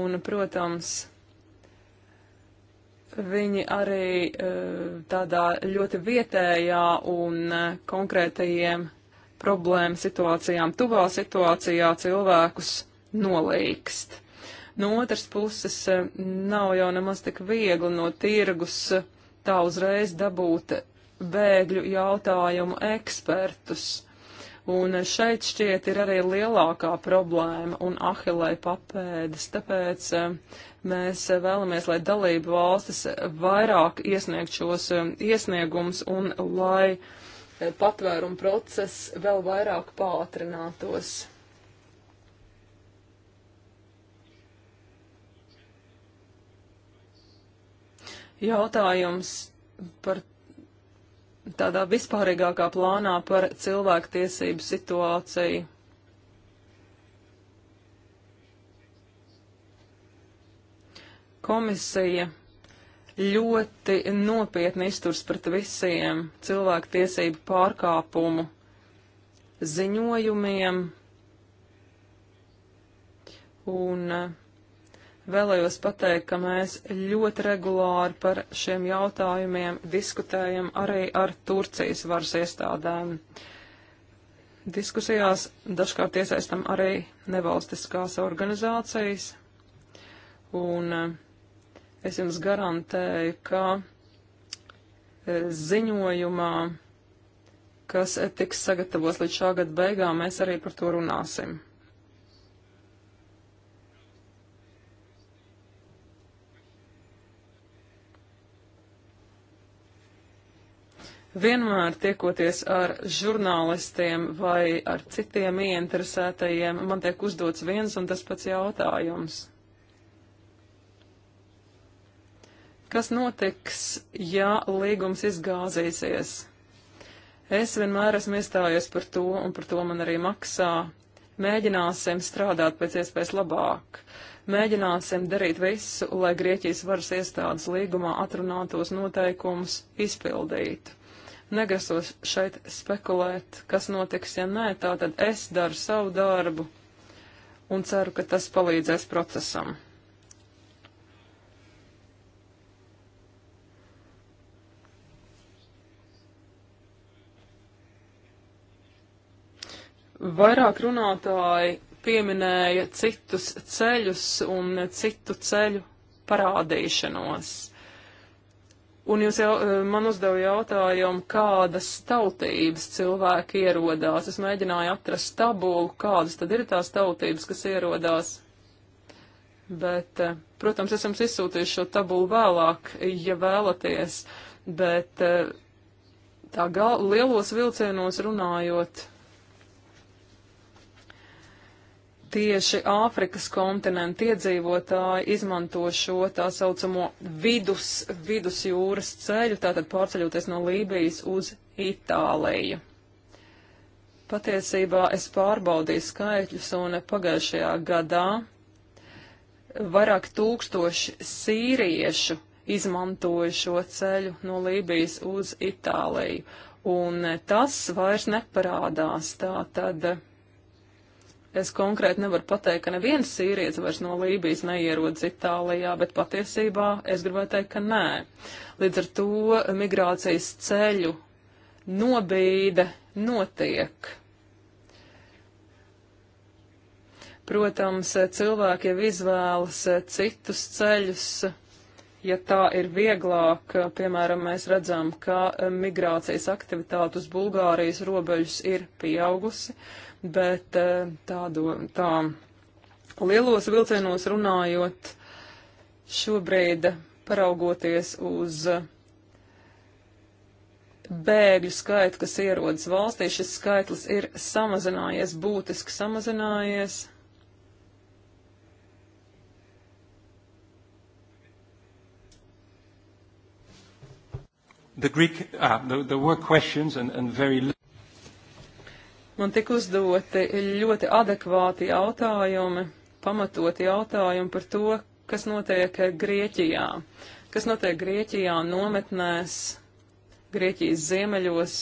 Un, protams, viņi arī e, tādā ļoti vietējā un konkrētajiem problēma situācijām, tuvā situācijā cilvēkus nolīkst. No otras puses, eh, nav jau nemaz tik viegli no tirgus eh, tā uzreiz dabūt bēgļu jautājumu ekspertus. Un eh, šeit šķiet ir arī lielākā problēma un ahilē papēdes, tāpēc mēs vēlamies, lai dalību valstis vairāk iesniegt šos iesniegumus un lai uh, patvērumu process vēl vairāk pātrinātos. Jautājums par tādā vispārīgākā plānā par cilvēktiesību situāciju. Komisija ļoti nopietni izturs pret visiem cilvēku tiesību pārkāpumu ziņojumiem. Un eh, vēlējos pateikt, ka mēs ļoti regulāri par šiem jautājumiem diskutējam arī ar Turcijas varas iestādēm. Diskusijās dažkārt iesaistam arī nevalstiskās organizācijas. Un uh, Es jums garantēju, ka e, ziņojumā, kas tiks sagatavots līdz šā gada beigām, mēs arī par to runāsim. Vienmēr tiekoties ar žurnālistiem vai ar citiem ieinteresētajiem, man tiek uzdots viens un tas pats jautājums. Kas notiks, ja līgums izgāzīsies? Es vienmēr esmu iestājies par to, un par to man arī maksā. Mēģināsim strādāt pēc iespējas labāk. Mēģināsim darīt visu, lai Grieķijas varas iestādes līgumā atrunātos noteikumus izpildītu. Negrasos šeit spekulēt, kas notiks, ja nē, tātad es daru savu darbu un ceru, ka tas palīdzēs procesam. Vairāk runātāji pieminēja citus ceļus un citu ceļu parādīšanos. Un jūs jau eh, man uzdeva jautājumu, kādas tautības cilvēki ierodās. Es mēģināju atrast tabulu, kādas tad ir tās tautības, kas ierodās. Bet, eh, protams, es jums izsūtīšu šo tabulu vēlāk, ja vēlaties. Bet eh, tā gal, lielos vilcienos runājot, tieši Āfrikas kontinenta iedzīvotāji izmanto šo tā saucamo vidus, vidusjūras ceļu, tātad pārceļoties no Lībijas uz Itāliju. Patiesībā es pārbaudīju skaitļus un pagājušajā gadā vairāk tūkstoši sīriešu izmantoja šo ceļu no Lībijas uz Itāliju. Un tas vairs neparādās tā tad. Es konkrēti nevaru pateikt, ka neviens sīrietis vairs no Lībijas neierodas Itālijā, bet patiesībā es gribētu teikt, ka nē. Līdz ar to migrācijas ceļu nobīde notiek. Protams, cilvēki jau izvēlas citus ceļus, ja tā ir vieglāk, piemēram, mēs redzam, ka migrācijas aktivitāte uz Bulgārijas robežas ir pieaugusi, bet eh, tādo, tā lielos vilcienos runājot, šobrīd paraugoties uz bēgļu skaitu, kas ierodas valstī, šis skaitlis ir samazinājies, būtiski samazinājies. The Greek, ah, there, there were questions and, and very Man tik uzdoti ļoti adekvāti jautājumi, pamatoti jautājumi par to, kas notiek Grieķijā. Kas notiek Grieķijā nometnēs, Grieķijas ziemeļos.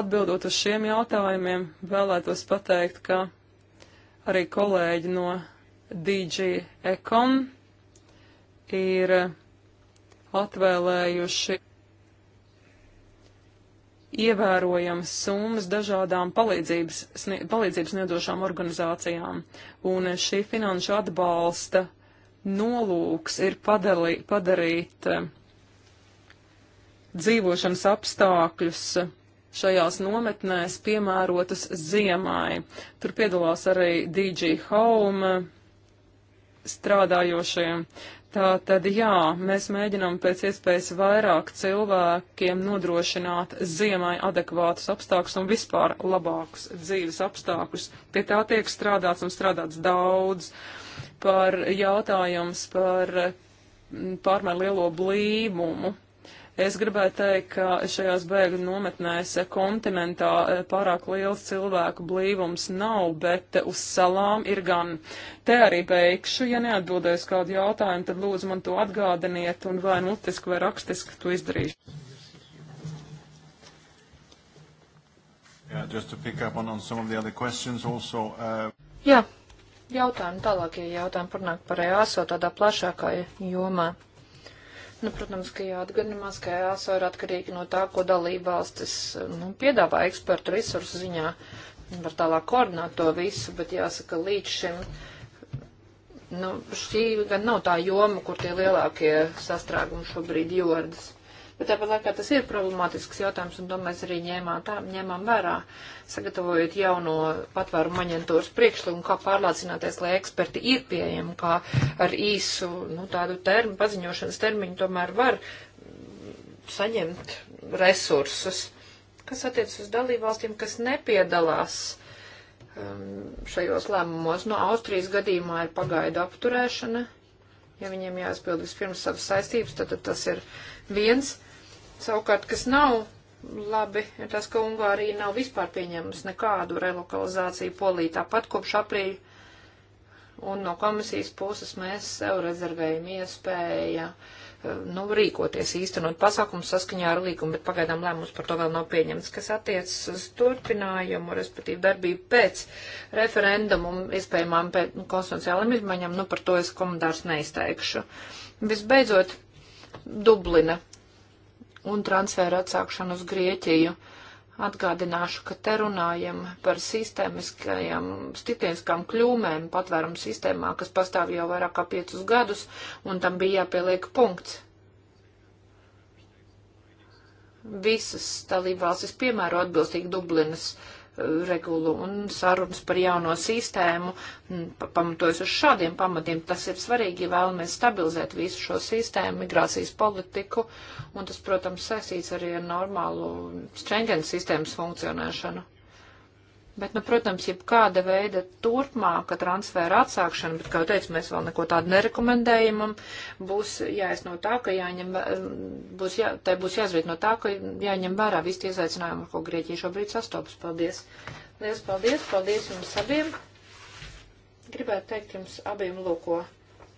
Atbildot uz šiem jautājumiem, vēlētos pateikt, ka arī kolēģi no DG Econ ir atvēlējuši ievērojams summas dažādām palīdzības, palīdzības sniedošām organizācijām, un šī finanšu atbalsta nolūks ir padalī, padarīt eh, dzīvošanas apstākļus šajās nometnēs piemērotas ziemai. Tur piedalās arī DG Home, strādājošiem. Tā tad jā, mēs mēģinām pēc iespējas vairāk cilvēkiem nodrošināt ziemai adekvātus apstākļus un vispār labākus dzīves apstākļus. Pie tā tiek strādāts un strādāts daudz par jautājums par pārmēr lielo blīvumu. Es gribēju teikt, ka šajās bēgļu nometnēs kontinentā e, pārāk liels cilvēku blīvums nav, bet uz salām ir gan. Te arī beigšu, ja neatbildēs kādu jautājumu, tad lūdzu man to atgādiniet un vai mutiski vai rakstiski to izdarīšu. Yeah, just to pick up on, on some of the other questions also. Uh... Jā, jautājumi tālākie jautājumi parunāk par EASO tādā plašākā jomā. Nu, protams, ka jāatgadinās, ka jāsā ir atkarīgi no tā, ko dalībvalstis nu, piedāvā ekspertu resursu ziņā. Var tālāk koordinēt to visu, bet jāsaka, līdz šim nu, šī gan nav tā joma, kur tie lielākie sastrēgumi šobrīd jordas bet tāpat laikā tas ir problemātisks jautājums, un to mēs arī ņēmām, tā, ņēmām vērā, sagatavojot jauno patvērumu aģentūras priekšlikumu, kā pārliecināties, lai eksperti ir pieejami, kā ar īsu, nu, tādu termu, paziņošanas termiņu tomēr var saņemt resursus. Kas attiec uz dalībvalstīm, kas nepiedalās um, šajos lēmumos, no nu, Austrijas gadījumā ir pagaidu apturēšana, ja viņiem jāizpild vispirms savas saistības, tad, tad tas ir viens. Savukārt, kas nav labi, ir tas, ka Ungārija nav vispār pieņēmusi nekādu relokalizāciju polī tāpat kopš aprīļa. Un no komisijas puses mēs sev rezervējam iespēju eh, nu, rīkoties, īstenot pasākumus saskaņā ar līgumu, bet pagaidām lēmums par to vēl nav pieņemts, kas attiecas uz turpinājumu, respektīvi darbību pēc referendumu un iespējamām pēc nu, konstitucionāliem izmaiņām, nu, par to es komentārs neizteikšu. Visbeidzot, Dublina un transferu atsākšanu uz Grieķiju. Atgādināšu, ka te runājam par sistēmiskajām, stitiskām kļūmēm patvērumu sistēmā, kas pastāv jau vairāk kā piecus gadus, un tam bija jāpieliek punkts. Visas dalībvalstis piemēro atbilstīgi Dublinas uh, regulu un sarunas par jauno sistēmu, pamatojas uz šādiem pamatiem. Tas ir svarīgi, ja vēlamies stabilizēt visu šo sistēmu, migrācijas politiku, un tas, protams, saistīts arī ar normālu Schengen sistēmas funkcionēšanu. Bet, nu, protams, jebkāda veida turpmāka transfēra atsākšana, bet, kā jau teicu, mēs vēl neko tādu nerekomendējam, būs jāies no tā, ka jāņem, eh, būs jā, tai būs jāizriet no tā, ka jāņem vērā visi tie izaicinājumi, ar ko Grieķija šobrīd sastopas. Paldies! Liels paldies! Paldies jums abiem! Gribētu teikt jums abiem lūko,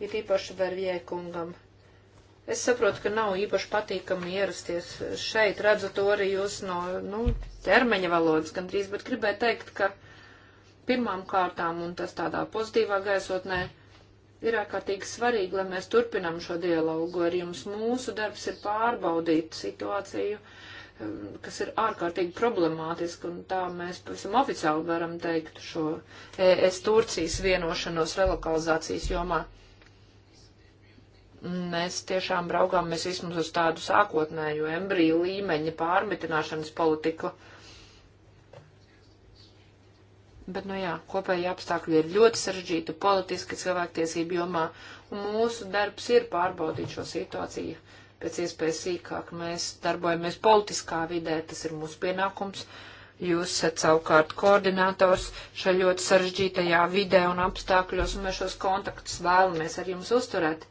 ir īpaši Vervie kungam. Es saprotu, ka nav īpaši patīkami ierasties šeit, redzu to arī jūs no, nu, ķermeņa valodas gandrīz, bet gribēju teikt, ka pirmām kārtām, un tas tādā pozitīvā gaisotnē, ir ārkārtīgi svarīgi, lai mēs turpinām šo dialogu ar jums. Mūsu darbs ir pārbaudīt situāciju, um, kas ir ārkārtīgi problemātiska, un tā mēs pavisam oficiāli varam teikt šo ES Turcijas vienošanos relokalizācijas jomā mēs tiešām raugāmies vismaz uz tādu sākotnēju embriju līmeņa pārmitināšanas politiku. Bet, nu jā, kopēji apstākļi ir ļoti sarežģīti politiski cilvēktiesību jomā, un mūsu darbs ir pārbaudīt šo situāciju pēc iespējas sīkāk. Mēs darbojamies politiskā vidē, tas ir mūsu pienākums. Jūs esat savukārt koordinators šajā ļoti sarežģītajā vidē un apstākļos, un mēs šos kontaktus vēlamies ar jums uzturēt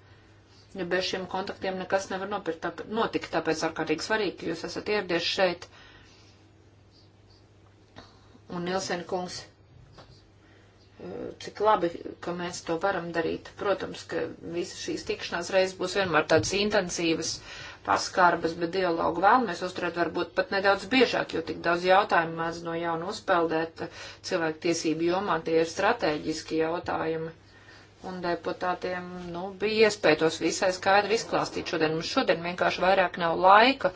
ja bez šiem kontaktiem nekas nevar nopirkt, tā, notikt, tāpēc ārkārtīgi svarīgi, ka jūs esat ieradies šeit. Un Nilsen kungs, eh, cik labi, ka mēs to varam darīt. Protams, ka visas šīs tikšanās reizes būs vienmēr tādas intensīvas paskarbas, bet dialogu vēlamies uzturēt varbūt pat nedaudz biežāk, jo tik daudz jautājumu mēdz no jauna uzpeldēt cilvēku tiesību jomā, tie ir strateģiski jautājumi un deputātiem, nu, bija iespēja tos visai skaidri izklāstīt šodien. Mums šodien vienkārši vairāk nav laika,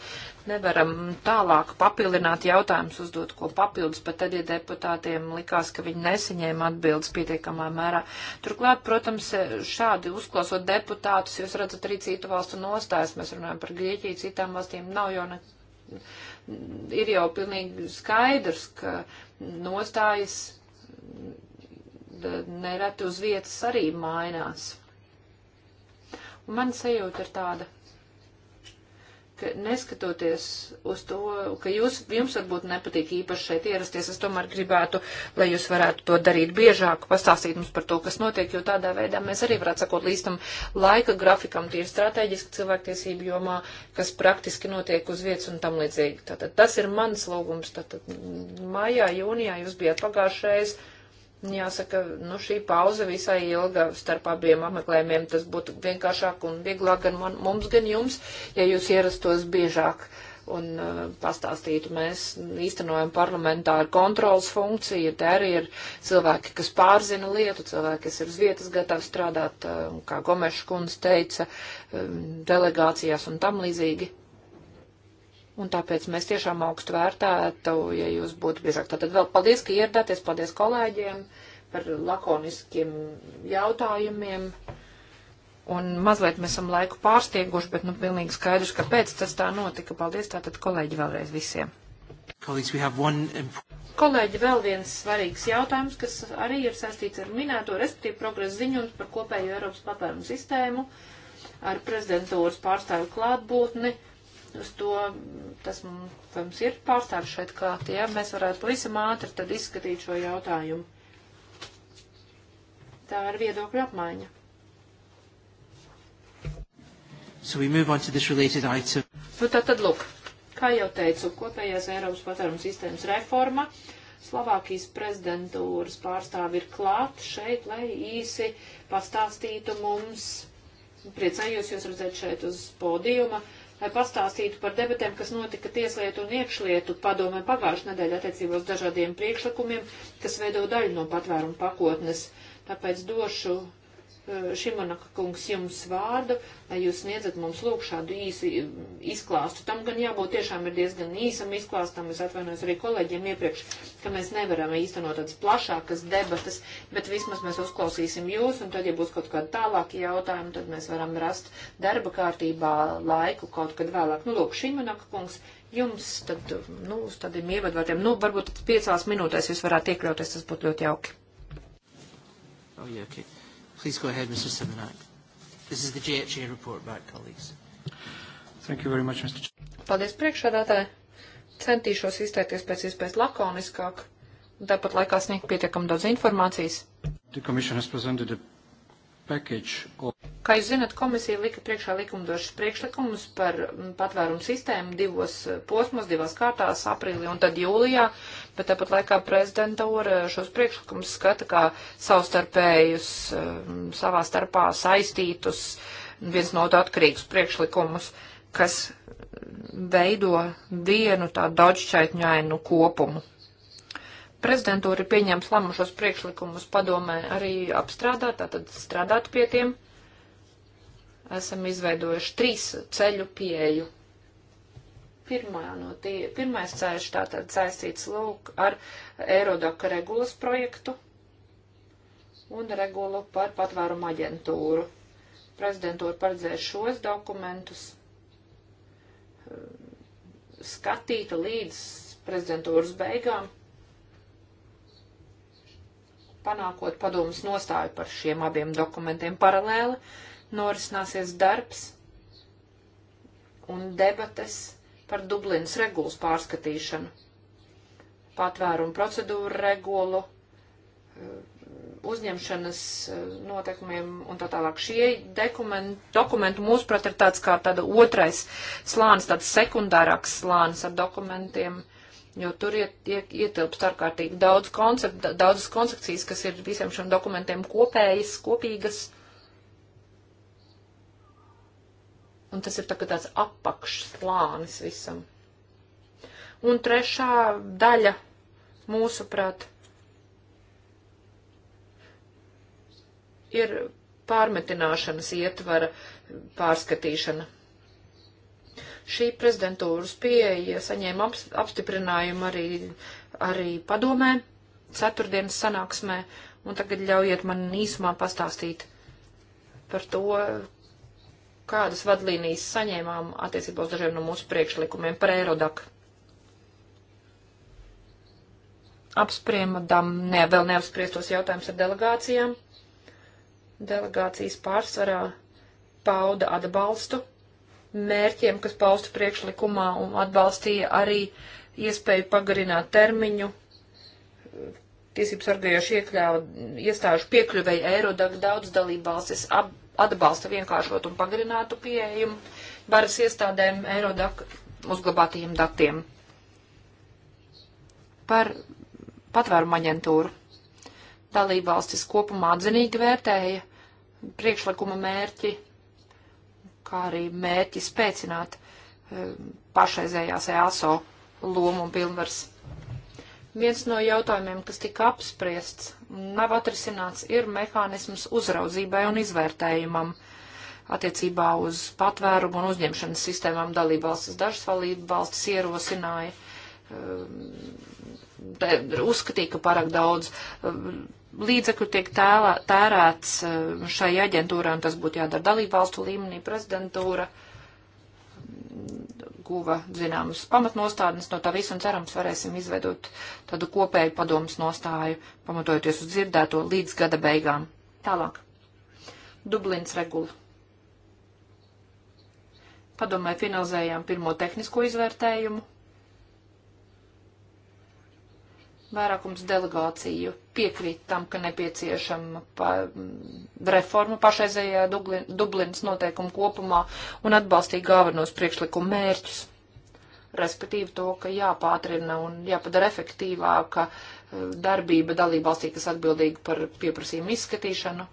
nevaram tālāk papildināt jautājumus, uzdot ko papildus, pat tad, ja deputātiem likās, ka viņi nesaņēma atbildes pietiekamā mērā. Turklāt, protams, šādi uzklausot deputātus, jūs redzat arī citu valstu nostājas, mēs runājam par Grieķiju, citām valstīm nav jau ne. Ir jau pilnīgi skaidrs, ka nostājas Eh, nereti uz vietas arī mainās. Un man sajūta ir tāda, ka neskatoties uz to, ka jūs, jums varbūt nepatīk īpaši šeit ierasties, es tomēr gribētu, lai jūs varētu to darīt biežāk, pastāstīt mums par to, kas notiek, jo tādā veidā mēs arī varētu sakot līdz tam laika grafikam, tie ir strateģiski cilvēktiesību jomā, kas praktiski notiek uz vietas un tam līdzīgi. Tātad tas ir mans lūgums. Tātad maijā, jūnijā jūs bijat pagājušais. Jāsaka, nu šī pauze visai ilga starp abiem apmeklējumiem, tas būtu vienkāršāk un vieglāk gan man, mums, gan jums, ja jūs ierastos biežāk un uh, pastāstītu. Mēs īstenojam parlamentāru kontrolas funkciju, te arī ir cilvēki, kas pārzina lietu, cilvēki, kas ir uz vietas gatavi strādāt, uh, kā Gomeša kundze teica, um, delegācijās un tam līdzīgi. Un tāpēc mēs tiešām augstu vērtētu, ja jūs būtu biežāk. Tātad vēl paldies, ka ieradāties, paldies kolēģiem par lakoniskiem jautājumiem. Un mazliet mēs esam laiku pārstieguši, bet nu pilnīgi skaidrs, kāpēc tas tā notika. Paldies tātad kolēģi vēlreiz visiem. Kolēģi, vēl viens svarīgs jautājums, kas arī ir saistīts ar minēto, respektīvi progresa ziņojums par kopējo Eiropas patvērumu sistēmu ar prezidentūras pārstāvu klātbūtni uz to, tas mums ir pārstāvis šeit klāt, ja mēs varētu pavisam ātri tad izskatīt šo jautājumu. Tā ir viedokļa apmaiņa. So we move on to this related item. Nu tā tad lūk, kā jau teicu, kopējās Eiropas patērums sistēmas reforma. Slovākijas prezidentūras pārstāvi ir klāt šeit, lai īsi pastāstītu mums. Priecājos jūs redzēt šeit uz podījuma. Uh, lai pastāstītu par debatēm, kas notika Tieslietu un iekšlietu padomē pagājušajā nedēļā attiecībos dažādiem priekšlikumiem, kas veido daļu no patvērumu pakotnes. Tāpēc došu Eh, Šimanaka kungs jums vārdu, lai jūs sniedzat mums lūk šādu īsu mm, izklāstu. Tam gan jābūt tiešām ir diezgan īsam izklāstam, es atvainojos arī kolēģiem iepriekš, ka mēs nevaram īstenot tādas plašākas debatas, bet vismaz mēs uzklausīsim jūs, un tad, ja būs kaut kādi tālāki jautājumi, tad mēs varam rast darba kārtībā laiku kaut kad vēlāk. Nu, lūk, Šimanaka kungs, jums tad, nu, uz tādiem ievadvārdiem, nu, varbūt piecās minūtēs jūs varētu iekļauties, tas būtu ļoti jauki. Oh, yeah, okay. Please go ahead, Mr. Simonak. This is the JHA report back, colleagues. Thank you very much, Mr. Paldies priekšādātāji. Centīšos izteikties pēc iespējas lakoniskāk, un tāpat laikā sniegt pietiekam daudz informācijas. Kā jūs zinat, komisija lika priekšā likumdošas priekšlikumus par mm, patvērumu sistēmu divos eh, posmos, divās kārtās, aprīlī un tad jūlijā. Uh, bet tāpat laikā prezidentūra šos priekšlikumus skata kā savstarpējus, um, savā starpā saistītus, viens no otru atkarīgus priekšlikumus, kas veido vienu tādu daudzšķaitņainu kopumu. Prezidentūra ir pieņēmusi lēmumu šos priekšlikumus padomē arī apstrādāt, tātad strādāt pie tiem. Esam izveidojuši trīs ceļu pieeju Pirmā no tie, pirmais ceļš tātad saistīts lūk ar Eirodoka regulas projektu un regulu par patvērumu aģentūru. Prezidentūra paredzēja šos dokumentus eh, skatīt līdz prezidentūras beigām, panākot padomus nostāju par šiem abiem dokumentiem paralēli, norisināsies darbs un debates par Dublinas regulas pārskatīšanu, patvērumu procedūru regulu, eh, uzņemšanas eh, noteikumiem un tā tālāk. Šie dokumenti, dokumenti mūsuprāt, ir tāds kā tāda otrais slānis, tāds sekundārāks slānis ar dokumentiem, jo tur iet, iet, ietilpst ārkārtīgi daudz koncept, daudzas koncepcijas, kas ir visiem šiem dokumentiem kopējas, kopīgas. Un tas ir tā kā tāds apakšslānis visam. Un trešā daļa, mūsuprāt, ir pārmetināšanas ietvara pārskatīšana. Šī prezidentūras pieeja saņēma apstiprinājumu arī, arī padomē, ceturtdienas sanāksmē, un tagad ļaujiet man īsumā pastāstīt par to, kādas vadlīnijas saņēmām attiecībā uz dažiem no mūsu priekšlikumiem par Eirodak. Apspriedām ne, vēl neapspriestos jautājumus ar delegācijām. Delegācijas pārsvarā pauda atbalstu mērķiem, kas paustu priekšlikumā un atbalstīja arī iespēju pagarināt termiņu tiesības sargājošu iekļāvu iestāžu piekļuvēju Eirodak daudz dalībvalstis ap, atbalsta vienkāršot un pagarinātu pieejumu varas iestādēm Eirodak uzglabātajiem datiem. Par patvērumu aģentūru. Dalībvalstis kopumā atzinīgi vērtēja priekšlikuma mērķi, kā arī mērķi spēcināt eh, pašreizējās EASO lomu un pilnvars. Viens no jautājumiem, kas tika apspriests, nav atrisināts, ir mehānisms uzraudzībai un izvērtējumam attiecībā uz patvērumu un uzņemšanas sistēmām dalībvalstis. Dažas valstis ierosināja, um, uzskatīja, ka pārāk daudz um, līdzekļu tiek tēlā, tērēts um, šai aģentūrai, un tas būtu jādara dalībvalstu līmenī prezidentūra guva zināmas pamatnostādnes no tā visu un cerams varēsim izveidot tādu kopēju padomas nostāju, pamatojoties uz dzirdēto līdz gada beigām. Tālāk. Dublins regula. Padomē finalizējām pirmo tehnisko izvērtējumu. Vairākums delegāciju piekrīt tam, ka nepieciešama pa, reforma pašreizējā Dublin, Dublinas noteikuma kopumā un atbalstīt galvenos priekšlikumu mērķus. Respektīvi to, ka jāpātrina un jāpadara efektīvāka eh, darbība dalībvalstī, kas atbildīga par pieprasījumu izskatīšanu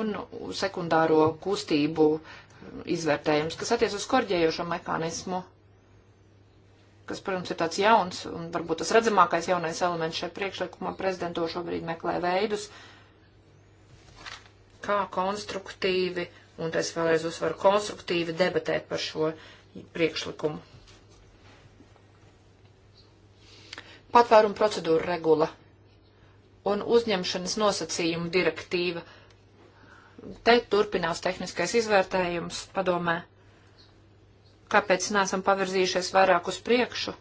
un sekundāro kustību eh, izvērtējums, kas attiec uz korģējošo mekanismu kas, protams, ir tāds jauns un varbūt tas redzamākais jaunais elements šajā priekšlikumā prezidento šobrīd meklē veidus, kā konstruktīvi, un es vēlreiz uzsvaru, konstruktīvi debatēt par šo priekšlikumu. Patvērumu procedūra regula un uzņemšanas nosacījumu direktīva. Te turpinās tehniskais izvērtējums padomē kāpēc neesam pavirzījušies vairāk uz priekšu,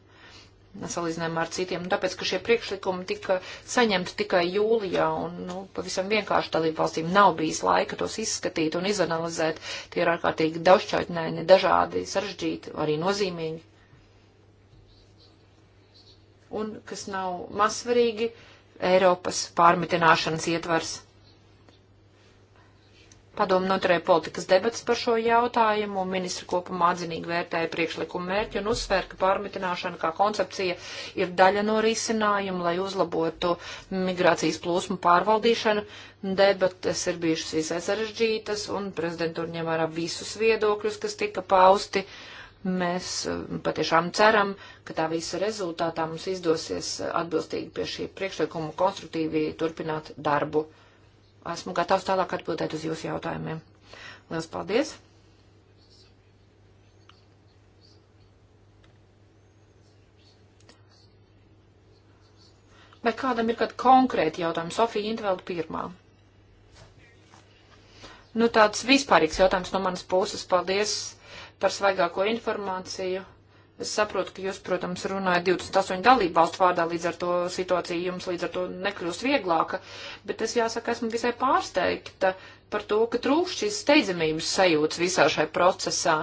salīdzinājumā ar citiem, nu, tāpēc, ka šie priekšlikumi tika saņemti tikai jūlijā, un, nu, pavisam vienkārši dalību valstīm nav bijis laika tos izskatīt un izanalizēt, tie ir ārkārtīgi daudzšķaitnēni, dažādi, sarežģīti, arī nozīmīgi. Un, kas nav mazsvarīgi, Eiropas pārmitināšanas ietvars Padomu noturēja politikas debats par šo jautājumu, un ministri kopumā atzinīgi vērtēja priekšlikumu mērķi un uzsvēra, ka pārmitināšana kā koncepcija ir daļa no risinājuma, lai uzlabotu migrācijas plūsmu pārvaldīšanu. Debates ir bijušas visai sarežģītas, un prezidentūra ņem vērā visus viedokļus, kas tika pausti mēs uh, patiešām ceram, ka tā visa rezultātā mums izdosies atbilstīgi pie šī priekšlikuma konstruktīvi turpināt darbu esmu gatavs tālāk atbildēt uz jūsu jautājumiem. Lielas paldies! Vai kādam ir kādi konkrēti jautājumi? Sofija Intvelda pirmā. Nu, tāds vispārīgs jautājums no manas puses. Paldies par svaigāko informāciju. Es saprotu, ka jūs, protams, runājat 28 dalību valstu vārdā, līdz ar to situācija jums līdz ar to nekļūst vieglāka, bet es jāsaka, esmu visai pārsteigta par to, ka trūkst šīs steidzamības sajūtas visā šai procesā.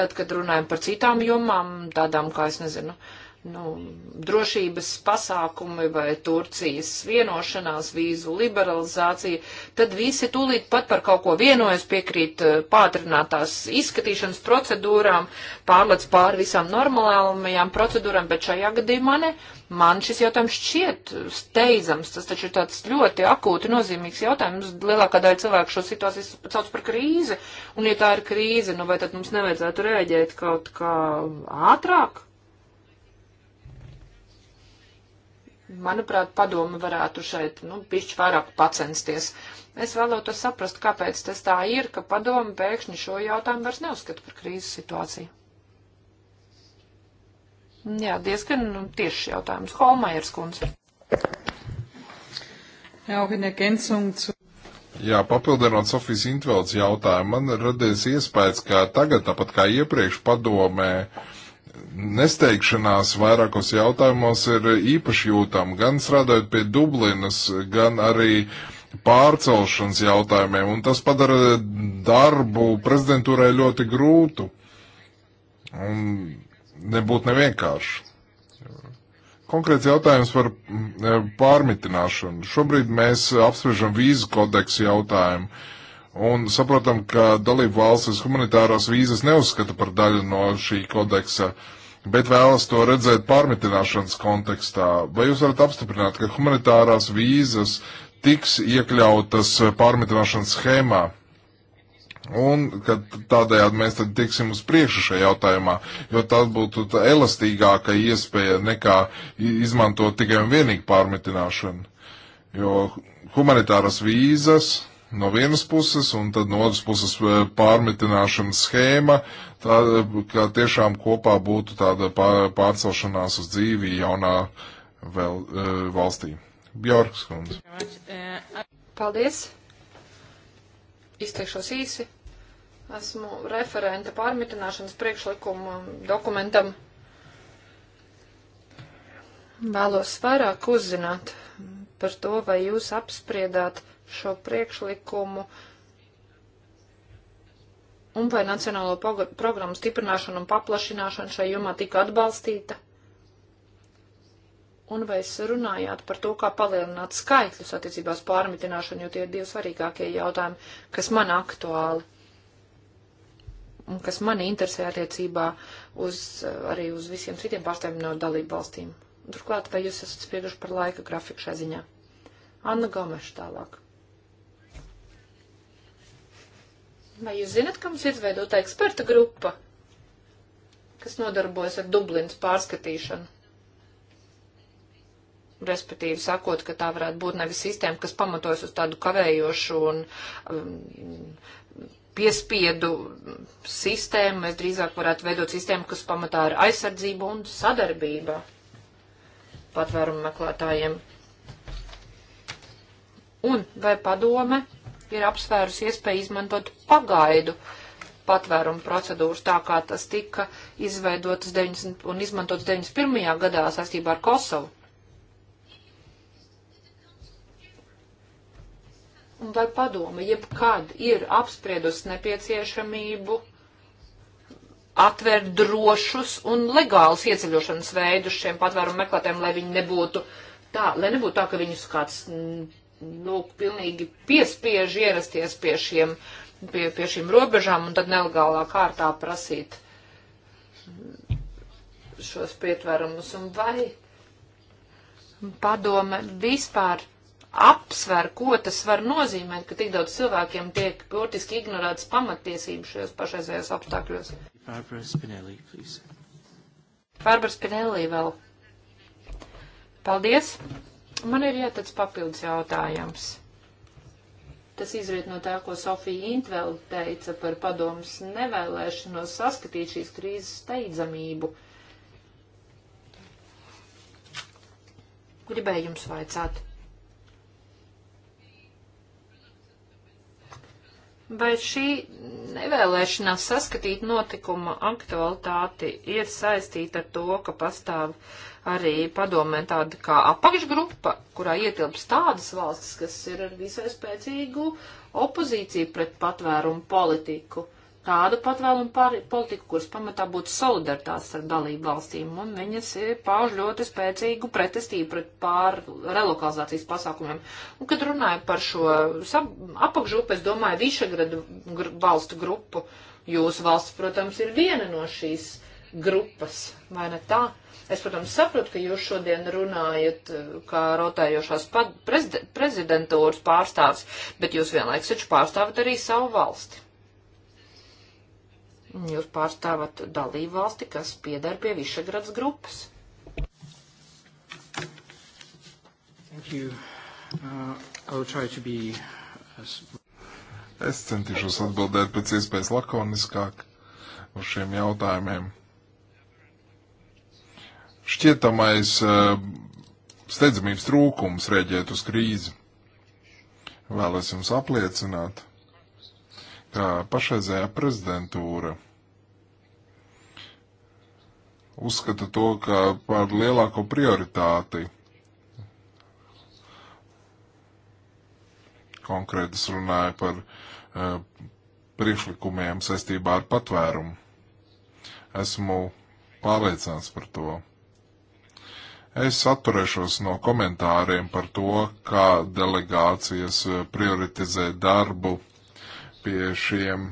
Tad, kad runājam par citām jomām, tādām kā, es nezinu, uh, nu, drošības pasākumi vai Turcijas vienošanās, vīzu liberalizācija, tad visi tūlīt pat par kaut ko vienojas, piekrīt eh, pātrinātās izskatīšanas procedūrām, pārlec pāri visām normālajām procedūrām, bet šajā gadījumā ne. Man šis jautājums šķiet steidzams, tas taču ir tāds ļoti akūti nozīmīgs jautājums. Lielākā daļa cilvēku šo situāciju sauc par krīzi, un ja tā ir krīze, nu vai tad mums nevajadzētu rēģēt kaut kā ātrāk? manuprāt, padoma varētu šeit, nu, pišķi vairāk pacensties. Es vēlētos saprast, kāpēc tas tā ir, ka padoma pēkšņi šo jautājumu vairs neuzskata par krīzes situāciju. Jā, diezgan nu, tieši jautājums. Holmajers kundze. Jā, papildinot Sofijas Intvelds jautājumu, man radies iespējas, ka tagad, tāpat kā iepriekš padomē, uh, nesteigšanās vairākos jautājumos ir īpaši jūtama, gan strādājot pie Dublinas, gan arī pārcelšanas jautājumiem, un tas padara darbu prezidentūrai ļoti grūtu un nebūtu nevienkārši. Konkrēts jautājums par mm, pārmitināšanu. Šobrīd mēs apspriežam vīzu kodeksu jautājumu. Uh, Un saprotam, ka dalību valstis humanitāros vīzas neuzskata par daļu no šī kodeksa, bet vēlas to redzēt pārmitināšanas kontekstā. Vai jūs varat apstiprināt, ka humanitārās vīzas tiks iekļautas pārmitināšanas schēmā? Un ka tādējādi mēs tad tiksim uz priekšu šajā jautājumā, jo tā būtu tā elastīgāka iespēja nekā izmantot tikai un vienīgi pārmitināšanu. Jo humanitāras vīzas no vienas puses, un tad no otras puses eh, pārmetināšanas schēma, tā, kā tiešām kopā būtu tāda pārcelšanās uz dzīvi jaunā vēl, eh, valstī. Bjorks kundze. Paldies. Izteikšos īsi. Esmu referente pārmitināšanas priekšlikuma dokumentam. Vēlos vairāk uzzināt par to, vai jūs apspriedāt šo priekšlikumu un vai nacionālo programmu stiprināšana un paplašināšana šai jomā tika atbalstīta? Un vai es runājāt par to, kā palielināt skaitļus attiecībās pārmitināšanu, jo tie ir divi svarīgākie jautājumi, kas man aktuāli un kas mani interesē attiecībā uz, arī uz visiem citiem pārstāvjiem no dalību valstīm. Turklāt, vai jūs esat spieduši par laika grafiku šai ziņā? Anna Gomeša tālāk. Vai jūs zinat, ka mums ir izveidota eksperta grupa, kas nodarbojas ar Dublinas pārskatīšanu? Respektīvi sakot, ka tā varētu būt nevis sistēma, kas pamatojas uz tādu kavējošu un um, piespiedu sistēmu, mēs drīzāk varētu veidot sistēmu, kas pamatā ir aizsardzība un sadarbība patvērumu meklētājiem. Un vai padome ir apsvērusi iespēju izmantot pagaidu patvērumu procedūras, tā kā tas tika izveidotas 90, un izmantotas 91. gadā saistībā ar Kosovu. Un vai padome jebkad ir apspriedusi nepieciešamību atvērt drošus un legālus ieceļošanas veidus šiem patvērumu meklētājiem, lai viņi nebūtu tā, lai nebūtu tā, ka viņus kāds mm, lūk, nu, pilnīgi piespiež ierasties pie šiem, pie, pie šīm robežām un tad nelegālā kārtā prasīt šos pietverumus. Un vai padome vispār apsver, ko tas var nozīmēt, ka tik daudz cilvēkiem tiek burtiski ignorētas pamatiesības šajos pašreizējos apstākļos? Barbara Spinelli, please. Barbara Spinelli vēl. Paldies! Man ir jātads papildus jautājums. Tas izriet no tā, ko Sofija Intveld teica par padomus nevēlēšanos saskatīt šīs krīzes steidzamību. Gribēju jums vaicāt. Vai šī nevēlēšanās saskatīt notikuma aktualitāti ir saistīta ar to, ka pastāv uh, arī padomē tāda kā apakšgrupa, kurā ietilps tādas valstis, kas ir ar visai spēcīgu opozīciju pret patvērumu politiku. Tādu patvērumu politiku, kuras pamatā būtu solidaritātes ar dalību valstīm, un viņas pauž ļoti spēcīgu pretestību pret pār relokalizācijas pasākumiem. Un, kad runāju par šo apakšgrupu, es domāju Višegradu gr valstu grupu. Jūsu valsts, protams, ir viena no šīs grupas, vai ne tā? Uh, Es, protams, saprotu, ka jūs šodien runājat eh, kā rotējošās prezidentūras pārstāvs, bet jūs vienlaiks taču pārstāvat arī savu valsti. Jūs pārstāvat dalību valsti, kas piedar pie Višagrads grupas. Thank you. Uh, I will try to be as... Uh, es centīšos atbildēt pēc iespējas lakoniskāk uz šiem jautājumiem šķietamais eh, steidzamības trūkums rēģēt uz krīzi. Vēlos jums apliecināt, ka pašreizējā prezidentūra uzskata to, ka par lielāko prioritāti konkrēti es runāju par uh, priekšlikumiem saistībā ar patvērumu. Esmu pārliecināts par to. Es atturēšos no komentāriem par to, kā delegācijas prioritizē darbu pie šiem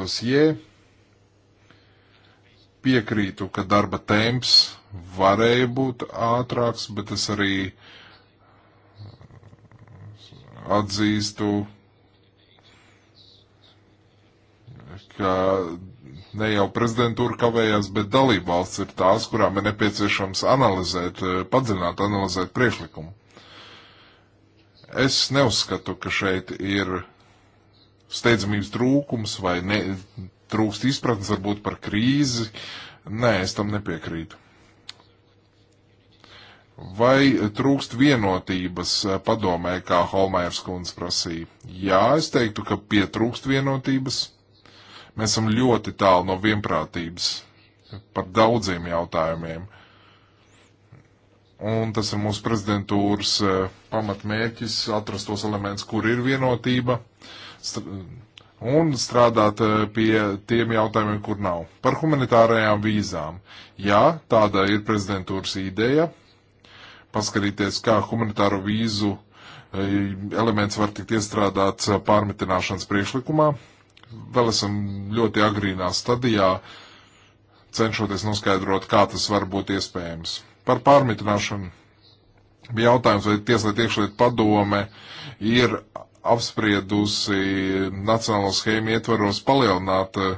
dosjē. Piekrītu, ka darba temps varēja būt ātrāks, bet es arī atzīstu, ka ne jau prezidentūra kavējās, bet dalība valsts ir tās, kurām ir nepieciešams analizēt, eh, padzināt, analizēt priekšlikumu. Es neuzskatu, ka šeit ir steidzamības trūkums vai ne, trūkst izpratnes varbūt par krīzi. Nē, es tam nepiekrītu. Vai trūkst vienotības eh, padomē, kā Holmērs kundze prasīja? Jā, es teiktu, ka pietrūkst vienotības Mēs esam ļoti tālu no vienprātības par daudziem jautājumiem. Un tas ir mūsu prezidentūras eh, pamatmērķis - atrast tos elementus, kur ir vienotība, st un strādāt eh, pie tiem jautājumiem, kur nav. Par humanitārajām vīzām. Jā, tāda ir prezidentūras ideja - paskatīties, kā humanitāro vīzu eh, elements var tikt iestrādāts pārmetināšanas priekšlikumā vēl esam ļoti agrīnā stadijā, cenšoties noskaidrot, kā tas var būt iespējams. Par pārmitināšanu bija jautājums, vai tieslietu iekšlietu padome ir apspriedusi nacionālo schēmu ietvaros palielināt eh,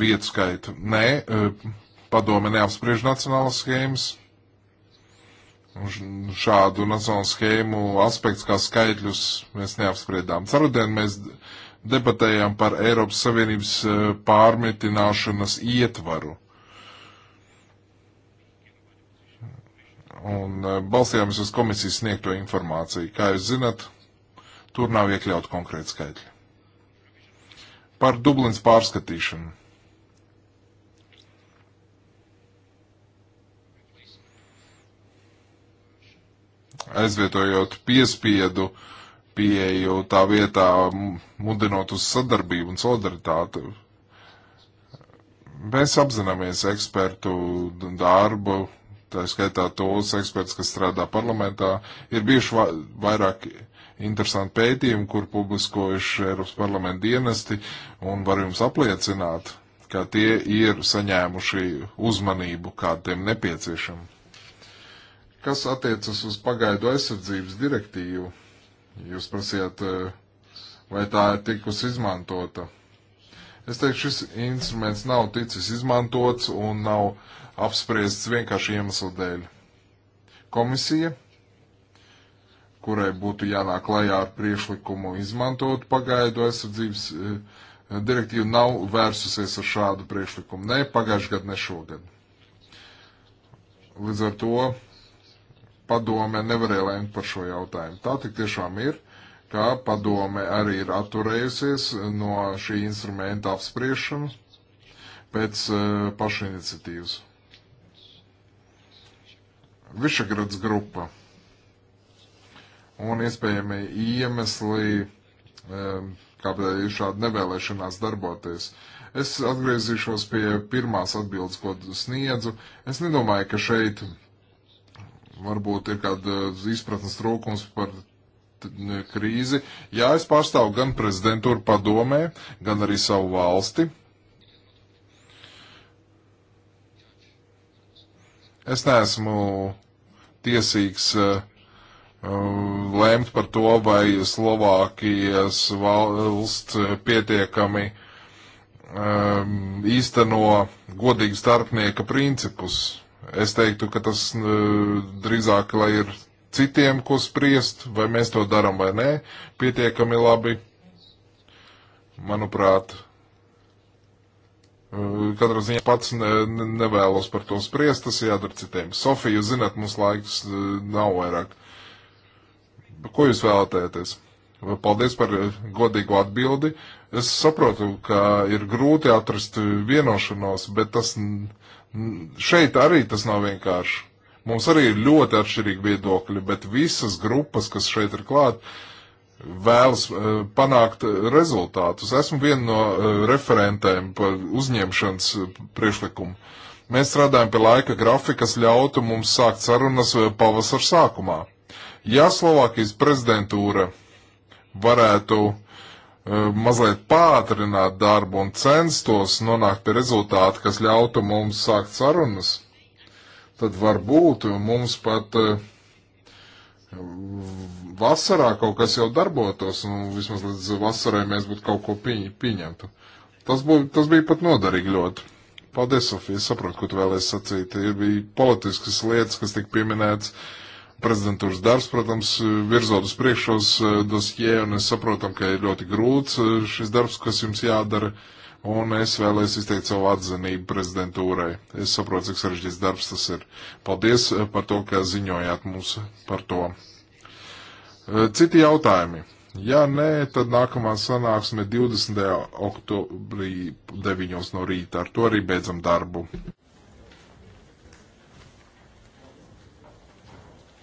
vietu skaitu. Nē, eh, padome neapspriež nacionālas schēmas. Šādu nacionālu schēmu aspekts kā skaitļus mēs neapspriedām. Cerudien mēs debatējām par Eiropas Savienības eh, pārmetināšanas ietvaru. Un eh, balstījāmies uz komisijas sniegto informāciju. Kā jūs zinat, tur nav iekļaut konkrēti skaitļi. Par Dublins pārskatīšanu. Aizvietojot piespiedu uh, pieeju tā vietā mudinot uz sadarbību un solidaritāti. Mēs apzināmies ekspertu darbu, tā skaitā tos ekspertus, kas strādā parlamentā. Ir bijuši va vairāk interesanti pētījumi, kur publiskojuši Eiropas parlamenta dienesti, un var jums apliecināt, ka tie ir saņēmuši uzmanību, kāda tiem nepieciešama. Kas attiecas uz pagaidu aizsardzības direktīvu? Jūs prasījāt, eh, vai tā ir tikus izmantota. Es teiktu, šis instruments nav ticis izmantots un nav apspriests vienkārši iemeslu dēļ. Komisija, kurai būtu jānāk klajā ar priešlikumu izmantot pagaidu aizsardzības eh, direktīvu, nav vērsusies ar šādu priešlikumu ne pagājušajā gadā, ne šogad. Līdz ar to padome nevarēja lēmt par šo jautājumu. Tā tik tiešām ir, ka padome arī ir atturējusies no šī instrumenta apspriešanas pēc uh, e, pašiniciatīvas. Višagrads grupa un iespējami iemesli, um, e, kāpēc ir šāda nevēlēšanās darboties. Es atgriezīšos pie pirmās atbildes, ko sniedzu. Es nedomāju, ka šeit varbūt ir kādas izpratnes trūkums par krīzi. Jā, es pārstāvu gan prezidentūru padomē, gan arī savu valsti. Es neesmu tiesīgs uh, lēmt par to, vai Slovākijas valsts pietiekami um, īsteno godīgu starpnieka principus Es teiktu, ka tas drīzāk, lai ir citiem, ko spriest, vai mēs to darām vai nē, pietiekami labi. Manuprāt, katrā ziņā pats ne, nevēlos par to spriest, tas jādara citiem. Sofija, jūs zināt, mums laiks nav vairāk. Ko jūs vēlaties? Paldies par eh, godīgu atbildi. Es saprotu, ka ir grūti atrast vienošanos, bet tas. N Šeit arī tas nav vienkārši. Mums arī ir ļoti atšķirīgi viedokļi, bet visas grupas, kas šeit ir klāt, vēlas uh, panākt eh, rezultātus. Esmu viena no uh, referentēm par uzņemšanas priekšlikumu. Mēs strādājam pie laika grafika, kas ļautu mums sākt sarunas pavasar sākumā. Ja Slovākijas prezidentūra varētu uh, Eh, mazliet pātrināt darbu un censtos nonākt pie rezultāta, kas ļautu mums sākt sarunas, tad varbūt mums pat eh, vasarā kaut kas jau darbotos, un nu, vismaz līdz vasarai mēs būtu kaut ko pieņemtu. Tas, bū, tas bija pat noderīgi ļoti. Paldies, Sofija, saprotu, ko tu vēlēsi sacīt. Ir bija politiskas lietas, kas tika pieminētas. Uh, prezidentūras darbs, protams, virzot uz priekšos eh, dosjē, un es saprotam, ka ir ļoti grūts eh, šis darbs, kas jums jādara, un es vēlēs izteikt savu atzinību prezidentūrai. Es saprotu, cik sarežģīts darbs tas ir. Paldies eh, par to, ka ziņojāt mums par to. Citi jautājumi. Ja nē, tad nākamā sanāksme 20. oktobrī 9. no rīta. Ar to arī beidzam darbu.